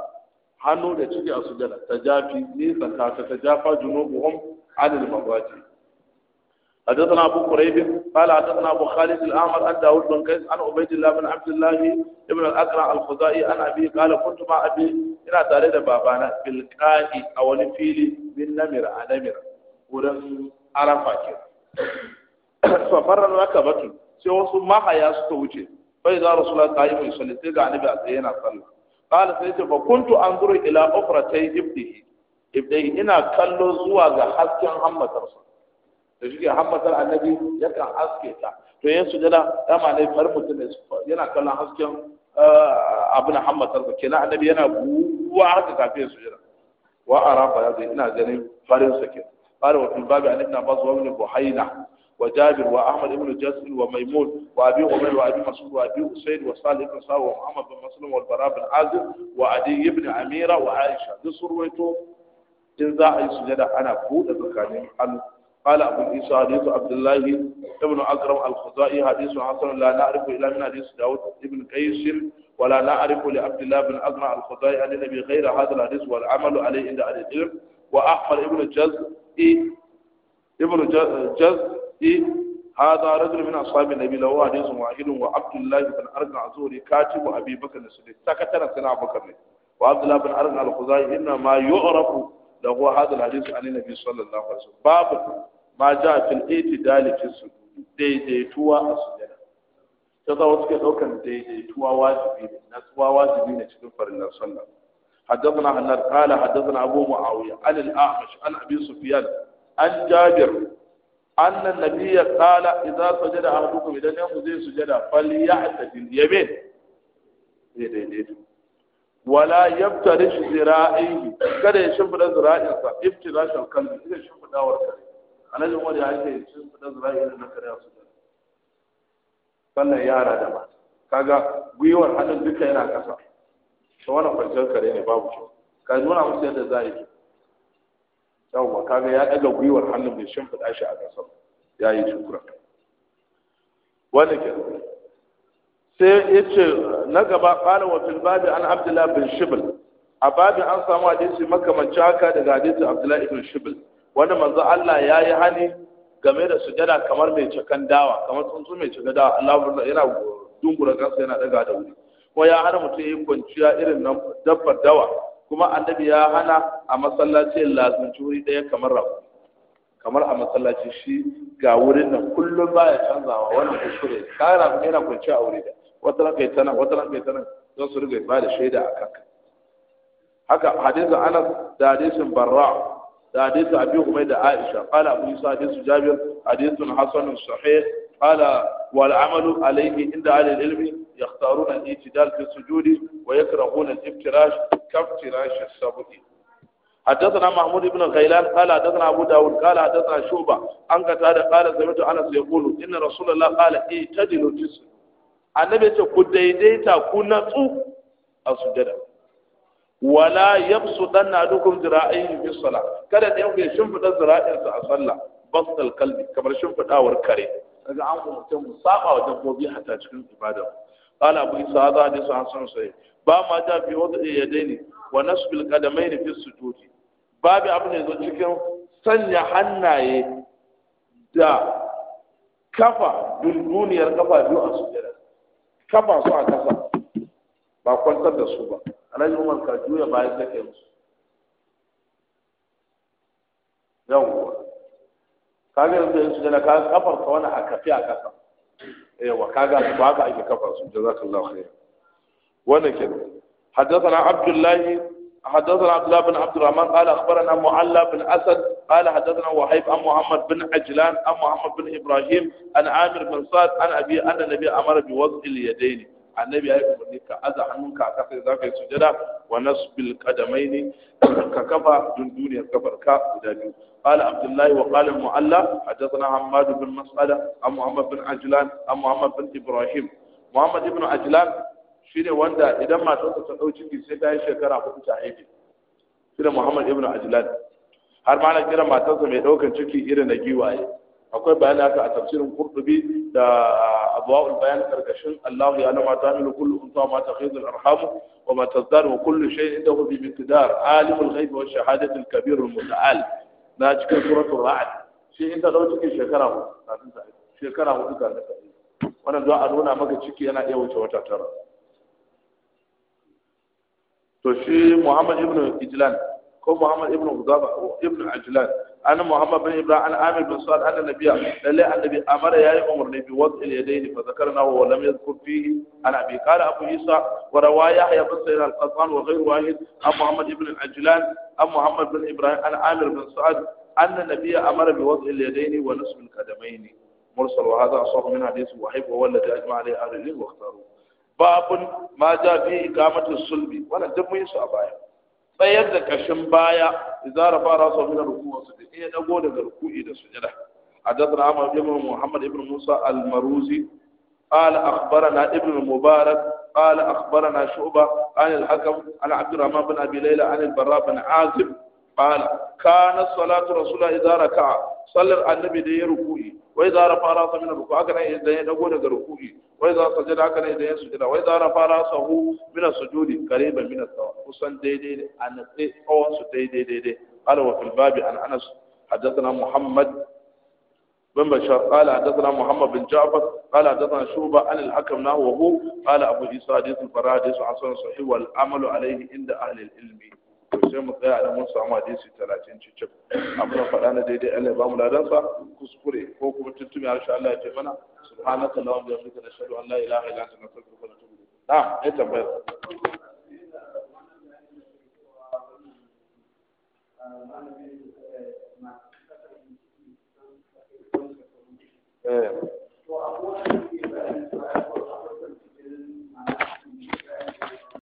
hannu da ciki a sujada tajafi nisan ta tajafa junubuhum anil mabati حدثنا أبو قريب قال حدثنا أبو خالد الأعمر أن داود بن قيس عن عبيد الله بن عبد الله بن الأقرع الخزائي عن أبي قال كنت مع أبي إلى تاريخ بابانا بالكائي أو الفيل من نمر عن نمر ولم عرفة ففر الركبة سوى ما حيا ستوجه فإذا رسول الله قائم يصلي تلقى عن أبي أتينا صلى قال سيدي فكنت أنظر إلى أخرتي ابنه ابنه إنا كله زواج حتى محمد رسول da shi har matsar annabi ya haske ta to yin su jana dama ne far mutum ne yana kallon hasken eh, abin hammatar da kenan annabi yana buwa haka kafin su jana wa arafa ya zai ina ganin farin sa ke fara wa fil babu wani buhaina wa wa ahmad ibn jasir wa maimun wa abi umar wa abi masud wa abi usaid wa salih bin sa'd wa muhammad bin maslam wa wa adi ibn amira wa aisha duk surwaito in za a yi sujada ana buɗe tsakanin al قال أبو عيسى حديث عبد الله ابن أكرم الخزائي حديث حسن لا نعرف إلا من حديث داود بن قيس ولا نعرف لعبد الله بن أكرم الخزائي عن النبي غير هذا الحديث والعمل عليه عند أهل العلم وأحمد ابن جز ابن جز هذا رجل من أصحاب النبي له حديث واحد وعبد الله بن أرقع الزهري كاتب أبي بكر الصديق سكتنا سنة بكر وعبد الله بن أرقع الخزائي إنما يعرف lahu hadal hadis an nabi sallallahu alaihi wasallam babu ma ja fil itidal fi sujud daidaituwa a sujada ta zawo suke daukan daidaituwa wajibi ne natsuwa wajibi ne cikin farillar sallah حدثنا عن قال حدثنا ابو معاويه عن الاعمش عن ابي سفيان عن جابر ان النبي قال اذا سجد احدكم اذا نهض سجد فليعتدل يمين wala yaftarish zira'ihi kada ya shimfida zira'insa iftirashan kalbi ita shimfidawar kare annabi wani ya ce shimfida zira'in na kare su sannan yara da mata kaga gwiwar hannun duka yana kasa to wannan kwanciyar kare ne babu kyau ka nuna musu yadda za a yi yawwa kaga ya daga gwiwar hannun bai shimfida shi a ƙasar ya yi shukura wannan kenan sai ya ce na gaba ƙala wa filbabi an abdullah bin shibil a babin an samu hadisi makamanci haka daga hadisi abdullah ibn shibil wani manzo Allah ya yi hani game da sujada kamar mai cakan dawa kamar tsuntsu mai cakan dawa Allah yana dungura kansa yana daga da wuri ko ya hana mutum yi kwanciya irin nan dabbar dawa kuma annabi ya hana a masallaci lazimci wuri ɗaya kamar rabu kamar a masallaci shi ga wurin nan kullum baya canzawa wannan kuskure kana yana kwanciya a wuri da wata ran kai tana nan kai don su riga ba da shaida a kanka haka hadisin anas da hadisin barra da hadisin abi humay da aisha qala abu isa hadisu jabir hadisun hasanun sahih qala wal amalu alayhi inda ahli ilmi يختارون الاعتدال في السجود ويكرهون الافتراش كافتراش السبع حدثنا محمود بن غيلان قال حدثنا ابو داود قال حدثنا شعبه عن قال سمعت انس يقول ان رسول الله قال اعتدلوا تسع annabi ce ku daidaita ku natsu a sujada wala yabsu danna dukum zira'ihi fi salat kada da yanku ya shimfida zira'insa a sallah basal kalbi kamar shimfidawar kare daga an mutum mu saba wa dabbobi hatta cikin ibada قال أبو إسحاق san sai ba ma باب bi جاء في وضع wa nasbil qadamaini fi السجود babu abu ne zo cikin sanya hannaye da kafa dunduniyar kafa biyu a sujada kafa su a kasa ba kwantar da su ba alhaji umar ka juya bayan take musu yawwa kaga yanzu yanzu da ka kafar ka wani a kafi a kasa yawa kaga ba ka ake kafar su jazakallahu khair wannan kenan حدثنا Abdullahi. حدثنا عبد الله بن عبد الرحمن قال اخبرنا معلى بن اسد قال حدثنا وهيب عن محمد بن عجلان عن محمد بن ابراهيم عن عامر بن صاد عن ابي ان النبي امر بوضع اليدين النبي ya umarni ka aza hannunka a kasa za ka yi sujada wa nasbil qadamaini ka kafa dunduniyar kafarka guda biyu قال عبد الله وقال المعلى حدثنا حماد بن مسألة عن محمد بن عجلان عن محمد بن إبراهيم محمد بن عجلان Shi ne wanda idan matarsa ta ɗau ciki sai ta yi shekara hudu ta haife shi da muhammad ibn ajlan har ma na kira matarsa mai ɗaukan ciki irin na giwaye akwai bayani haka a tafsirin qurtubi da abwaul bayan karkashin Allahu ya lama ta milu kullu unta ma ta al-arham wa ma tazdar wa kullu shay indahu bi miqdar alimul ghaib wa shahadati al-kabir al-muta'al na cikin suratul ra'd shi in ta dau cikin shekara hudu kafin ta shekara hudu kafin ta wannan zuwa a nuna maka ciki yana iya wuce wata tara توشي محمد ابن عجلان كو محمد ابن غضابة ابن عجلان أنا محمد بن إبراهيم أنا عامل بن صالح أنا النبي لا النبي أمر يا عمر النبي وضع اليدين فذكرنا ولم يذكر فيه أنا أبي قال أبو عيسى ورواية يا بس إلى القطان وغير واحد أم محمد ابن العجلان أم محمد بن إبراهيم أنا عامل بن صالح انا النبي أمر بوضع اليدين ونصب القدمين مرسل وهذا أصح من حديث واحد وهو الذي أجمع عليه أهل العلم واختاروه babun ma ja fi ikamatu sulbi wala duk mun su a baya tsayar da kashin baya idan rafa rasu min ruku wa sujud eh da go daga ruku'i da sujuda hadathan amma jama'a muhammad ibn musa al-maruzi قال اخبرنا ابن المبارك قال اخبرنا شعبه عن الحكم عن عبد الرحمن بن ابي ليلى عن البراء بن عازب قال كان صلاه رسول الله اذا ركع صلى النبي ده ركوعي wai za rafa rasa min ruku aka nan idan ya dago daga ruku'i wai za sajada aka nan idan ya sujada wai za rafa rasa hu min sujudi qariban min sawa kusan daidai ne a natsi tsawon su daidai daidai qala wa fil babi an anas حدثنا محمد بن بشار قال حدثنا محمد بن جعفر قال حدثنا شعبة عن الحكم نحوه قال أبو عيسى حديث الفرادس حسن صحيح والعمل عليه عند أهل العلم to sai mu tsaya da mun samu hadisi 30 cicin abin faɗa na daidai Allah ba mu ladan sa kuskure ko kuma tuntumi har sha Allah ya ce mana subhanaka allahumma wa bihamdika nashhadu an la ilaha illa anta nastaghfiruka wa natubu ilayk na'am ya tambaya Eh.